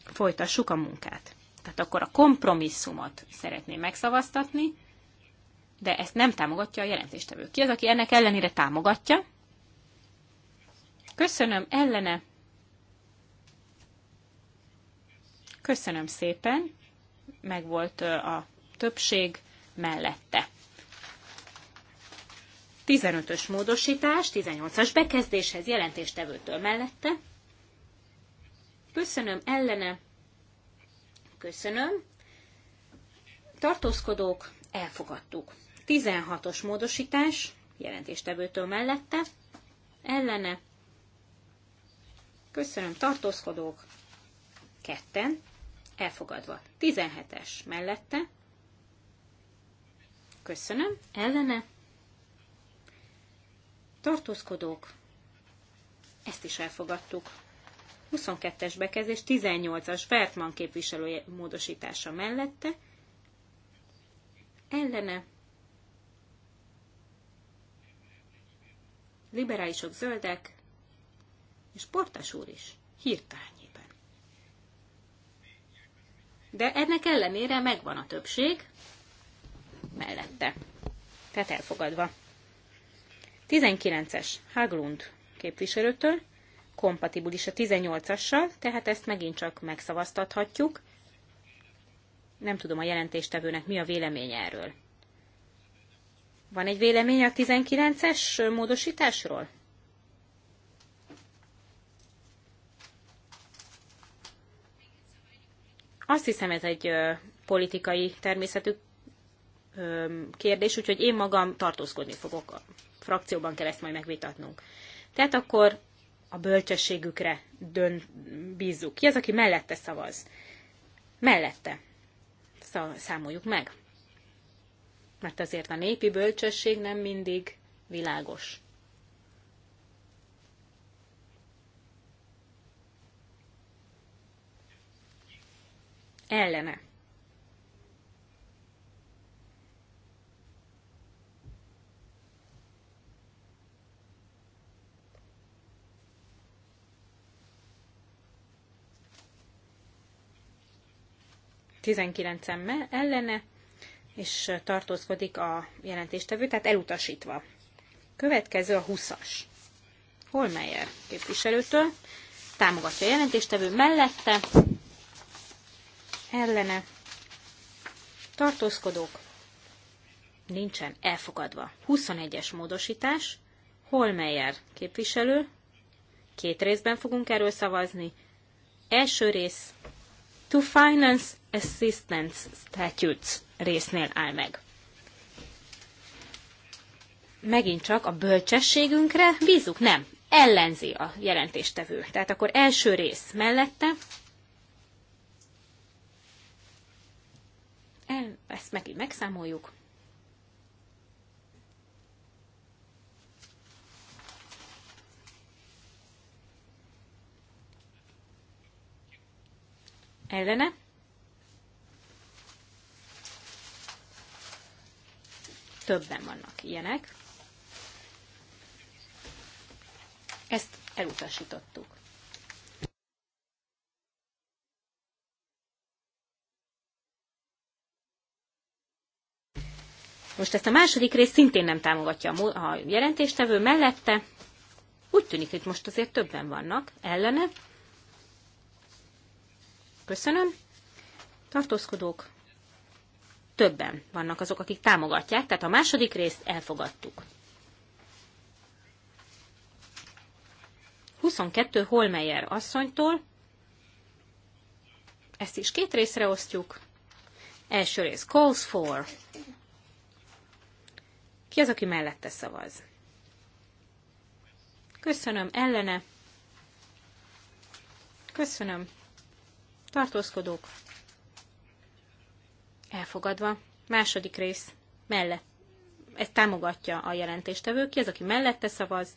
folytassuk a munkát. Tehát akkor a kompromisszumot szeretném megszavaztatni, de ezt nem támogatja a jelentéstevő. Ki az, aki ennek ellenére támogatja? Köszönöm, ellene. Köszönöm szépen, megvolt a többség mellette. 15-ös módosítás, 18-as bekezdéshez jelentéstevőtől mellette. Köszönöm, ellene. Köszönöm. Tartózkodók, elfogadtuk. 16-os módosítás, jelentéstevőtől mellette, ellene, köszönöm, tartózkodók, ketten, elfogadva. 17-es mellette, köszönöm, ellene, tartózkodók, ezt is elfogadtuk. 22-es bekezdés 18-as Vertman képviselője módosítása mellette, ellene liberálisok, zöldek, és Portas úr is, hirtelnyében. De ennek ellenére megvan a többség mellette. Tehát elfogadva. 19-es Haglund képviselőtől, kompatibilis a 18-assal, tehát ezt megint csak megszavaztathatjuk. Nem tudom a jelentéstevőnek mi a véleménye erről. Van egy vélemény a 19-es módosításról? Azt hiszem, ez egy politikai természetű kérdés, úgyhogy én magam tartózkodni fogok. A frakcióban kell ezt majd megvitatnunk. Tehát akkor a bölcsességükre dön, bízzuk. Ki az, aki mellette szavaz? Mellette. Szóval számoljuk meg mert azért a népi bölcsesség nem mindig világos. Ellene. Tizenkilencen ellene, és tartózkodik a jelentéstevő, tehát elutasítva. Következő a 20-as. Holmeyer képviselőtől támogatja a jelentéstevő mellette, ellene tartózkodók nincsen elfogadva. 21-es módosítás, Holmeyer képviselő, két részben fogunk erről szavazni. Első rész, to finance assistance statutes résznél áll meg. Megint csak a bölcsességünkre bízunk? Nem. Ellenzi a jelentéstevő. Tehát akkor első rész mellette. El, ezt megint megszámoljuk. Ellene többen vannak ilyenek. Ezt elutasítottuk. Most ezt a második részt szintén nem támogatja a jelentéstevő mellette. Úgy tűnik, hogy most azért többen vannak ellene. Köszönöm. Tartózkodók többen vannak azok, akik támogatják, tehát a második részt elfogadtuk. 22 Holmeyer asszonytól, ezt is két részre osztjuk. Első rész calls for. Ki az, aki mellette szavaz? Köszönöm, ellene. Köszönöm. Tartózkodók. Elfogadva. Második rész. Mellett. Ez támogatja a jelentéstevő. Ki az, aki mellette szavaz?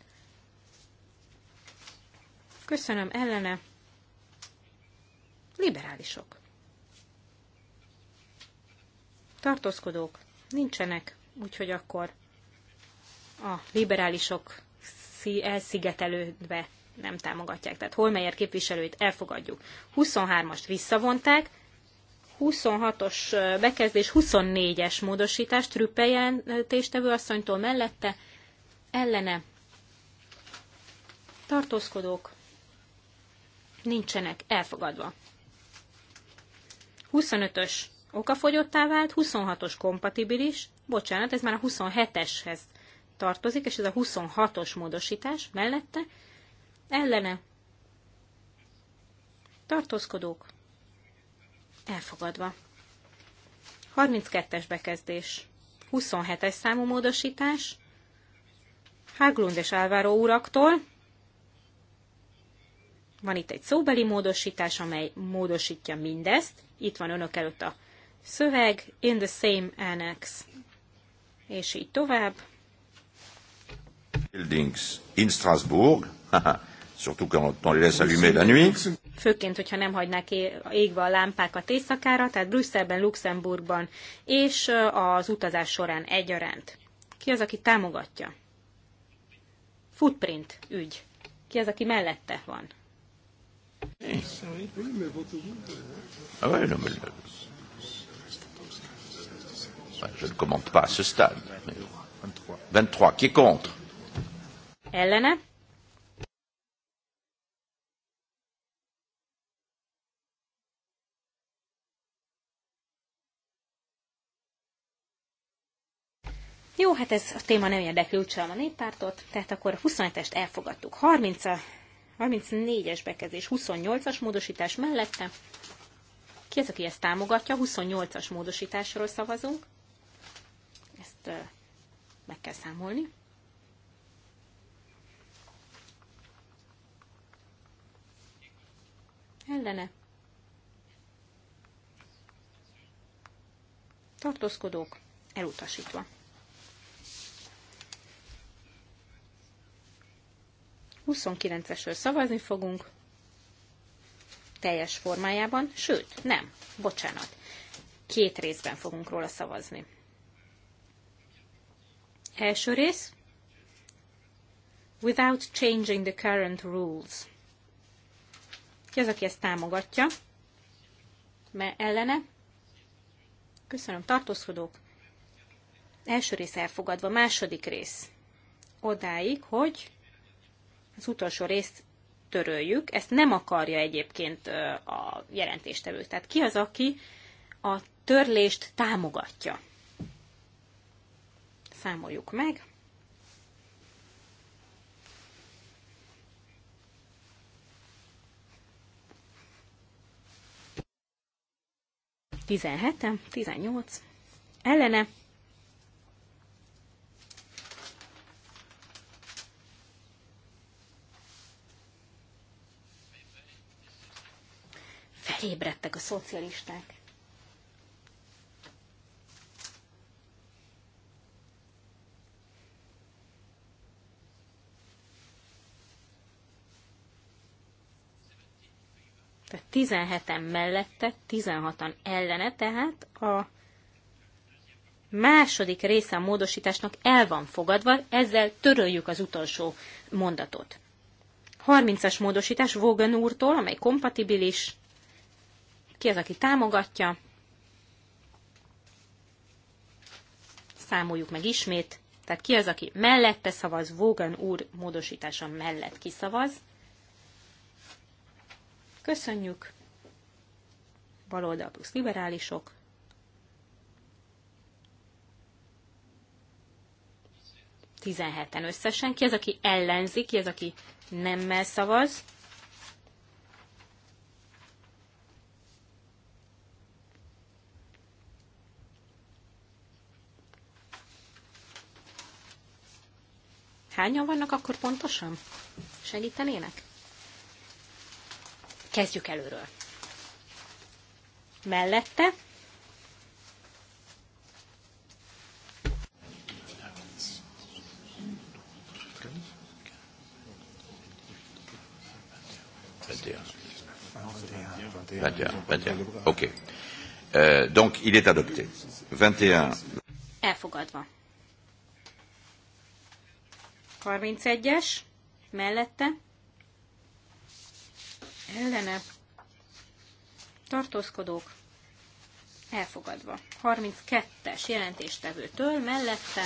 Köszönöm, ellene. Liberálisok. Tartózkodók. Nincsenek. Úgyhogy akkor a liberálisok elszigetelődve nem támogatják. Tehát Holmeyer képviselőit elfogadjuk. 23-ast visszavonták, 26-os bekezdés 24-es módosítás jelentéstevő asszonytól mellette ellene tartózkodók nincsenek elfogadva. 25-ös okafogyottá vált, 26-os kompatibilis, bocsánat, ez már a 27-eshez tartozik, és ez a 26-os módosítás mellette ellene tartózkodók Elfogadva. 32-es bekezdés. 27-es számú módosítás. Haglund és Álváró uraktól. Van itt egy szóbeli módosítás, amely módosítja mindezt. Itt van önök előtt a szöveg, in the same annex. És így tovább. Buildings in Strasbourg. surtout quand on les laisse allumer la nuit. Főként, hogyha nem hagynák égve a lámpákat éjszakára, tehát Brüsszelben, Luxemburgban és az utazás során egyaránt. Ki az, aki támogatja? Footprint ügy. Ki az, aki mellette van? Ah euh, je ne commente pas à ce stade. 23. Qui est contre Ellene Jó, hát ez a téma nem érdekli úgysem a néppártot, tehát akkor a 27-est elfogadtuk. 30 34-es bekezdés, 28-as módosítás mellette. Ki az, aki ezt támogatja? 28-as módosításról szavazunk. Ezt uh, meg kell számolni. Ellene. Tartózkodók elutasítva. 29-esről szavazni fogunk, teljes formájában, sőt, nem, bocsánat, két részben fogunk róla szavazni. Első rész, without changing the current rules. Ki az, aki ezt támogatja? Mert ellene? Köszönöm, tartózkodók. Első rész elfogadva, második rész. Odáig, hogy az utolsó részt töröljük. Ezt nem akarja egyébként a jelentéstevő. Tehát ki az, aki a törlést támogatja? Számoljuk meg. Tizenheten, tizennyolc. Ellene ébredtek a szocialisták. Tehát 17-en mellette, 16-an ellene, tehát a második része a módosításnak el van fogadva, ezzel töröljük az utolsó mondatot. 30-as módosítás Vogan úrtól, amely kompatibilis, ki az, aki támogatja? Számoljuk meg ismét. Tehát ki az, aki mellette szavaz, Vogan úr módosítása mellett kiszavaz. Köszönjük. Baloldal plusz liberálisok. Tizenheten összesen. Ki az, aki ellenzi, ki az, aki nemmel szavaz. Hányan vannak akkor pontosan? Segítenének? Kezdjük előről. Mellette. Oké. Okay. Euh, donc, il est adopté. 21. Elfogadva. 31-es mellette ellene tartózkodók elfogadva. 32-es jelentéstevőtől mellette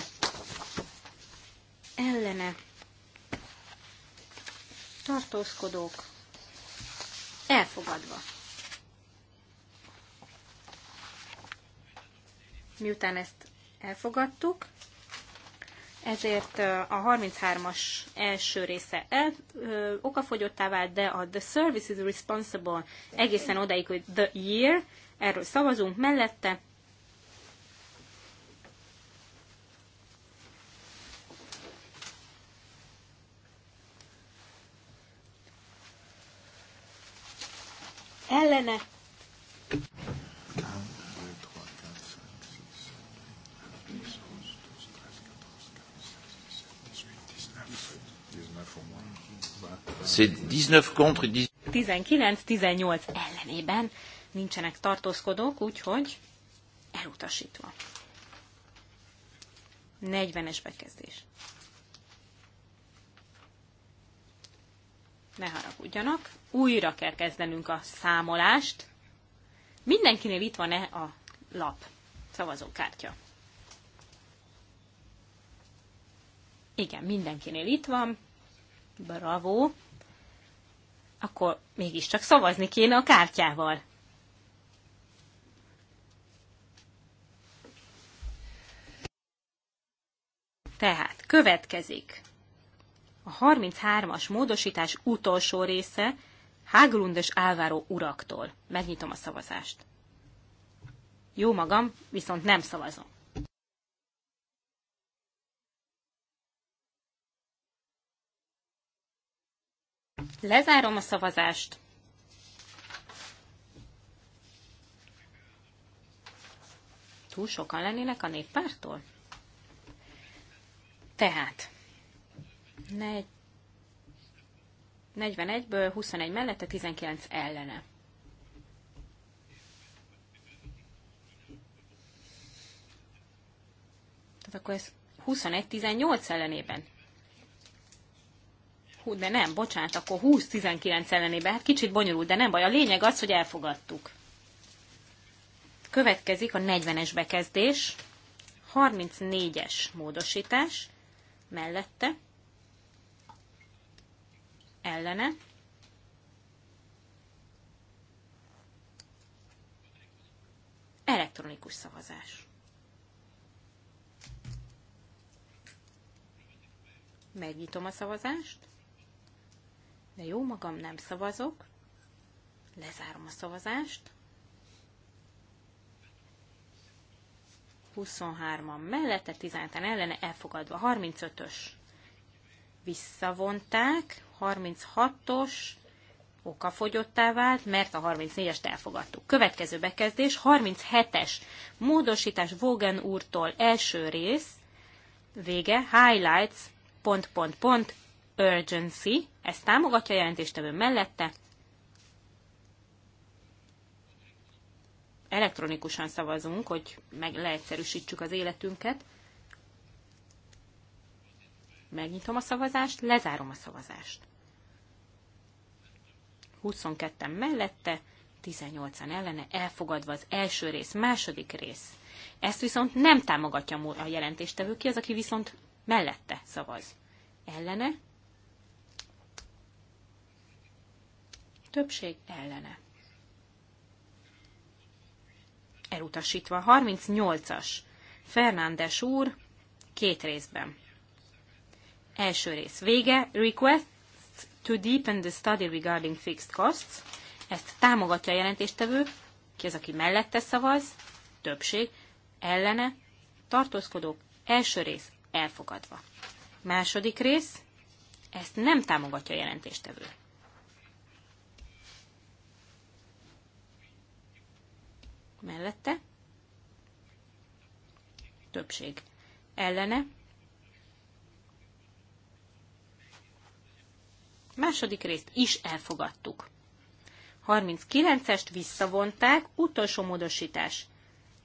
ellene tartózkodók elfogadva. Miután ezt elfogadtuk, ezért a 33-as első része el, ö, okafogyottá vált, de a The Service is Responsible egészen odaig, hogy The Year, erről szavazunk mellette. Ellene 19-18 ellenében nincsenek tartózkodók, úgyhogy elutasítva. 40-es bekezdés. Ne haragudjanak, újra kell kezdenünk a számolást. Mindenkinél itt van-e a lap, szavazókártya. Igen, mindenkinél itt van. Bravo! akkor mégiscsak szavazni kéne a kártyával. Tehát következik a 33-as módosítás utolsó része Háglund és Álváró uraktól. Megnyitom a szavazást. Jó magam, viszont nem szavazom. Lezárom a szavazást. Túl sokan lennének a néppártól? Tehát, 41-ből 21 mellette, 19 ellene. Tehát akkor ez 21-18 ellenében Hú, de nem, bocsánat, akkor 20-19 ellenében, hát kicsit bonyolult, de nem baj. A lényeg az, hogy elfogadtuk. Következik a 40-es bekezdés, 34-es módosítás, mellette, ellene, elektronikus szavazás. Megnyitom a szavazást de jó magam nem szavazok, lezárom a szavazást. 23-an mellette, 15 en ellene elfogadva. 35-ös visszavonták, 36-os okafogyottá vált, mert a 34-est elfogadtuk. Következő bekezdés, 37-es módosítás Vogan úrtól első rész, vége, highlights, pont, pont, pont, urgency, ezt támogatja a jelentéstevő mellette. Elektronikusan szavazunk, hogy meg leegyszerűsítsük az életünket. Megnyitom a szavazást, lezárom a szavazást. 22-en mellette, 18-an ellene, elfogadva az első rész, második rész. Ezt viszont nem támogatja a jelentéstevő, ki az, aki viszont mellette szavaz. Ellene, többség ellene. Elutasítva 38-as. Fernándes úr két részben. Első rész vége, request to deepen the study regarding fixed costs. Ezt támogatja a jelentéstevő, ki az, aki mellette szavaz, többség, ellene, tartózkodók, első rész elfogadva. Második rész, ezt nem támogatja a jelentéstevő. mellette, többség ellene. Második részt is elfogadtuk. 39-est visszavonták, utolsó módosítás.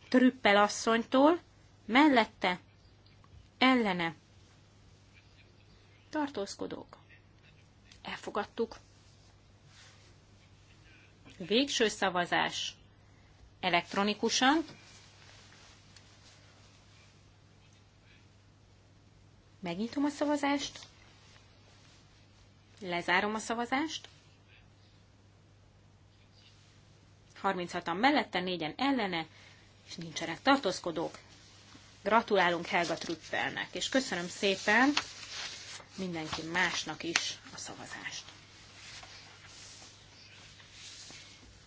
Trüppel asszonytól, mellette, ellene. Tartózkodók. Elfogadtuk. Végső szavazás elektronikusan. Megnyitom a szavazást. Lezárom a szavazást. 36-an mellette, 4-en ellene, és nincsenek tartózkodók. Gratulálunk Helga Trüppelnek, és köszönöm szépen mindenki másnak is a szavazást.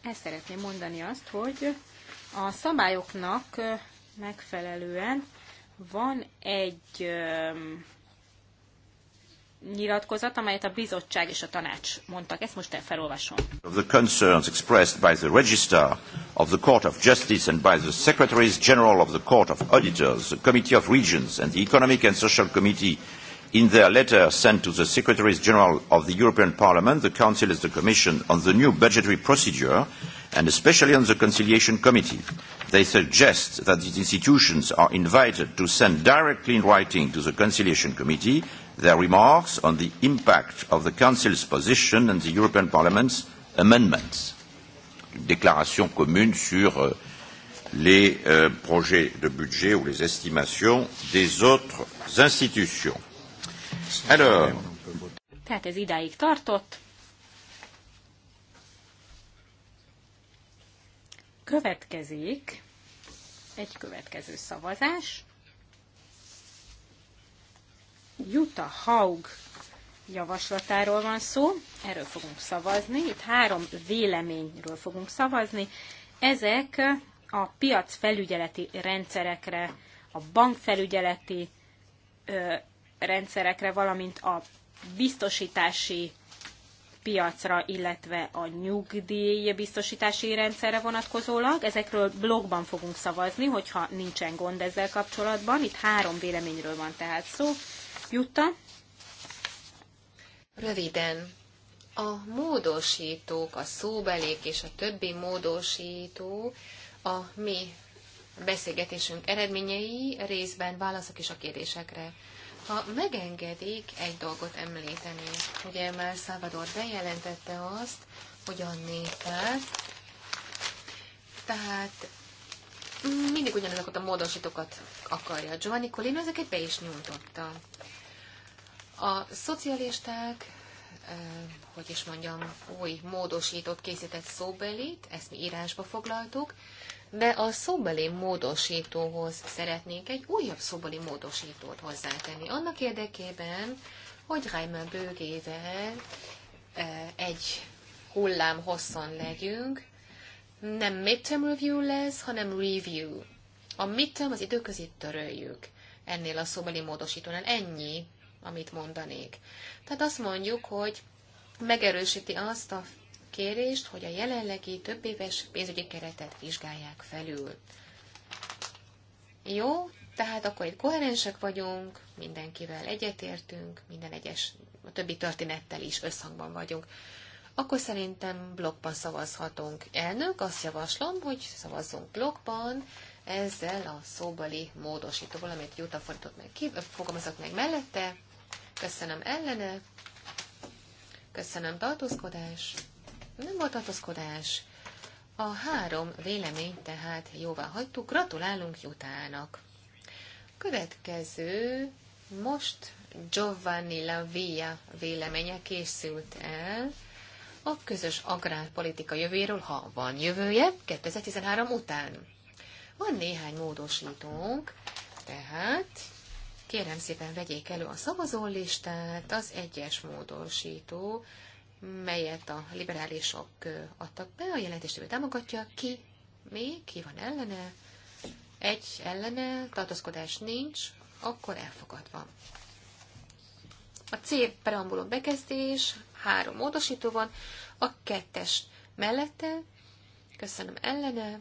ezt szeretném mondani azt, hogy a szabályoknak megfelelően van egy nyilatkozat, amelyet a bizottság és a tanács mondtak. Ezt most felolvasom. Of the concerns expressed by the Registrar of the Court of Justice and by the Secretaries General of the Court of Auditors, the Committee of Regions and the Economic and Social Committee In their letter sent to the Secretaries General of the European Parliament, the Council and the Commission on the new budgetary procedure, and especially on the Conciliation Committee, they suggest that these institutions are invited to send directly in writing to the Conciliation Committee their remarks on the impact of the Council's position and the European Parliament's amendments. déclaration commune sur euh, les euh, projets de budget ou les estimations des autres institutions. Tehát ez idáig tartott. Következik egy következő szavazás. Jutta Haug javaslatáról van szó, erről fogunk szavazni. Itt három véleményről fogunk szavazni. Ezek a piacfelügyeleti rendszerekre, a bankfelügyeleti rendszerekre, valamint a biztosítási piacra, illetve a nyugdíj biztosítási rendszerre vonatkozólag. Ezekről blogban fogunk szavazni, hogyha nincsen gond ezzel kapcsolatban. Itt három véleményről van tehát szó. Jutta? Röviden. A módosítók, a szóbelék és a többi módosító a mi beszélgetésünk eredményei részben válaszok is a kérdésekre. Ha megengedik, egy dolgot említeni. Ugye már Salvador bejelentette azt, hogy a népát, tehát mindig ugyanazokat a módosítókat akarja. Giovanni Colino ezeket be is nyújtotta. A szocialisták, eh, hogy is mondjam, új módosított készített szóbelit, ezt mi írásba foglaltuk, de a szobeli módosítóhoz szeretnék egy újabb szobeli módosítót hozzátenni. Annak érdekében, hogy Reimer bőgével eh, egy hullám hosszan legyünk, nem midterm review lesz, hanem review. A midterm az időközi töröljük ennél a szobeli módosítónál. Ennyi, amit mondanék. Tehát azt mondjuk, hogy megerősíti azt a kérést, hogy a jelenlegi éves pénzügyi keretet vizsgálják felül. Jó, tehát akkor itt koherensek vagyunk, mindenkivel egyetértünk, minden egyes, a többi történettel is összhangban vagyunk. Akkor szerintem blokkban szavazhatunk. Elnök, azt javaslom, hogy szavazzunk blokkban, ezzel a szóbeli módosítóval, amit Jutta fordított meg ki, fogalmazott meg mellette. Köszönöm ellene, köszönöm tartózkodás. Nem volt tartozkodás. A három vélemény tehát jóvá hagytuk. Gratulálunk Jutának. Következő most Giovanni La Via véleménye készült el a közös agrárpolitika jövőről, ha van jövője, 2013 után. Van néhány módosítónk, tehát kérem szépen vegyék elő a szavazólistát, az egyes módosító melyet a liberálisok adtak be, a jelentéstevő támogatja, ki még, ki van ellene, egy ellene, tartozkodás nincs, akkor elfogadva. A C preambuló bekezdés, három módosító van, a kettes mellette, köszönöm ellene,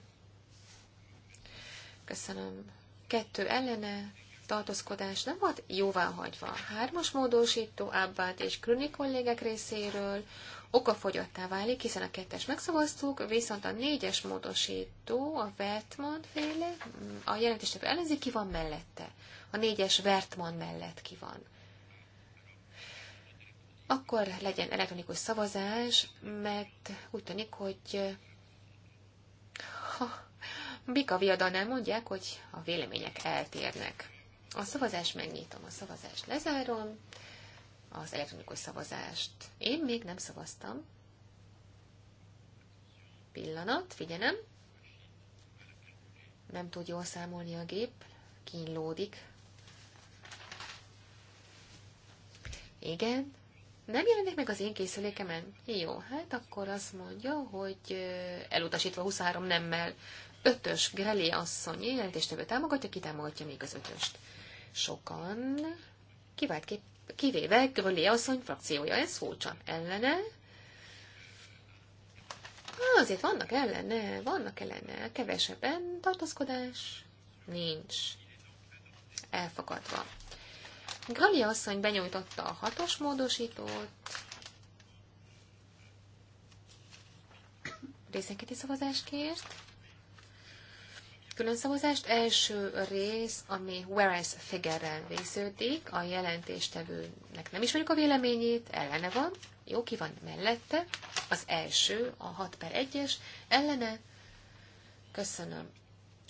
köszönöm kettő ellene, tartózkodás nem volt jóváhagyva. Hármas módosító Abbát és Krüni kollégek részéről okafogyottá válik, hiszen a kettes megszavaztuk, viszont a négyes módosító, a Vertman féle, a jelentésnek ellenzi, ki van mellette. A négyes Vertman mellett ki van. Akkor legyen elektronikus szavazás, mert úgy tűnik, hogy ha, Bika nem mondják, hogy a vélemények eltérnek. A szavazást megnyitom, a szavazást lezárom, az elektronikus szavazást. Én még nem szavaztam. Pillanat, figyelem. Nem tud jól számolni a gép, kínlódik. Igen, nem jelenik meg az én készülékemen? Jó, hát akkor azt mondja, hogy elutasítva 23 nemmel ötös Grelé asszony jelentéstevő támogatja, ki támogatja még az ötöst sokan, kivált kivéve Grölé asszony frakciója, ez furcsa ellene. Azért vannak ellene, vannak ellene, kevesebben tartózkodás nincs. Elfogadva. Grali asszony benyújtotta a hatos módosítót. Részenketi szavazást kért külön szavazást. Első rész, ami Whereas Figerrel végződik, a jelentéstevőnek nem ismerjük a véleményét, ellene van, jó, ki van mellette, az első, a 6 per 1-es, ellene, köszönöm,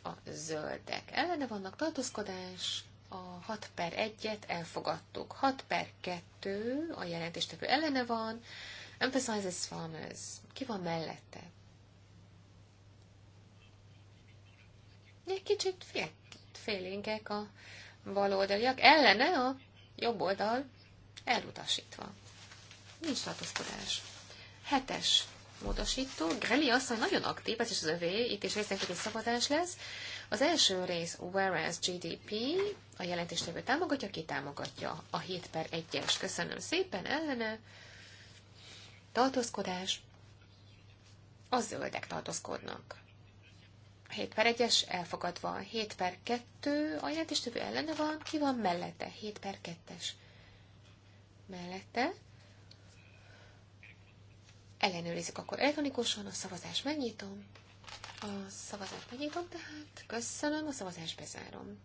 a zöldek ellene vannak, tartózkodás, a 6 per 1-et elfogadtuk, 6 per 2, a jelentéstevő ellene van, emphasizes farmers, ki van mellette, Egy kicsit fél, félénkek a baloldaliak, ellene a jobb oldal elutasítva. Nincs tartózkodás. Hetes módosító. Greli asszony nagyon aktív, ez is az övé, itt is egy szabadás lesz. Az első rész, whereas GDP, a jelentéstevő támogatja, ki támogatja a 7 per 1-es. Köszönöm szépen, ellene. Tartózkodás. A zöldek tartózkodnak. 7 per 1-es elfogadva, 7 per 2, a többi ellene van, ki van mellette, 7 per 2-es. Mellette. Ellenőrizzük akkor elektronikusan, a szavazás megnyitom. A szavazást megnyitom tehát, köszönöm, a szavazást bezárom.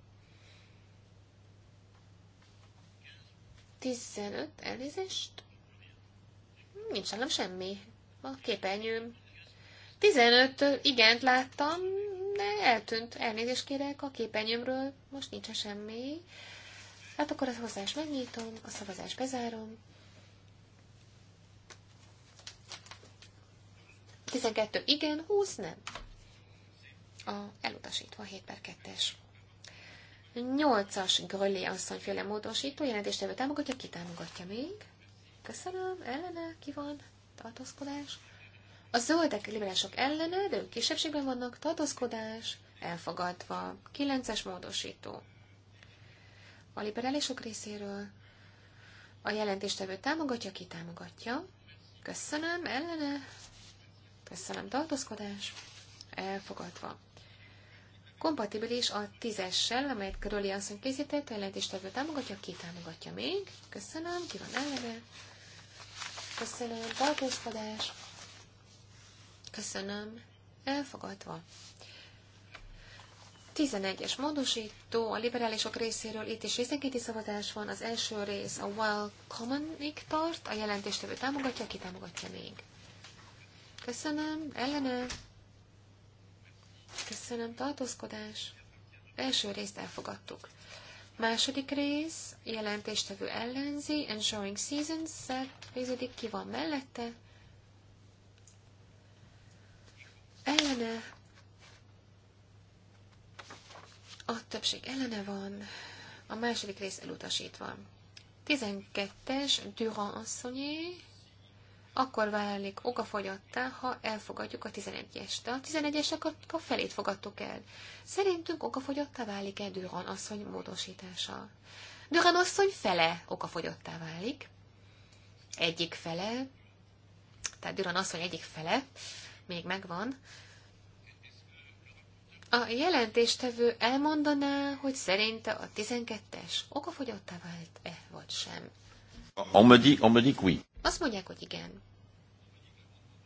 15, elnézést. Nincs nálam semmi. A képernyőm 15 igent láttam, de eltűnt. Elnézést kérek, a képenyőmről, most nincs semmi. Hát akkor a szavazást megnyitom, a szavazást bezárom. 12 igen, 20 nem. A elutasítva 7 per 2-es. 8-as Gölli asszonyféle módosító jelentéstevő támogatja, ki támogatja még? Köszönöm, ellene, ki van? Tartózkodás. A zöldek liberálisok ellene, de ők kisebbségben vannak, tartózkodás, elfogadva, kilences módosító. A liberálisok részéről a jelentéstevő támogatja, ki támogatja. Köszönöm, ellene. Köszönöm, tartózkodás. Elfogadva. Kompatibilis a tízessel, amelyet Köröli Asszony készített, a jelentéstevő támogatja, ki támogatja még. Köszönöm, ki van ellene. Köszönöm, tartózkodás. Köszönöm. Elfogadva. 11-es módosító a liberálisok részéről itt is részenkéti szavazás van. Az első rész a Well Common-ig tart, a jelentéstevő támogatja, ki támogatja még. Köszönöm, ellene. Köszönöm, tartózkodás. Első részt elfogadtuk. Második rész, jelentéstevő ellenzi, Ensuring Seasons-szel, ki van mellette, ellene, a többség ellene van, a második rész elutasítva. 12-es Durand asszonyé, akkor válik okafogyattá, ha elfogadjuk a 11-est. De a 11-esnek a felét fogadtuk el. Szerintünk okafogyattá válik-e Durand asszony módosítása? Durand asszony fele okafogyattá válik. Egyik fele, tehát Durand asszony egyik fele, még megvan. A jelentéstevő elmondaná, hogy szerinte a 12-es okafogyottá vált-e, vagy sem. On me dit, on me dit oui. Azt mondják, hogy igen.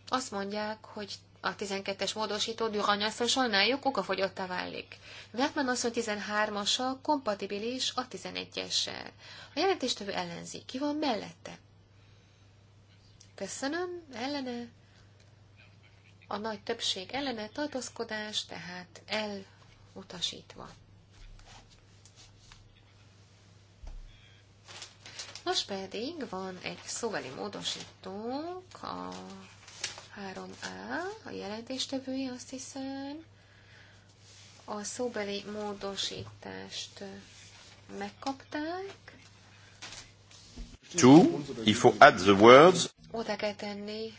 Azt mondják, hogy a 12-es módosító Duranyasszony sajnáljuk, okafogyottá válik. Vertman asszony 13-asa kompatibilis a 11-essel. A jelentéstevő ellenzi. Ki van mellette? Köszönöm, ellene, a nagy többség ellene tartózkodás, tehát elutasítva. Most pedig van egy szóbeli módosítónk, a 3A, a jelentéstevője azt hiszem, a szóbeli módosítást megkapták. To, il faut add the words. Oda kell tenni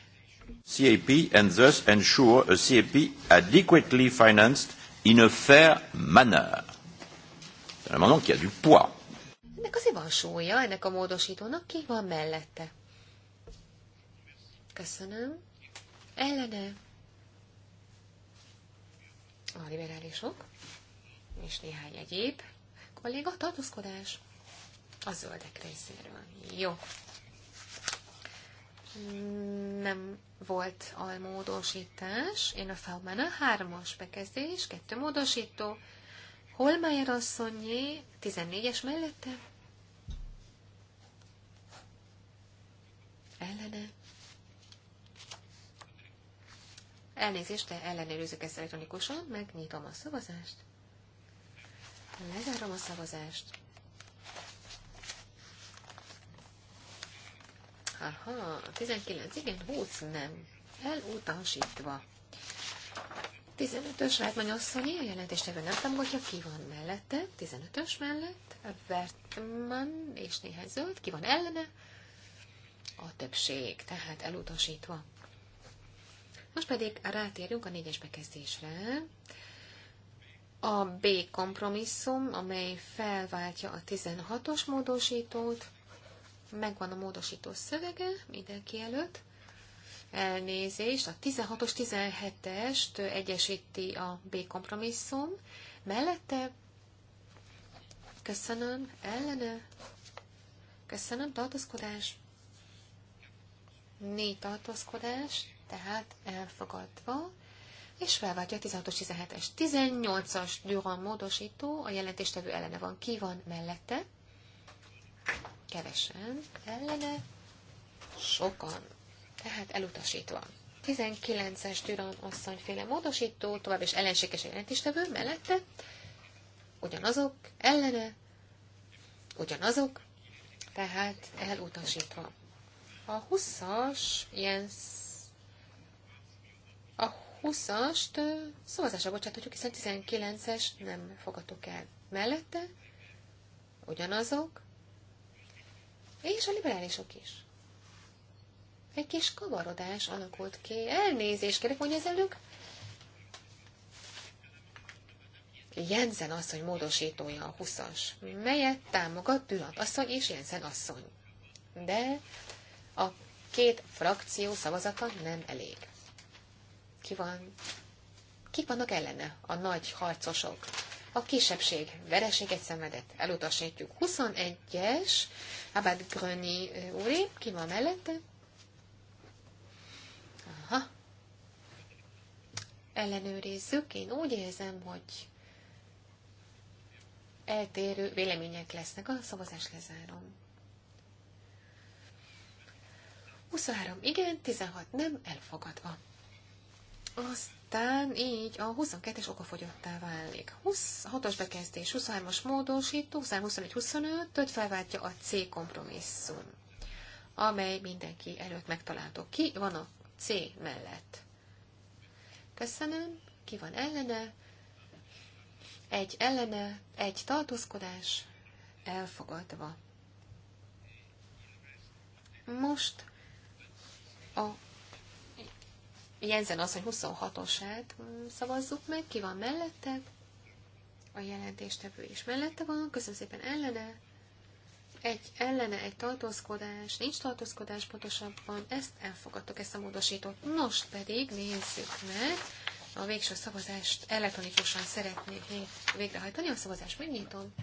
CAP and thus ensure a CAP adequately financed in a fair manner. C'est un amendement qui a du poids. Ennek azért van súlya, ennek a módosítónak ki van mellette. Köszönöm. Ellene. A liberálisok, és néhány egyéb kolléga tartózkodás a zöldek részéről. Jó, nem volt almódosítás. Én a Faumán a hármas bekezdés, kettő módosító. Holmeyer asszonyé, 14-es mellette. Ellene. Elnézést, de ellenőrizzük ezt elektronikusan, megnyitom a szavazást. Lezárom a szavazást. Aha, 19, igen, 20 nem. Elutasítva. 15-ös asszony, a jelentéstevő nem támogatja, ki van mellette, 15-ös mellett, Vertman és néhány zöld, ki van ellene, a többség, tehát elutasítva. Most pedig rátérünk a négyes bekezdésre. A B kompromisszum, amely felváltja a 16-os módosítót, megvan a módosító szövege mindenki előtt. Elnézést, a 16-os, 17-est egyesíti a B kompromisszum. Mellette köszönöm, ellene köszönöm, tartózkodás. Négy tartózkodás, tehát elfogadva és felváltja a 16-os, 17-es. 18-as Durand módosító, a jelentéstevő ellene van. Ki van mellette? Kevesen ellene, sokan, tehát elutasítva. 19-es Türan asszonyféle módosító, tovább is ellenséges jelentéstevő mellette, ugyanazok, ellene, ugyanazok, tehát elutasítva. A 20-as Jens a 20-ast szavazásra bocsáthatjuk, hiszen 19-es nem fogadtuk el. Mellette ugyanazok, és a liberálisok is. Egy kis kavarodás alakult ki. Elnézést kérek, mondja az elők. Jensen asszony módosítója a huszas melyet támogat Bülant asszony és Jensen asszony. De a két frakció szavazata nem elég. Ki van? Kik vannak ellene? A nagy harcosok a kisebbség vereséget szenvedett. Elutasítjuk. 21-es, Abad Gröni úré, ki van mellette? Aha. Ellenőrizzük. Én úgy érzem, hogy eltérő vélemények lesznek. A szavazást lezárom. 23 igen, 16 nem elfogadva. Azt aztán így a 22-es okafogyottá válik. 26-os bekezdés, 23-as módosító, 24 25 öt felváltja a C kompromisszum, amely mindenki előtt megtalálható. Ki van a C mellett? Köszönöm. Ki van ellene? Egy ellene, egy tartózkodás, elfogadva. Most a Jensen az, hogy 26-osát szavazzuk meg, ki van mellette, a jelentéstevő is mellette van, köszönöm szépen ellene, egy ellene egy tartózkodás, nincs tartózkodás pontosabban, ezt elfogadtuk, ezt a módosítót. Most pedig nézzük meg, a végső szavazást elektronikusan szeretnék végrehajtani, a szavazást megnyitom,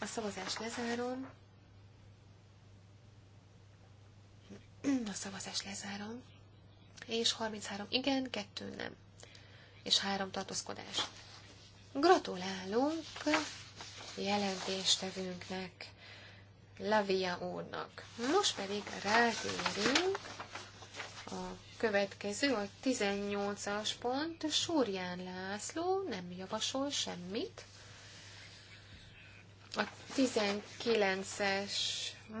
a szavazást lezárom, A szavazást lezárom. És 33 igen, 2 nem. És 3 tartózkodás. Gratulálunk jelentéstevőnknek, Lavia úrnak. Most pedig rátérünk a következő, a 18-as pont, Súrján László nem javasol semmit. A 19-es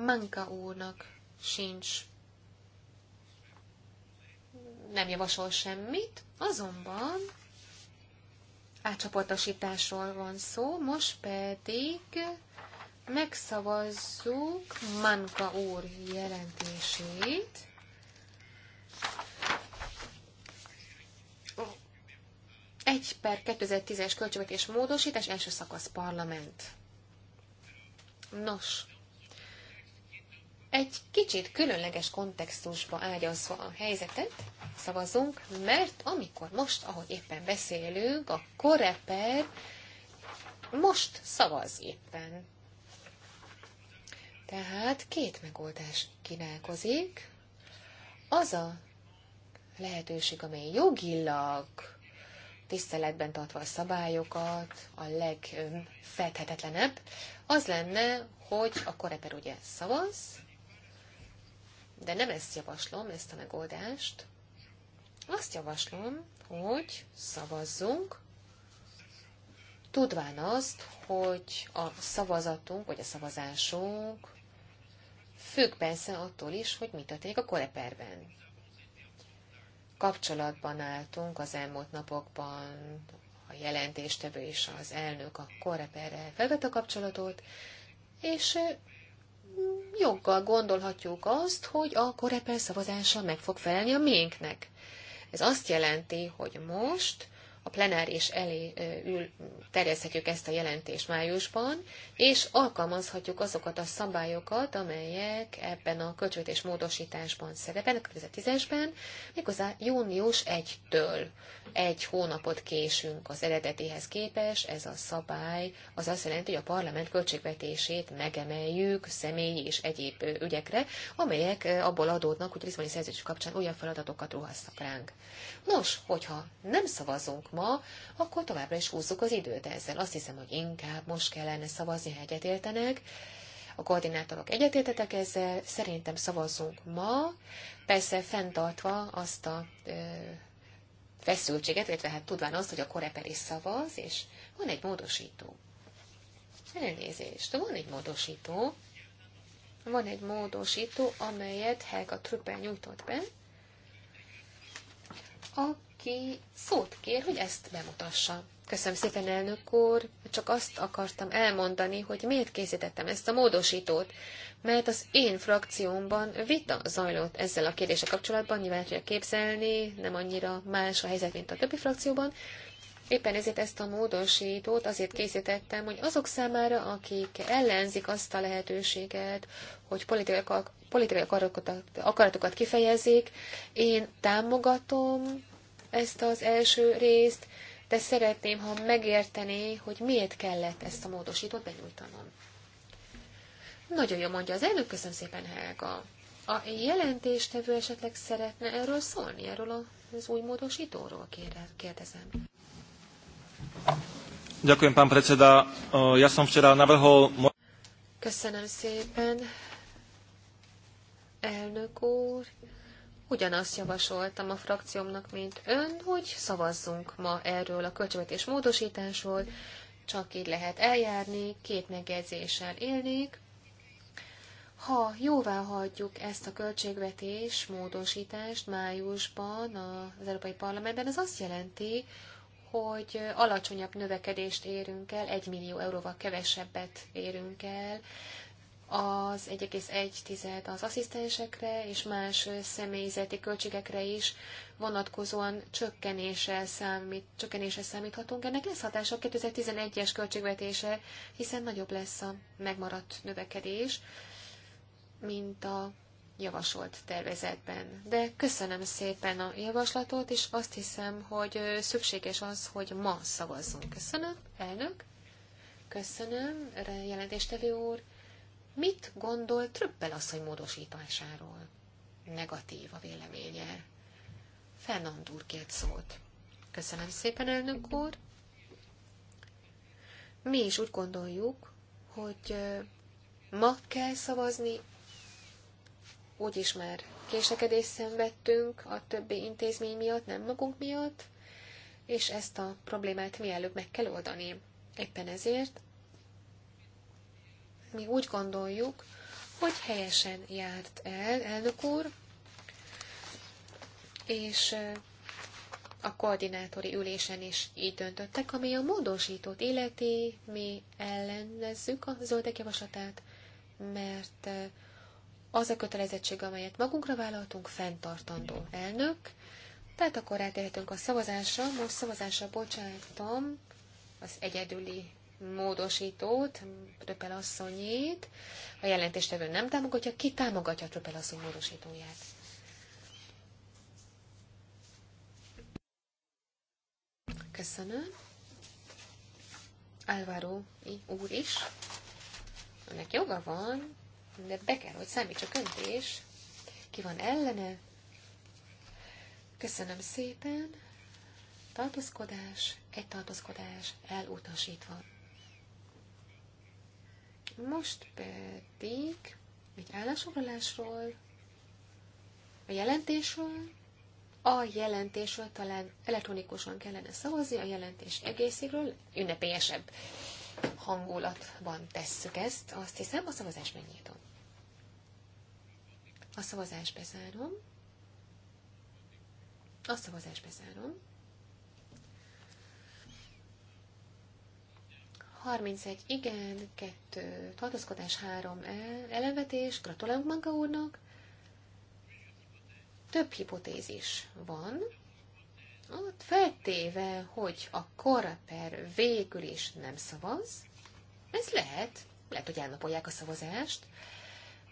Manka úrnak sincs nem javasol semmit, azonban átcsoportosításról van szó, most pedig megszavazzuk Manka úr jelentését. Egy per 2010-es költségvetés módosítás első szakasz parlament. Nos, egy kicsit különleges kontextusba ágyazva a helyzetet, szavazunk, mert amikor most, ahogy éppen beszélünk, a koreper most szavaz éppen. Tehát két megoldás kínálkozik. Az a lehetőség, amely jogilag tiszteletben tartva a szabályokat, a legfedhetetlenebb, az lenne, hogy a koreper ugye szavaz, de nem ezt javaslom, ezt a megoldást. Azt javaslom, hogy szavazzunk, tudván azt, hogy a szavazatunk, vagy a szavazásunk függ persze attól is, hogy mi történik a koreperben. Kapcsolatban álltunk az elmúlt napokban, a jelentéstevő és az elnök a koreperrel felvett a kapcsolatot, és joggal gondolhatjuk azt, hogy a korepel szavazása meg fog felelni a miénknek. Ez azt jelenti, hogy most a plenáris elé ül, terjeszthetjük ezt a jelentést májusban, és alkalmazhatjuk azokat a szabályokat, amelyek ebben a költségvetés módosításban szerepelnek, a 2010-ben, méghozzá június 1-től egy hónapot késünk az eredetihez képes, ez a szabály az azt jelenti, hogy a parlament költségvetését megemeljük személyi és egyéb ügyekre, amelyek abból adódnak, hogy a Lisszaboni szerződés kapcsán olyan feladatokat ruhasznak ránk. Nos, hogyha nem szavazunk ma, akkor továbbra is húzzuk az időt ezzel. Azt hiszem, hogy inkább most kellene szavazni, ha egyetértenek. A koordinátorok egyetértetek ezzel, szerintem szavazzunk ma, persze fenntartva azt a ö, feszültséget, illetve hát tudván azt, hogy a koreper is szavaz, és van egy módosító. Elnézést, van egy módosító, van egy módosító, amelyet Helga Trüppel nyújtott be. A aki szót kér, hogy ezt bemutassa. Köszönöm szépen, elnök úr. Csak azt akartam elmondani, hogy miért készítettem ezt a módosítót, mert az én frakciómban vita zajlott ezzel a kérdéssel kapcsolatban, nyilván tudja képzelni, nem annyira más a helyzet, mint a többi frakcióban. Éppen ezért ezt a módosítót azért készítettem, hogy azok számára, akik ellenzik azt a lehetőséget, hogy politikai, politikai akaratokat, akaratokat kifejezik, én támogatom ezt az első részt, de szeretném, ha megértené, hogy miért kellett ezt a módosítót benyújtanom. Nagyon jó mondja az elnök, köszönöm szépen, Helga. A jelentéstevő esetleg szeretne erről szólni, erről az új módosítóról kérdezem. Ďakujem, pán predseda. Ja som včera navrhol... Köszönöm szépen, elnök úr ugyanazt javasoltam a frakciómnak, mint ön, hogy szavazzunk ma erről a költségvetés módosításról, csak így lehet eljárni, két megjegyzéssel élnék. Ha jóvá hagyjuk ezt a költségvetés módosítást májusban az Európai Parlamentben, az azt jelenti, hogy alacsonyabb növekedést érünk el, egy millió euróval kevesebbet érünk el, az 1,1 az asszisztensekre és más személyzeti költségekre is vonatkozóan csökkenéssel, számít, csökkenéssel számíthatunk. Ennek lesz hatása a 2011-es költségvetése, hiszen nagyobb lesz a megmaradt növekedés, mint a javasolt tervezetben. De köszönöm szépen a javaslatot, és azt hiszem, hogy szükséges az, hogy ma szavazzunk. Köszönöm, elnök. Köszönöm, jelentéstevő úr. Mit gondol Trüppel asszony módosításáról? Negatív a véleménye. Fernand úr kért szót. Köszönöm szépen, elnök úr. Mi is úgy gondoljuk, hogy ma kell szavazni, úgyis már késekedést szenvedtünk a többi intézmény miatt, nem magunk miatt, és ezt a problémát mielőbb meg kell oldani. Éppen ezért mi úgy gondoljuk, hogy helyesen járt el, elnök úr, és a koordinátori ülésen is így döntöttek, ami a módosított életé mi ellenezzük a zöldek javaslatát, mert az a kötelezettség, amelyet magunkra vállaltunk, fenntartandó elnök. Tehát akkor rátérhetünk a szavazásra. Most szavazásra bocsájtom az egyedüli módosítót, Tröpel asszonyét. A jelentéstevő nem támogatja, ki támogatja Tröpel asszony módosítóját? Köszönöm. Álvaro úr is. Önnek joga van, de be kell, hogy számítsa öntés. Ki van ellene? Köszönöm szépen. Tartózkodás, egy tartózkodás elutasítva. Most pedig egy állásfoglalásról, a jelentésről, a jelentésről talán elektronikusan kellene szavazni, a jelentés egészéről ünnepélyesebb hangulatban tesszük ezt, azt hiszem, a szavazás megnyitom. A szavazás bezárom. A szavazás bezárom. 31 igen, 2 tartózkodás, 3 e, el, elevetés, gratulálunk Manka úrnak. Több hipotézis van, ott feltéve, hogy a koraper végül is nem szavaz, ez lehet, lehet, hogy elnapolják a szavazást.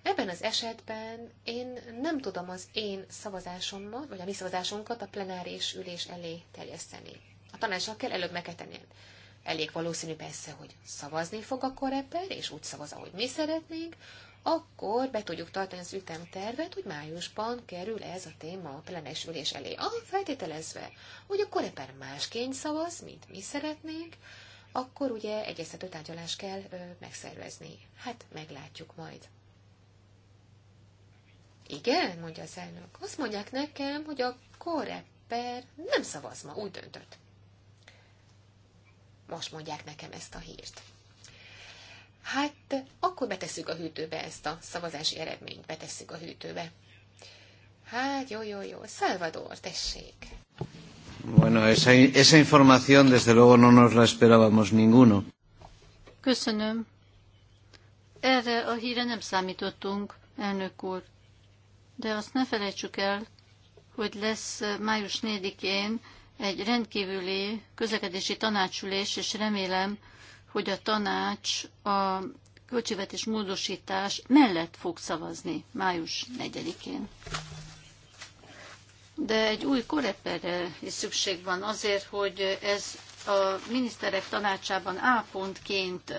Ebben az esetben én nem tudom az én szavazásommal, vagy a mi szavazásunkat a plenáris ülés elé terjeszteni. A tanácsnak kell előbb megetenni. Elég valószínű persze, hogy szavazni fog a koreper, és úgy szavaz, ahogy mi szeretnénk, akkor be tudjuk tartani az ütemtervet, hogy májusban kerül ez a téma a plenes ülés elé. Ah, feltételezve, hogy a koreper másként szavaz, mint mi szeretnénk, akkor ugye egyeztető tárgyalást kell ö, megszervezni. Hát meglátjuk majd. Igen, mondja az elnök. Azt mondják nekem, hogy a koreper nem szavaz ma, úgy döntött most mondják nekem ezt a hírt. Hát akkor betesszük a hűtőbe ezt a szavazási eredményt, betesszük a hűtőbe. Hát jó, jó, jó. Salvador, tessék. Bueno, esa, esa información desde luego no nos la esperábamos ninguno. Köszönöm. Erre a híre nem számítottunk, elnök úr. De azt ne felejtsük el, hogy lesz május 4-én egy rendkívüli közlekedési tanácsülés, és remélem, hogy a tanács a költségvetés módosítás mellett fog szavazni május 4-én. De egy új koreperre is szükség van azért, hogy ez a miniszterek tanácsában A pontként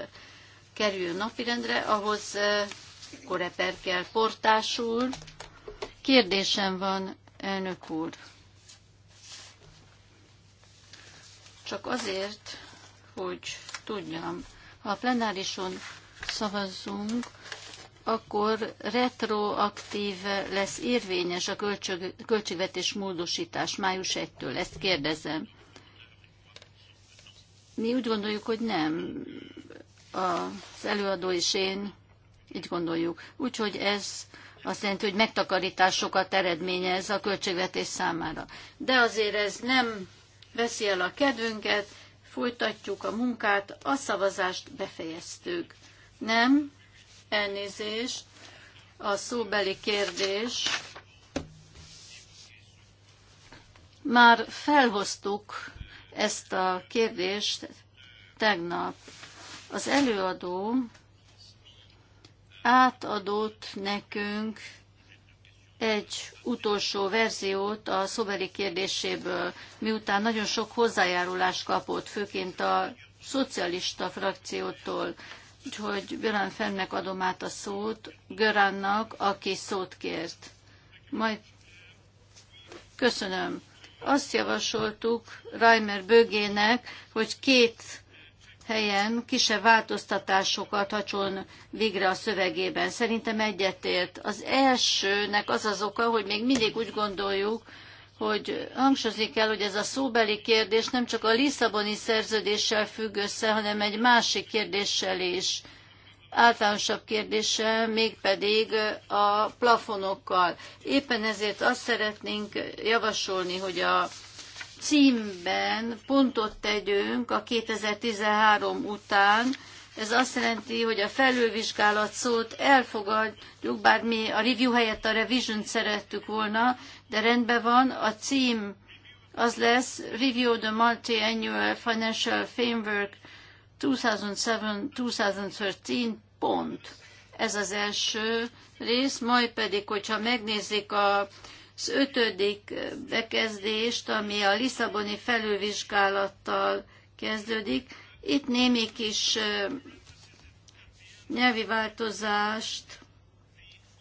kerül napirendre, ahhoz eh, koreper kell portásul. Kérdésem van, elnök úr. csak azért, hogy tudjam, ha a plenárison szavazunk, akkor retroaktív lesz érvényes a költség, költségvetés módosítás május 1-től. Ezt kérdezem. Mi úgy gondoljuk, hogy nem. Az előadó és én így gondoljuk. Úgyhogy ez azt jelenti, hogy megtakarításokat eredményez a költségvetés számára. De azért ez nem veszi el a kedvünket, folytatjuk a munkát, a szavazást befejeztük. Nem, elnézést, a szóbeli kérdés. Már felhoztuk ezt a kérdést tegnap. Az előadó átadott nekünk egy utolsó verziót a szobeli kérdéséből, miután nagyon sok hozzájárulást kapott, főként a szocialista frakciótól, úgyhogy Görán Fennek adom át a szót, Göránnak, aki szót kért. Majd köszönöm. Azt javasoltuk Reimer Bögének, hogy két helyen kisebb változtatásokat hacson végre a szövegében. Szerintem egyetért. Az elsőnek az az oka, hogy még mindig úgy gondoljuk, hogy hangsúlyozni kell, hogy ez a szóbeli kérdés nem csak a Lisszaboni szerződéssel függ össze, hanem egy másik kérdéssel is, általánosabb kérdéssel, mégpedig a plafonokkal. Éppen ezért azt szeretnénk javasolni, hogy a címben pontot tegyünk a 2013 után, ez azt jelenti, hogy a felülvizsgálat szót elfogadjuk, bár mi a review helyett a revision szerettük volna, de rendben van, a cím az lesz Review the Multi-Annual Financial Framework 2007-2013 pont. Ez az első rész, majd pedig, hogyha megnézzük a az ötödik bekezdést, ami a Lisszaboni felülvizsgálattal kezdődik. Itt némi kis nyelvi változást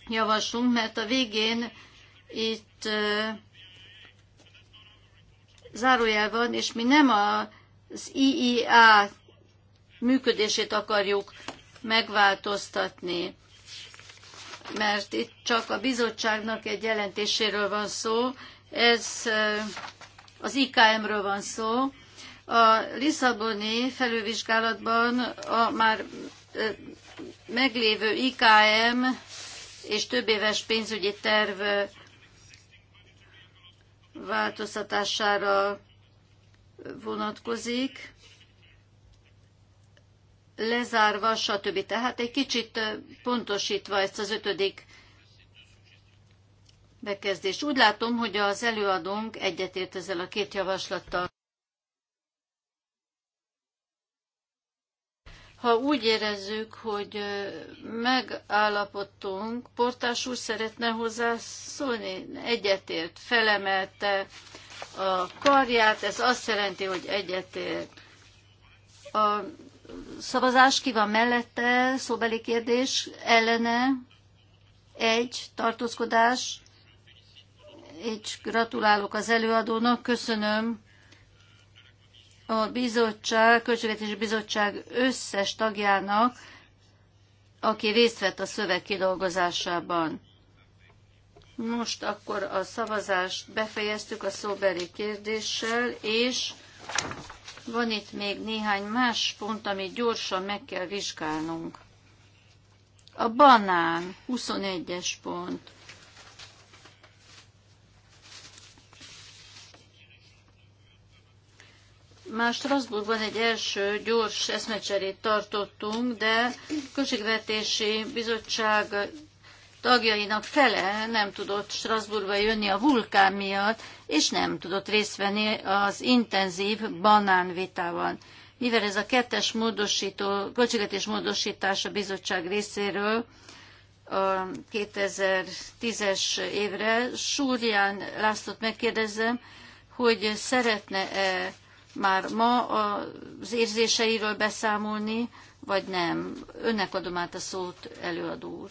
javaslunk, mert a végén itt zárójel van, és mi nem az IIA működését akarjuk megváltoztatni mert itt csak a bizottságnak egy jelentéséről van szó, ez az IKM-ről van szó. A Lisszaboni felülvizsgálatban a már meglévő IKM és több éves pénzügyi terv változtatására vonatkozik lezárva, stb. Tehát egy kicsit pontosítva ezt az ötödik bekezdést. Úgy látom, hogy az előadónk egyetért ezzel a két javaslattal. Ha úgy érezzük, hogy megállapodtunk, Portás úr szeretne hozzászólni, egyetért, felemelte a karját, ez azt jelenti, hogy egyetért. A szavazás, ki van mellette, szóbeli kérdés, ellene, egy, tartózkodás, így gratulálok az előadónak, köszönöm a bizottság, Költségvetési Bizottság összes tagjának, aki részt vett a szöveg kidolgozásában. Most akkor a szavazást befejeztük a szóbeli kérdéssel, és van itt még néhány más pont, amit gyorsan meg kell vizsgálnunk. A banán, 21-es pont. Már Strasbourgban egy első gyors eszmecserét tartottunk, de Községvetési Bizottság tagjainak fele nem tudott Strasbourgba jönni a vulkán miatt, és nem tudott részt venni az intenzív banánvitában. Mivel ez a kettes módosító, költségetés módosítás a bizottság részéről a 2010-es évre, Súrján Lászlót megkérdezem, hogy szeretne-e már ma az érzéseiről beszámolni, vagy nem. Önnek adom át a szót, előadó úr.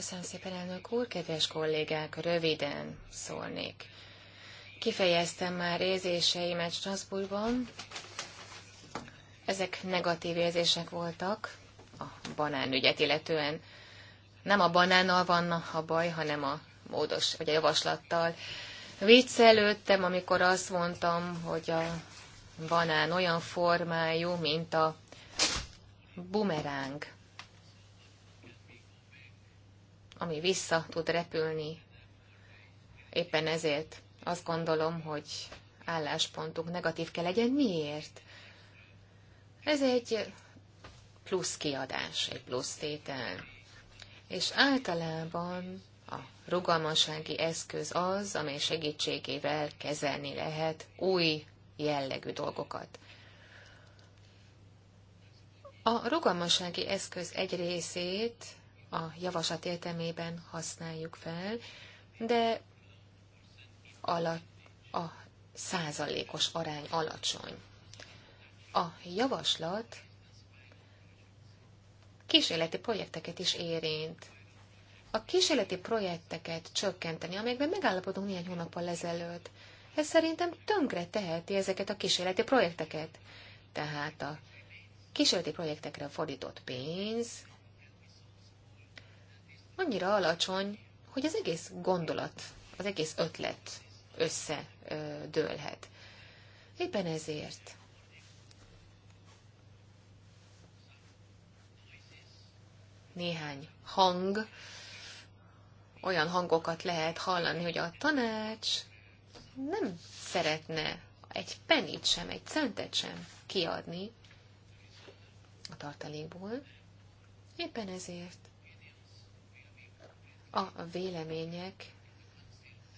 Köszönöm szépen, elnök úr, kedves kollégák, röviden szólnék. Kifejeztem már érzéseimet Strasbourgban. Ezek negatív érzések voltak a banánügyet illetően. Nem a banánnal van a baj, hanem a módos, vagy a javaslattal. Viccelődtem, amikor azt mondtam, hogy a banán olyan formájú, mint a bumeráng ami vissza tud repülni. Éppen ezért azt gondolom, hogy álláspontunk negatív kell legyen. Miért? Ez egy plusz kiadás, egy plusz tétel. És általában a rugalmassági eszköz az, amely segítségével kezelni lehet új jellegű dolgokat. A rugalmassági eszköz egy részét a javaslat értelmében használjuk fel, de alatt a százalékos arány alacsony. A javaslat kísérleti projekteket is érint. A kísérleti projekteket csökkenteni, amelyekben megállapodunk néhány hónappal ezelőtt, ez szerintem tönkre teheti ezeket a kísérleti projekteket. Tehát a kísérleti projektekre fordított pénz annyira alacsony, hogy az egész gondolat, az egész ötlet összedőlhet. Éppen ezért néhány hang, olyan hangokat lehet hallani, hogy a tanács nem szeretne egy penit sem, egy centet sem kiadni a tartalékból. Éppen ezért a vélemények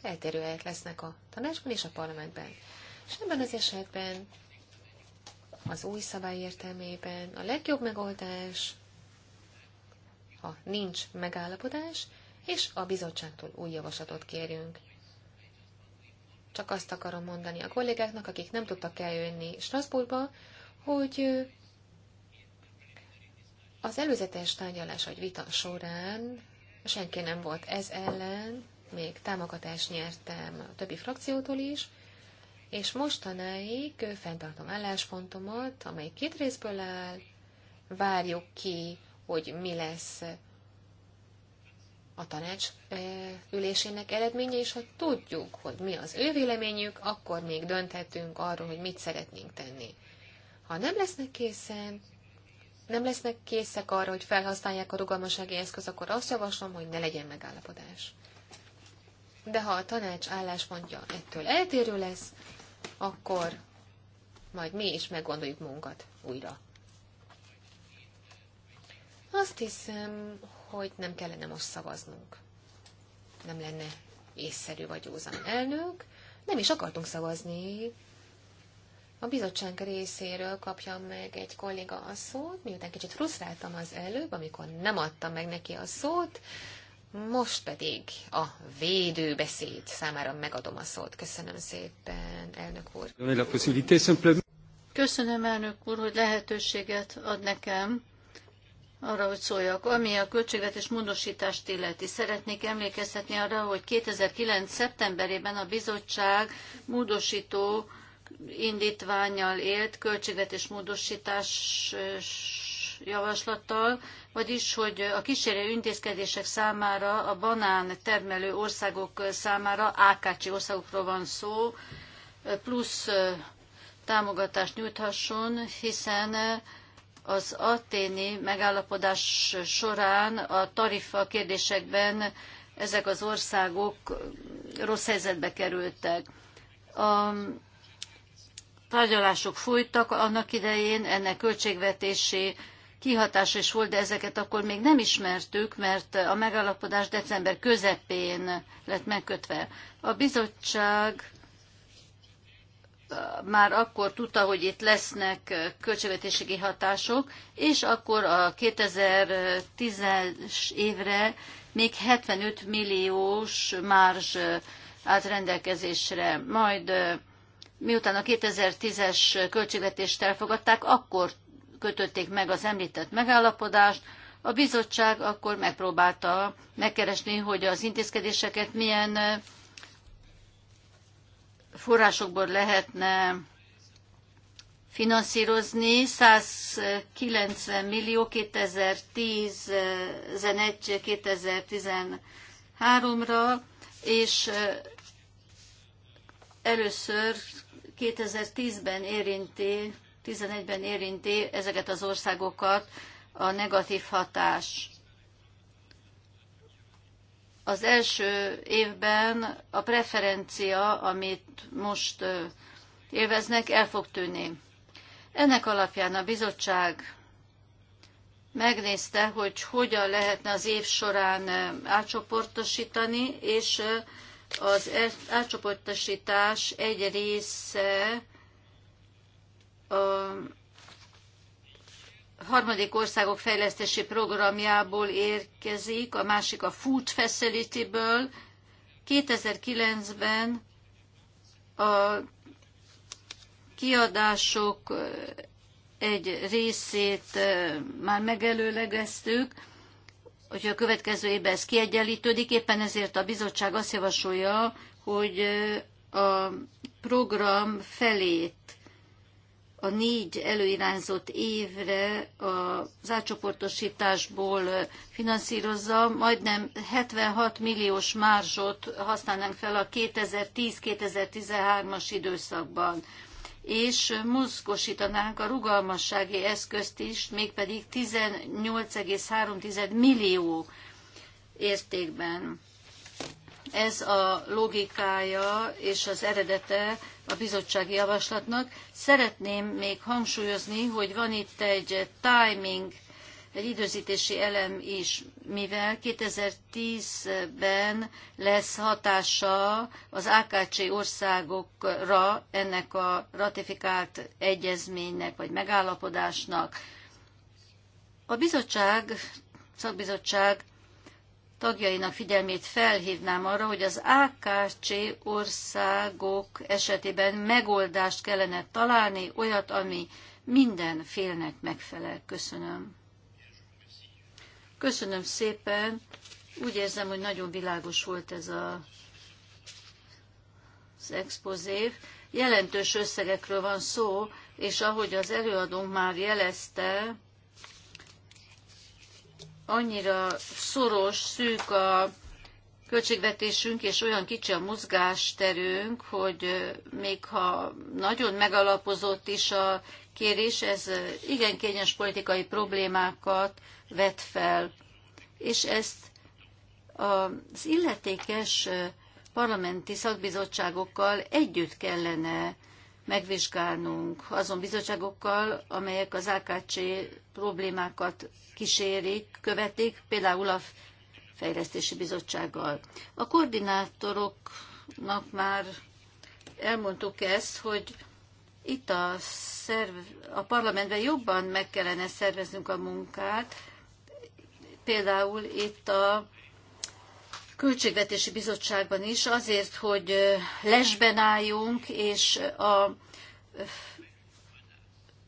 eltérőek lesznek a tanácsban és a parlamentben. És ebben az esetben az új szabály értelmében a legjobb megoldás, ha nincs megállapodás, és a bizottságtól új javaslatot kérjünk. Csak azt akarom mondani a kollégáknak, akik nem tudtak eljönni Strasbourgba, hogy az előzetes tárgyalás vagy vita során senki nem volt ez ellen, még támogatást nyertem a többi frakciótól is, és mostanáig fenntartom álláspontomat, amely két részből áll, várjuk ki, hogy mi lesz a tanács ülésének eredménye, és ha tudjuk, hogy mi az ő véleményük, akkor még dönthetünk arról, hogy mit szeretnénk tenni. Ha nem lesznek készen, nem lesznek készek arra, hogy felhasználják a rugalmasági eszköz, akkor azt javaslom, hogy ne legyen megállapodás. De ha a tanács álláspontja ettől eltérő lesz, akkor majd mi is meggondoljuk magunkat újra. Azt hiszem, hogy nem kellene most szavaznunk. Nem lenne észszerű vagy józan elnök. Nem is akartunk szavazni, a bizottság részéről kapja meg egy kolléga a szót, miután kicsit frusztráltam az előbb, amikor nem adtam meg neki a szót, most pedig a védőbeszéd számára megadom a szót. Köszönöm szépen, elnök úr. Köszönöm, elnök úr, hogy lehetőséget ad nekem arra, hogy szóljak. Ami a költségvetés módosítást illeti, szeretnék emlékeztetni arra, hogy 2009. szeptemberében a bizottság módosító indítványjal élt, költségvetés módosítás javaslattal, vagyis, hogy a kísérő intézkedések számára, a banán termelő országok számára, Ákácsi országokról van szó, plusz támogatást nyújthasson, hiszen az aténi megállapodás során a tarifa kérdésekben ezek az országok rossz helyzetbe kerültek. A tárgyalások folytak annak idején, ennek költségvetési kihatása is volt, de ezeket akkor még nem ismertük, mert a megállapodás december közepén lett megkötve. A bizottság eh, már akkor tudta, hogy itt lesznek eh, költségvetési kihatások, és akkor a 2010-es évre még 75 milliós márzs eh, állt rendelkezésre. Majd miután a 2010-es költségvetést elfogadták, akkor kötötték meg az említett megállapodást, a bizottság akkor megpróbálta megkeresni, hogy az intézkedéseket milyen eh, forrásokból lehetne finanszírozni. 190 millió 2010-2013-ra, és eh, először 2010-ben érinti, 11-ben érinti ezeket az országokat a negatív hatás. Az első évben a preferencia, amit most élveznek, el fog tűnni. Ennek alapján a bizottság megnézte, hogy hogyan lehetne az év során átcsoportosítani, és az e- átcsoportosítás egy része a harmadik országok fejlesztési programjából érkezik, a másik a Food Facility-ből. 2009-ben a kiadások eh, egy részét eh, már megelőlegeztük, hogyha a következő évben ez kiegyenlítődik, éppen ezért a bizottság azt javasolja, hogy a program felét a négy előirányzott évre az átcsoportosításból finanszírozza, majdnem 76 milliós márzsot használnánk fel a 2010-2013-as időszakban és mozgosítanánk a rugalmassági eszközt is, mégpedig 18,3 millió értékben. Ez a logikája és az eredete a bizottsági javaslatnak. Szeretném még hangsúlyozni, hogy van itt egy timing egy időzítési elem is, mivel 2010-ben lesz hatása az AKC országokra ennek a ratifikált egyezménynek vagy megállapodásnak. A bizottság, szakbizottság tagjainak figyelmét felhívnám arra, hogy az AKC országok esetében megoldást kellene találni, olyat, ami minden félnek megfelel. Köszönöm. Köszönöm szépen. Úgy érzem, hogy nagyon világos volt ez a, az expozév. Jelentős összegekről van szó, és ahogy az előadónk már jelezte, annyira szoros, szűk a költségvetésünk, és olyan kicsi a mozgásterünk, hogy még ha nagyon megalapozott is a kérés, ez igen kényes politikai problémákat vet fel, és ezt az illetékes parlamenti szakbizottságokkal együtt kellene megvizsgálnunk azon bizottságokkal, amelyek az AKC problémákat kísérik, követik, például a Fejlesztési Bizottsággal. A koordinátoroknak már elmondtuk ezt, hogy itt a, szerv, a parlamentben jobban meg kellene szerveznünk a munkát, például itt a Költségvetési Bizottságban is azért, hogy lesben álljunk, és, a,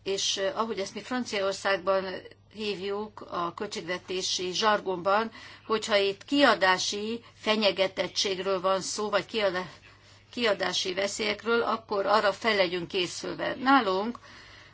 és ahogy ezt mi Franciaországban hívjuk a költségvetési zsargonban, hogyha itt kiadási fenyegetettségről van szó, vagy kiadási veszélyekről, akkor arra fel legyünk készülve. Nálunk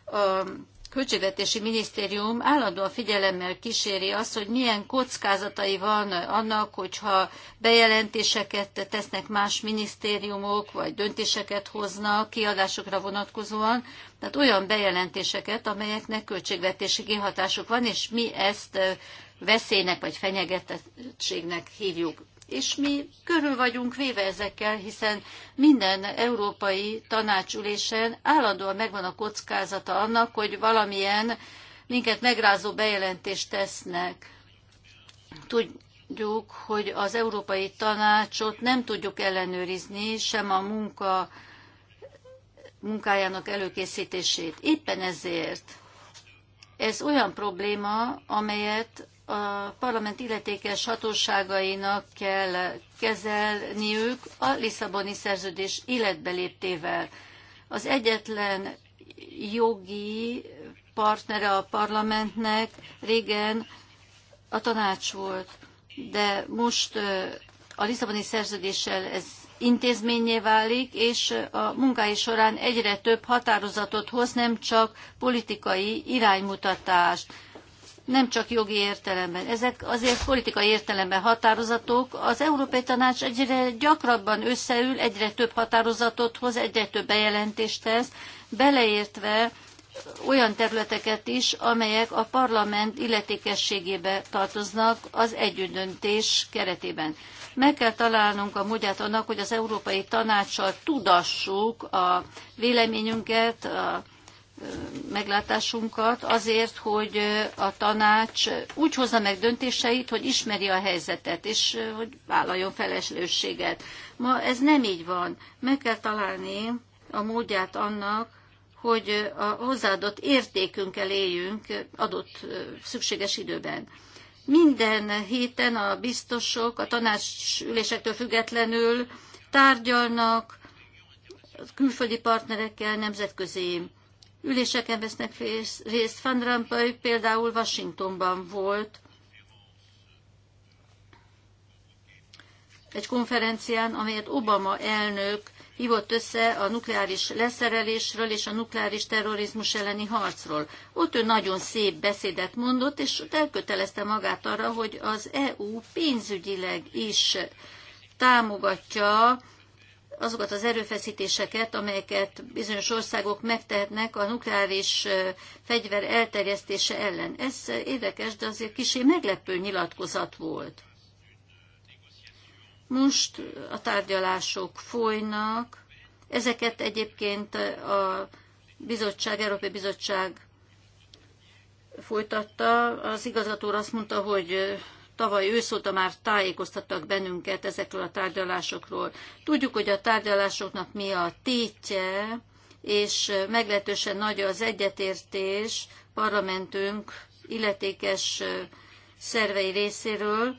a költségvetési minisztérium állandóan figyelemmel kíséri azt, hogy milyen kockázatai van annak, hogyha bejelentéseket tesznek más minisztériumok, vagy döntéseket hoznak kiadásokra vonatkozóan, tehát olyan bejelentéseket, amelyeknek költségvetési kihatásuk van, és mi ezt veszélynek vagy fenyegetettségnek hívjuk és mi körül vagyunk véve ezekkel, hiszen minden európai tanácsülésen állandóan megvan a kockázata annak, hogy valamilyen minket megrázó bejelentést tesznek. Tudjuk, hogy az Európai Tanácsot nem tudjuk ellenőrizni, sem a munka munkájának előkészítését. Éppen ezért ez olyan probléma, amelyet a parlament illetékes hatóságainak kell kezelniük a Lisszaboni szerződés életbeléptével. Az egyetlen jogi partnere a parlamentnek régen a tanács volt, de most a Lisszaboni szerződéssel ez intézményé válik, és a munkái során egyre több határozatot hoz, nem csak politikai iránymutatást nem csak jogi értelemben, ezek azért politikai értelemben határozatok. Az Európai Tanács egyre gyakrabban összeül, egyre több határozatot hoz, egyre több bejelentést tesz, beleértve olyan területeket is, amelyek a parlament illetékességébe tartoznak az együttdöntés keretében. Meg kell találnunk a módját annak, hogy az Európai Tanácssal tudassuk a véleményünket, a meglátásunkat azért, hogy a tanács úgy hozza meg döntéseit, hogy ismeri a helyzetet, és hogy vállaljon felelősséget. Ma ez nem így van. Meg kell találni a módját annak, hogy a hozzáadott értékünkkel éljünk adott szükséges időben. Minden héten a biztosok a tanácsülésektől függetlenül tárgyalnak külföldi partnerekkel, nemzetközi üléseken vesznek részt. Van Rampai például Washingtonban volt egy konferencián, amelyet Obama elnök hívott össze a nukleáris leszerelésről és a nukleáris terrorizmus elleni harcról. Ott ő nagyon szép beszédet mondott, és elkötelezte magát arra, hogy az EU pénzügyileg is támogatja azokat az erőfeszítéseket, amelyeket bizonyos országok megtehetnek a nukleáris fegyver elterjesztése ellen. Ez érdekes, de azért kicsi meglepő nyilatkozat volt. Most a tárgyalások folynak, ezeket egyébként a bizottság, Európai Bizottság folytatta. Az igazgató azt mondta, hogy tavaly őszóta már tájékoztattak bennünket ezekről a tárgyalásokról. Tudjuk, hogy a tárgyalásoknak mi a tétje, és meglehetősen nagy az egyetértés parlamentünk illetékes szervei részéről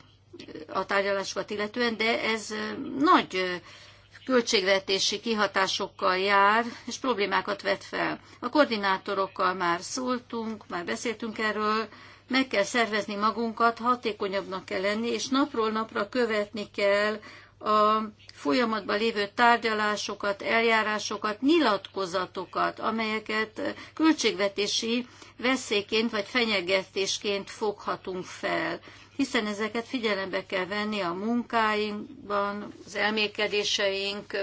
a tárgyalásokat illetően, de ez nagy költségvetési kihatásokkal jár, és problémákat vet fel. A koordinátorokkal már szóltunk, már beszéltünk erről, meg kell szervezni magunkat, hatékonyabbnak kell lenni, és napról napra követni kell a folyamatban lévő tárgyalásokat, eljárásokat, nyilatkozatokat, amelyeket költségvetési veszélyként vagy fenyegetésként foghatunk fel hiszen ezeket figyelembe kell venni a munkáinkban, az elmékedéseink,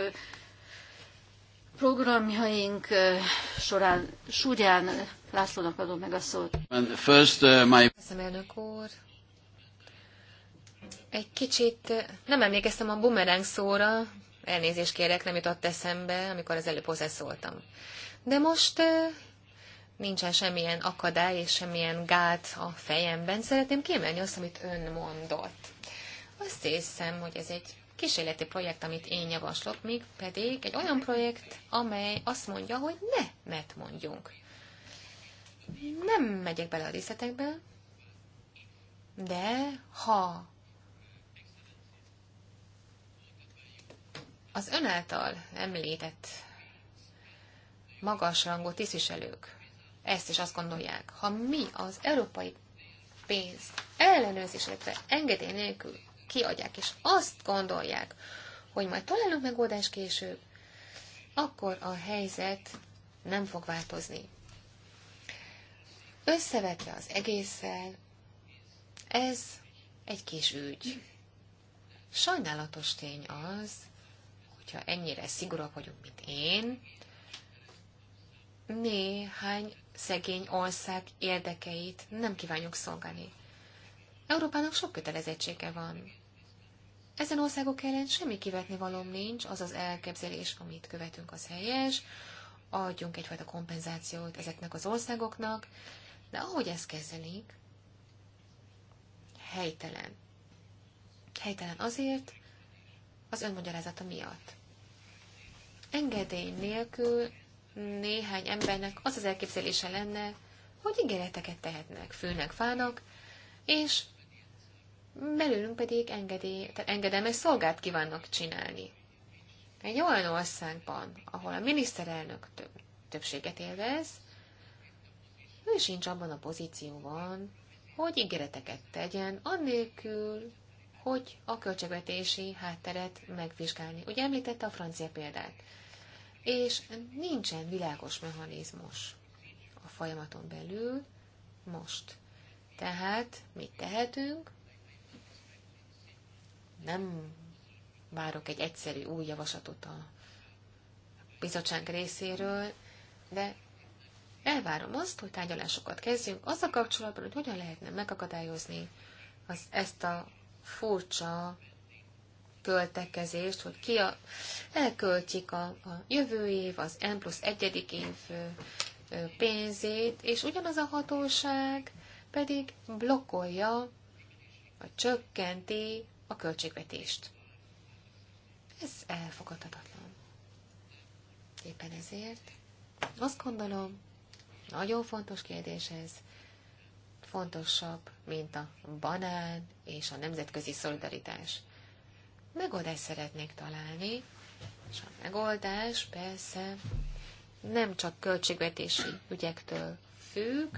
programjaink során, súlyán Lászlónak adom meg a szót. First, uh, my... Köszönöm, elnök úr. Egy kicsit uh, nem emlékeztem a bumerang szóra, elnézést kérek, nem jutott eszembe, amikor az előbb hozzászóltam. De most uh, nincsen semmilyen akadály és semmilyen gát a fejemben. Szeretném kiemelni azt, amit ön mondott. Azt hiszem, hogy ez egy kísérleti projekt, amit én javaslok, még pedig egy olyan projekt, amely azt mondja, hogy ne met mondjunk. Nem megyek bele a részletekbe, de ha az ön által említett rangú tisztviselők ezt is azt gondolják, ha mi az európai pénzt ellenőrzésre engedély nélkül kiadják, és azt gondolják, hogy majd találunk megoldást később, akkor a helyzet nem fog változni. Összevetve az egésszel, ez egy kis ügy. Sajnálatos tény az, hogyha ennyire szigorúak vagyunk, mint én, néhány szegény ország érdekeit nem kívánjuk szolgálni. Európának sok kötelezettsége van. Ezen országok ellen semmi kivetni valóm nincs, az az elképzelés, amit követünk, az helyes, adjunk egyfajta kompenzációt ezeknek az országoknak, de ahogy ezt kezelik, helytelen. Helytelen azért, az önmagyarázata miatt. Engedély nélkül néhány embernek az az elképzelése lenne, hogy ígéreteket tehetnek, fülnek, fának, és belőlünk pedig engedély, tehát engedelmes szolgát kívánnak csinálni. Egy olyan országban, ahol a miniszterelnök több, többséget élvez, ő sincs abban a pozícióban, hogy ígéreteket tegyen, annélkül, hogy a költségvetési hátteret megvizsgálni. Ugye említette a francia példát. És nincsen világos mechanizmus a folyamaton belül most. Tehát mit tehetünk? Nem várok egy egyszerű új javaslatot a bizottság részéről, de Elvárom azt, hogy tárgyalásokat kezdjünk azzal kapcsolatban, hogy hogyan lehetne megakadályozni az, ezt a furcsa költekezést, hogy ki a, elköltjük a, a jövő év, az N plusz egyedik év pénzét, és ugyanaz a hatóság pedig blokkolja, vagy csökkenti a költségvetést. Ez elfogadhatatlan. Éppen ezért azt gondolom, nagyon fontos kérdés ez. Fontosabb, mint a banán és a nemzetközi szolidaritás. Megoldást szeretnék találni, és a megoldás persze nem csak költségvetési ügyektől függ.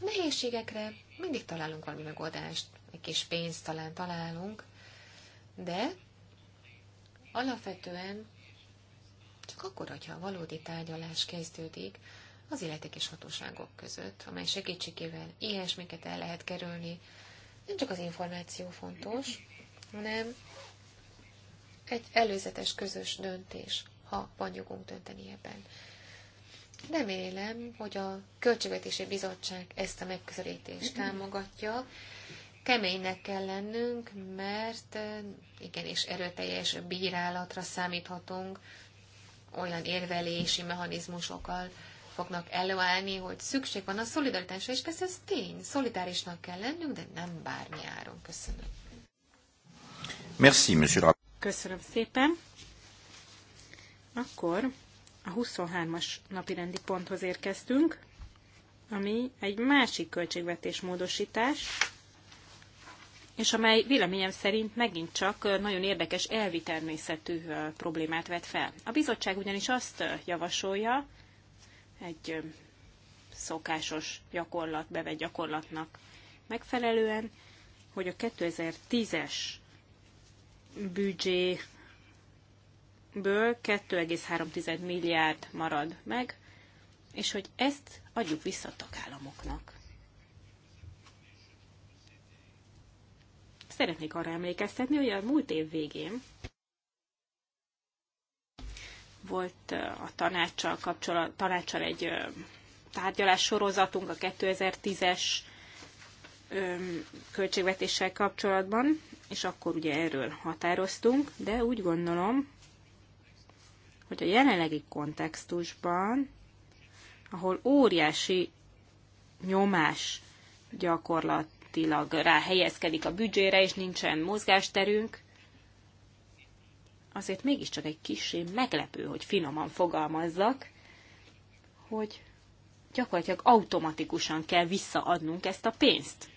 A nehézségekre mindig találunk valami megoldást, egy kis pénzt talán találunk, de alapvetően csak akkor, hogyha a valódi tárgyalás kezdődik, az és hatóságok között, amely segítségével ilyesmiket el lehet kerülni. Nem csak az információ fontos, hanem egy előzetes közös döntés, ha van jogunk dönteni ebben. Remélem, hogy a Költségvetési Bizottság ezt a megközelítést támogatja. Keménynek kell lennünk, mert eh, igenis erőteljes bírálatra számíthatunk olyan érvelési mechanizmusokkal, fognak előállni, hogy szükség van a szolidaritásra, és persze ez tény, szolidárisnak kell lennünk, de nem bármi áron. Köszönöm. Merci, monsieur. Köszönöm szépen. Akkor a 23-as napirendi ponthoz érkeztünk, ami egy másik költségvetés módosítás, és amely véleményem szerint megint csak nagyon érdekes elvi természetű problémát vet fel. A bizottság ugyanis azt javasolja, egy szokásos gyakorlat, bevett gyakorlatnak megfelelően, hogy a 2010-es büdzséből 2,3 milliárd marad meg, és hogy ezt adjuk vissza a tagállamoknak. Szeretnék arra emlékeztetni, hogy a múlt év végén volt a tanácssal, kapcsolat, tanácssal egy tárgyalás sorozatunk a 2010-es költségvetéssel kapcsolatban, és akkor ugye erről határoztunk, de úgy gondolom, hogy a jelenlegi kontextusban, ahol óriási nyomás gyakorlatilag ráhelyezkedik a büdzsére, és nincsen mozgásterünk, azért mégiscsak egy kisé meglepő, hogy finoman fogalmazzak, hogy gyakorlatilag automatikusan kell visszaadnunk ezt a pénzt.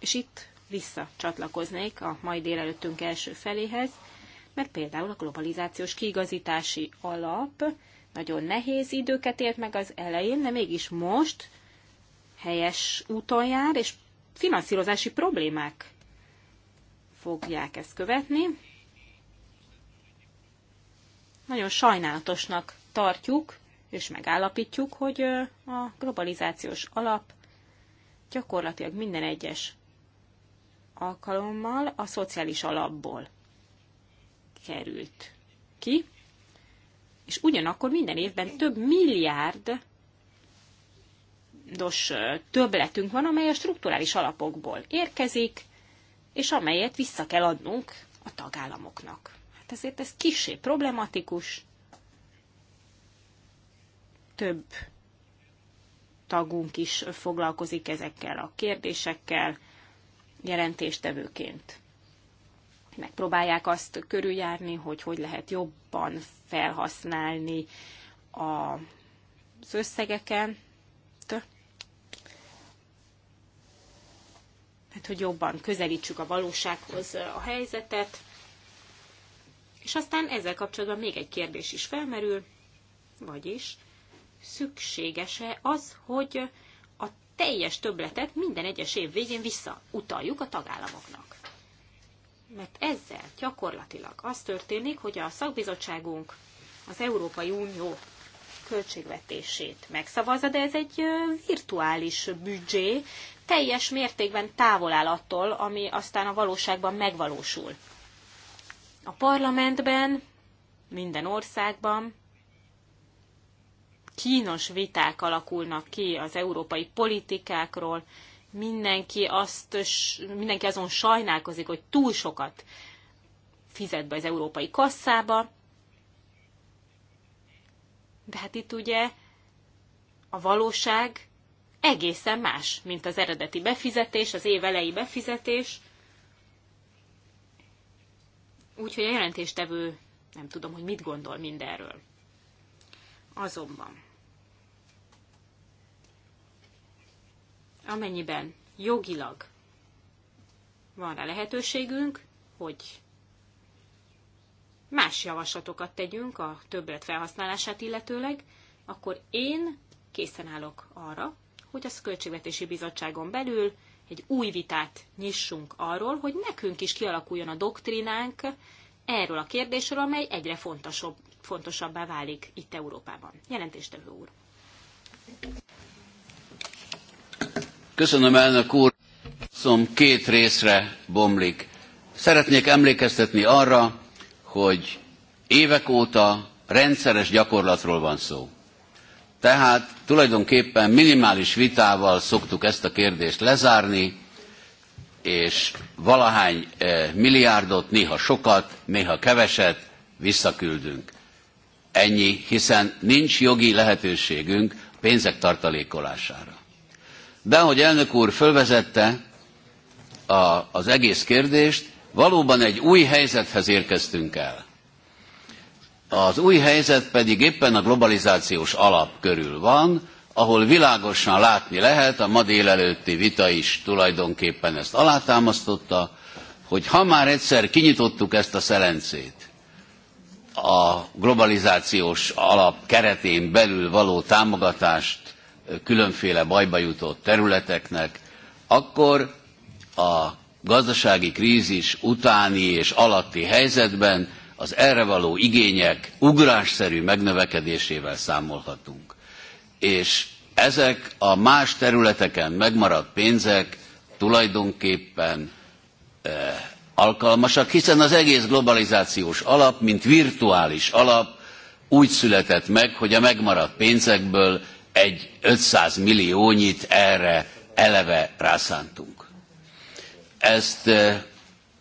És itt visszacsatlakoznék a mai délelőttünk első feléhez, mert például a globalizációs kiigazítási alap nagyon nehéz időket élt meg az elején, de mégis most helyes úton jár, és finanszírozási problémák fogják ezt követni. Nagyon sajnálatosnak tartjuk, és megállapítjuk, hogy a globalizációs alap gyakorlatilag minden egyes alkalommal a szociális alapból került ki, és ugyanakkor minden évben több milliárd dos többletünk van, amely a strukturális alapokból érkezik, és amelyet vissza kell adnunk a tagállamoknak. Hát ezért ez kisé problematikus, több tagunk is foglalkozik ezekkel a kérdésekkel jelentéstevőként. Megpróbálják azt körüljárni, hogy hogy lehet jobban felhasználni az összegeken, hogy jobban közelítsük a valósághoz a helyzetet. És aztán ezzel kapcsolatban még egy kérdés is felmerül, vagyis szükséges-e az, hogy a teljes töbletet minden egyes év végén visszautaljuk a tagállamoknak. Mert ezzel gyakorlatilag az történik, hogy a szakbizottságunk az Európai Unió költségvetését megszavazza, de ez egy virtuális büdzsé, teljes mértékben távol áll attól, ami aztán a valóságban megvalósul. A parlamentben, minden országban kínos viták alakulnak ki az európai politikákról, mindenki, azt, mindenki azon sajnálkozik, hogy túl sokat fizet be az európai kasszába, de hát itt ugye a valóság egészen más, mint az eredeti befizetés, az év elejé befizetés. Úgyhogy a jelentéstevő nem tudom, hogy mit gondol mindenről. Azonban, amennyiben jogilag van rá lehetőségünk, hogy más javaslatokat tegyünk a többlet felhasználását illetőleg, akkor én készen állok arra, hogy a Költségvetési Bizottságon belül egy új vitát nyissunk arról, hogy nekünk is kialakuljon a doktrinánk erről a kérdésről, amely egyre fontosabb, fontosabbá válik itt Európában. Jelentéstevő úr. Köszönöm, elnök úr. Szom két részre bomlik. Szeretnék emlékeztetni arra, hogy évek óta rendszeres gyakorlatról van szó. Tehát tulajdonképpen minimális vitával szoktuk ezt a kérdést lezárni, és valahány eh, milliárdot, néha sokat, néha keveset visszaküldünk. Ennyi, hiszen nincs jogi lehetőségünk pénzek tartalékolására. De ahogy elnök úr fölvezette a, az egész kérdést, valóban egy új helyzethez érkeztünk el. Az új helyzet pedig éppen a globalizációs alap körül van, ahol világosan látni lehet, a ma délelőtti vita is tulajdonképpen ezt alátámasztotta, hogy ha már egyszer kinyitottuk ezt a szelencét, a globalizációs alap keretén belül való támogatást különféle bajba jutott területeknek, akkor a gazdasági krízis utáni és alatti helyzetben az erre való igények ugrásszerű megnövekedésével számolhatunk. És ezek a más területeken megmaradt pénzek tulajdonképpen e, alkalmasak, hiszen az egész globalizációs alap, mint virtuális alap úgy született meg, hogy a megmaradt pénzekből egy 500 milliónyit erre eleve rászántunk. Ezt eh,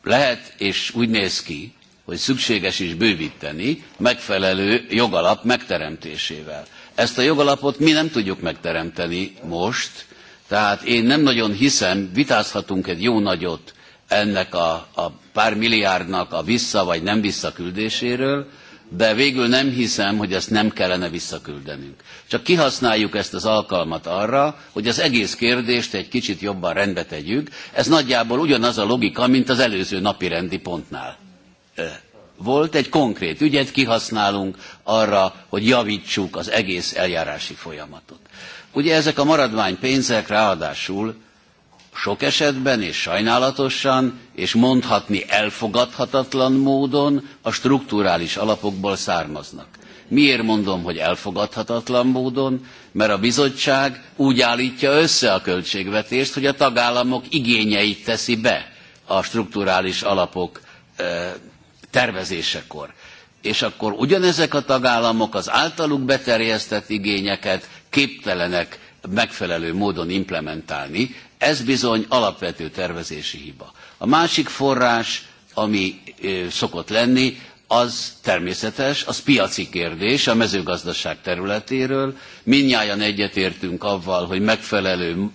lehet, és úgy néz ki, hogy szükséges is bővíteni megfelelő jogalap megteremtésével. Ezt a jogalapot mi nem tudjuk megteremteni most, tehát én nem nagyon hiszem, vitázhatunk egy jó nagyot ennek a, a pár milliárdnak a vissza vagy nem visszaküldéséről, de végül nem hiszem, hogy ezt nem kellene visszaküldenünk. Csak kihasználjuk ezt az alkalmat arra, hogy az egész kérdést egy kicsit jobban rendbe tegyük. Ez nagyjából ugyanaz a logika, mint az előző napi rendi pontnál volt, egy konkrét ügyet kihasználunk arra, hogy javítsuk az egész eljárási folyamatot. Ugye ezek a maradvány pénzek ráadásul sok esetben és sajnálatosan, és mondhatni elfogadhatatlan módon a strukturális alapokból származnak. Miért mondom, hogy elfogadhatatlan módon? Mert a bizottság úgy állítja össze a költségvetést, hogy a tagállamok igényeit teszi be a strukturális alapok tervezésekor. És akkor ugyanezek a tagállamok az általuk beterjesztett igényeket képtelenek megfelelő módon implementálni. Ez bizony alapvető tervezési hiba. A másik forrás, ami szokott lenni, az természetes, az piaci kérdés a mezőgazdaság területéről. Mindnyájan egyetértünk avval, hogy megfelelő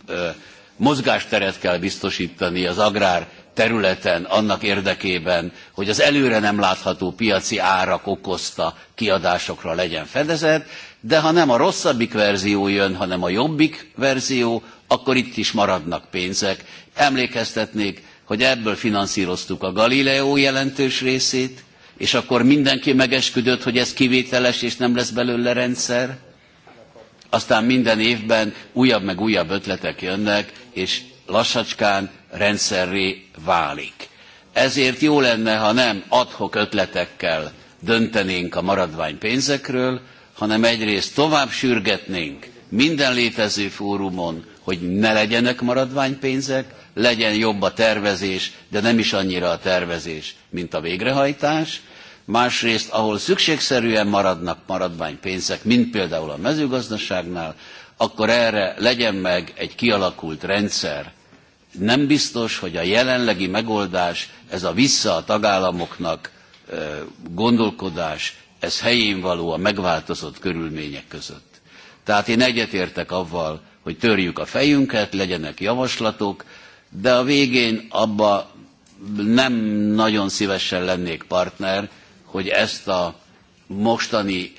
mozgásteret kell biztosítani az agrár területen annak érdekében, hogy az előre nem látható piaci árak okozta kiadásokra legyen fedezet, de ha nem a rosszabbik verzió jön, hanem a jobbik verzió, akkor itt is maradnak pénzek. Emlékeztetnék, hogy ebből finanszíroztuk a Galileo jelentős részét, és akkor mindenki megesküdött, hogy ez kivételes, és nem lesz belőle rendszer. Aztán minden évben újabb meg újabb ötletek jönnek, és lassacskán rendszerré válik. Ezért jó lenne, ha nem adhok ötletekkel döntenénk a maradvány pénzekről, hanem egyrészt tovább sürgetnénk minden létező fórumon, hogy ne legyenek maradványpénzek, legyen jobb a tervezés, de nem is annyira a tervezés, mint a végrehajtás. Másrészt, ahol szükségszerűen maradnak maradványpénzek, mint például a mezőgazdaságnál, akkor erre legyen meg egy kialakult rendszer, nem biztos, hogy a jelenlegi megoldás, ez a vissza a tagállamoknak gondolkodás, ez helyén való a megváltozott körülmények között. Tehát én egyetértek avval, hogy törjük a fejünket, legyenek javaslatok, de a végén abba nem nagyon szívesen lennék partner, hogy ezt a mostani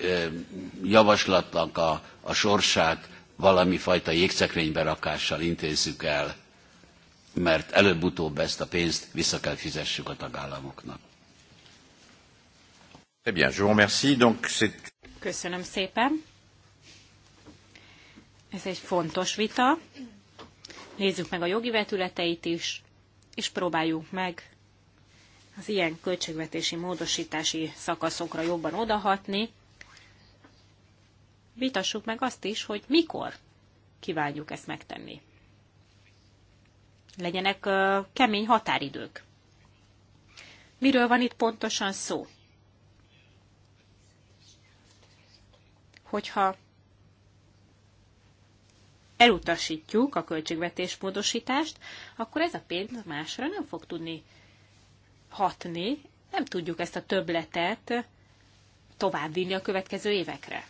javaslatnak a, a sorsát valami fajta jégszekrénybe rakással intézzük el mert előbb-utóbb ezt a pénzt vissza kell fizessük a tagállamoknak. Eh Köszönöm szépen. Ez egy fontos vita. Nézzük meg a jogi vetületeit is, és próbáljuk meg az ilyen költségvetési módosítási szakaszokra jobban odahatni. Vitassuk meg azt is, hogy mikor kívánjuk ezt megtenni legyenek kemény határidők. Miről van itt pontosan szó? Hogyha elutasítjuk a költségvetés módosítást, akkor ez a pénz másra nem fog tudni hatni, nem tudjuk ezt a tovább továbbvinni a következő évekre.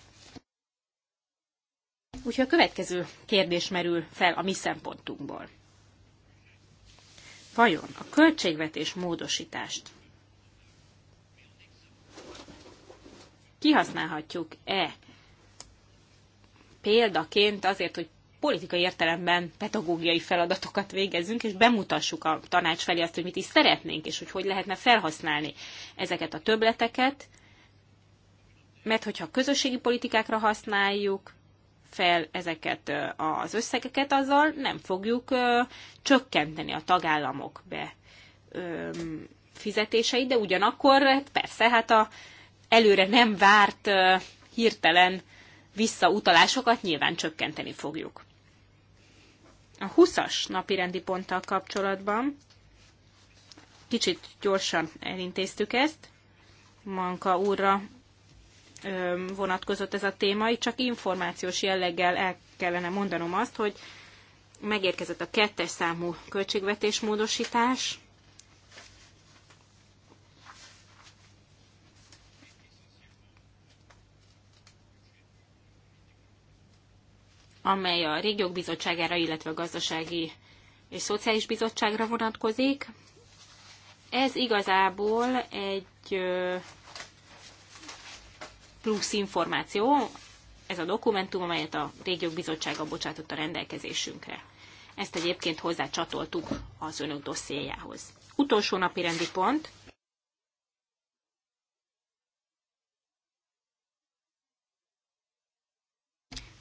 Úgyhogy a következő kérdés merül fel a mi szempontunkból. Vajon a költségvetés módosítást kihasználhatjuk-e példaként azért, hogy politikai értelemben pedagógiai feladatokat végezzünk, és bemutassuk a tanács felé azt, hogy mit is szeretnénk, és hogy hogy lehetne felhasználni ezeket a töbleteket, mert hogyha közösségi politikákra használjuk, fel ezeket az összegeket, azzal nem fogjuk csökkenteni a tagállamok be fizetéseit, de ugyanakkor hát persze, hát a előre nem várt hirtelen visszautalásokat nyilván csökkenteni fogjuk. A 20-as napi rendi ponttal kapcsolatban kicsit gyorsan elintéztük ezt. Manka úrra vonatkozott ez a téma, itt csak információs jelleggel el kellene mondanom azt, hogy megérkezett a kettes számú költségvetés módosítás, amely a Régiók Bizottságára, illetve a Gazdasági és Szociális Bizottságra vonatkozik. Ez igazából egy plusz információ, ez a dokumentum, amelyet a Régiók Bizottsága bocsátott a rendelkezésünkre. Ezt egyébként hozzá csatoltuk az önök dossziéjához. Utolsó napi rendi pont,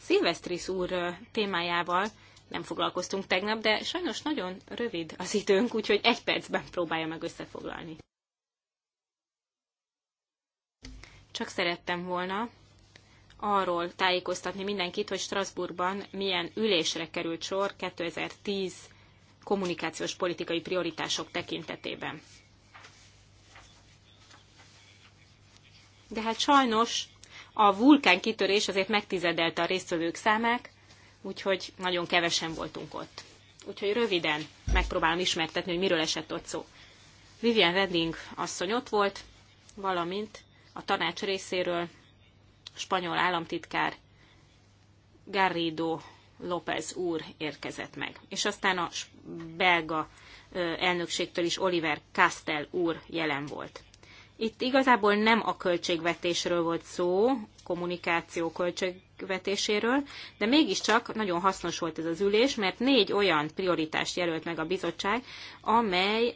Szilvesztris úr témájával nem foglalkoztunk tegnap, de sajnos nagyon rövid az időnk, úgyhogy egy percben próbálja meg összefoglalni. Csak szerettem volna arról tájékoztatni mindenkit, hogy Strasbourgban milyen ülésre került sor 2010 kommunikációs politikai prioritások tekintetében. De hát sajnos a vulkán kitörés azért megtizedelte a résztvevők számát, úgyhogy nagyon kevesen voltunk ott. Úgyhogy röviden megpróbálom ismertetni, hogy miről esett ott szó. Vivian Redding asszony ott volt, valamint a tanács részéről a spanyol államtitkár Garrido López úr érkezett meg. És aztán a belga elnökségtől is Oliver Castel úr jelen volt. Itt igazából nem a költségvetésről volt szó, kommunikáció költségvetéséről, de mégiscsak nagyon hasznos volt ez az ülés, mert négy olyan prioritást jelölt meg a bizottság, amely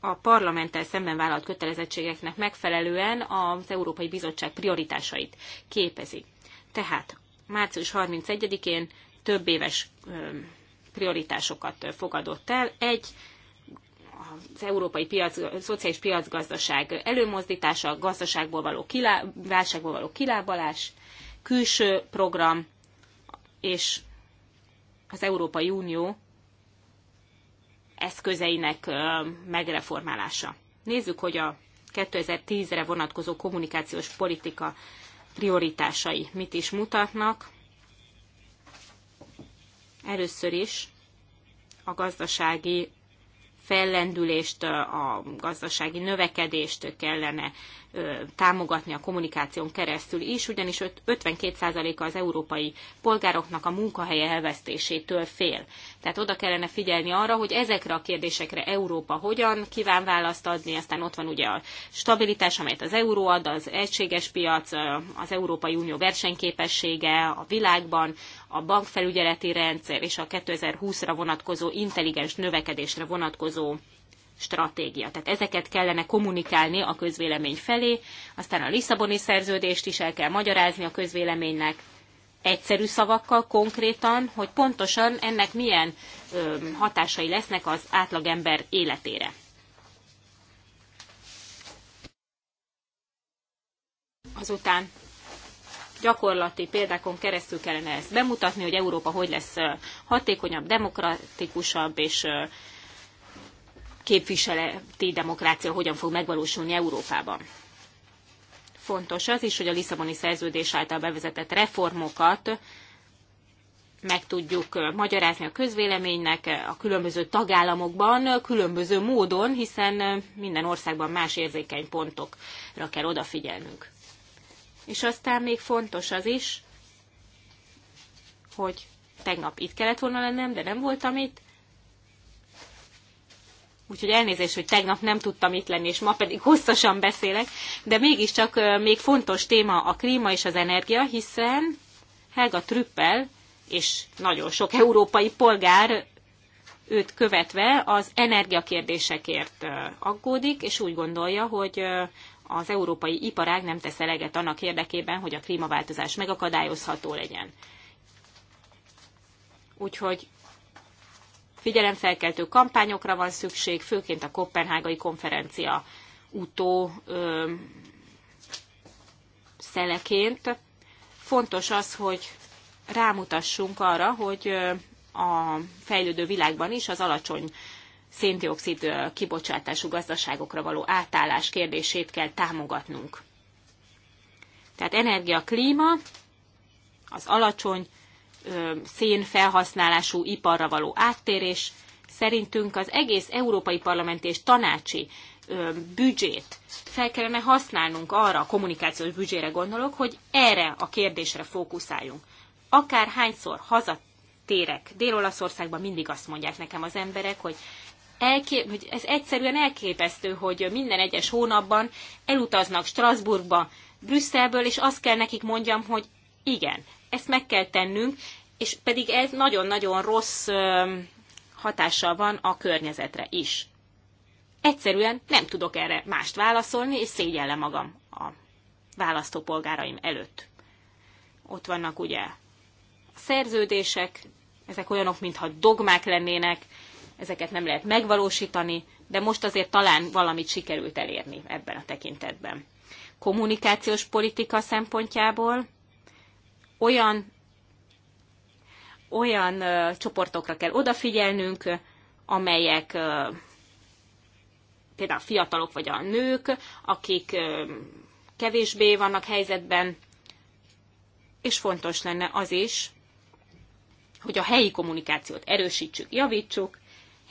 a parlamenttel szemben vállalt kötelezettségeknek megfelelően az Európai Bizottság prioritásait képezi. Tehát március 31-én több éves prioritásokat fogadott el. Egy az európai piac, a szociális piacgazdaság előmozdítása, a gazdaságból való kilá, válságból való kilábalás, külső program és az Európai Unió eszközeinek megreformálása. Nézzük, hogy a 2010-re vonatkozó kommunikációs politika prioritásai mit is mutatnak. Először is a gazdasági fellendülést, a gazdasági növekedést kellene támogatni a kommunikáción keresztül is, ugyanis 52%-a az európai polgároknak a munkahelye elvesztésétől fél. Tehát oda kellene figyelni arra, hogy ezekre a kérdésekre Európa hogyan kíván választ adni, aztán ott van ugye a stabilitás, amelyet az euró ad, az egységes piac, az Európai Unió versenyképessége a világban, a bankfelügyeleti rendszer és a 2020-ra vonatkozó intelligens növekedésre vonatkozó stratégia. Tehát ezeket kellene kommunikálni a közvélemény felé, aztán a Lisszaboni szerződést is el kell magyarázni a közvéleménynek egyszerű szavakkal, konkrétan, hogy pontosan ennek milyen ö, hatásai lesznek az átlagember életére. Azután gyakorlati példákon keresztül kellene ezt bemutatni, hogy Európa hogy lesz hatékonyabb, demokratikusabb és képviseleti demokrácia hogyan fog megvalósulni Európában. Fontos az is, hogy a Lisszaboni szerződés által bevezetett reformokat meg tudjuk magyarázni a közvéleménynek a különböző tagállamokban, különböző módon, hiszen minden országban más érzékeny pontokra kell odafigyelnünk. És aztán még fontos az is, hogy tegnap itt kellett volna lennem, de nem voltam itt, Úgyhogy elnézést, hogy tegnap nem tudtam itt lenni, és ma pedig hosszasan beszélek, de mégiscsak még fontos téma a klíma és az energia, hiszen Helga Trüppel és nagyon sok európai polgár őt követve az energiakérdésekért aggódik, és úgy gondolja, hogy az európai iparág nem tesz eleget annak érdekében, hogy a klímaváltozás megakadályozható legyen. Úgyhogy figyelemfelkeltő kampányokra van szükség, főként a Kopenhágai konferencia utó ö, szeleként. Fontos az, hogy rámutassunk arra, hogy a fejlődő világban is az alacsony széndiokszid kibocsátású gazdaságokra való átállás kérdését kell támogatnunk. Tehát energia, klíma, az alacsony szén felhasználású iparra való áttérés. Szerintünk az egész Európai Parlamenti és Tanácsi büdzsét fel kellene használnunk arra, a kommunikációs büdzsére gondolok, hogy erre a kérdésre fókuszáljunk. Akár hányszor hazatérek Dél-Olaszországban, mindig azt mondják nekem az emberek, hogy elkép, hogy ez egyszerűen elképesztő, hogy minden egyes hónapban elutaznak Strasbourgba, Brüsszelből, és azt kell nekik mondjam, hogy igen, ezt meg kell tennünk, és pedig ez nagyon-nagyon rossz hatással van a környezetre is. Egyszerűen nem tudok erre mást válaszolni, és szégyellem magam a választópolgáraim előtt. Ott vannak ugye a szerződések, ezek olyanok, mintha dogmák lennének, ezeket nem lehet megvalósítani, de most azért talán valamit sikerült elérni ebben a tekintetben. Kommunikációs politika szempontjából olyan, olyan ö, csoportokra kell odafigyelnünk, amelyek ö, például a fiatalok vagy a nők, akik ö, kevésbé vannak helyzetben, és fontos lenne az is, hogy a helyi kommunikációt erősítsük, javítsuk,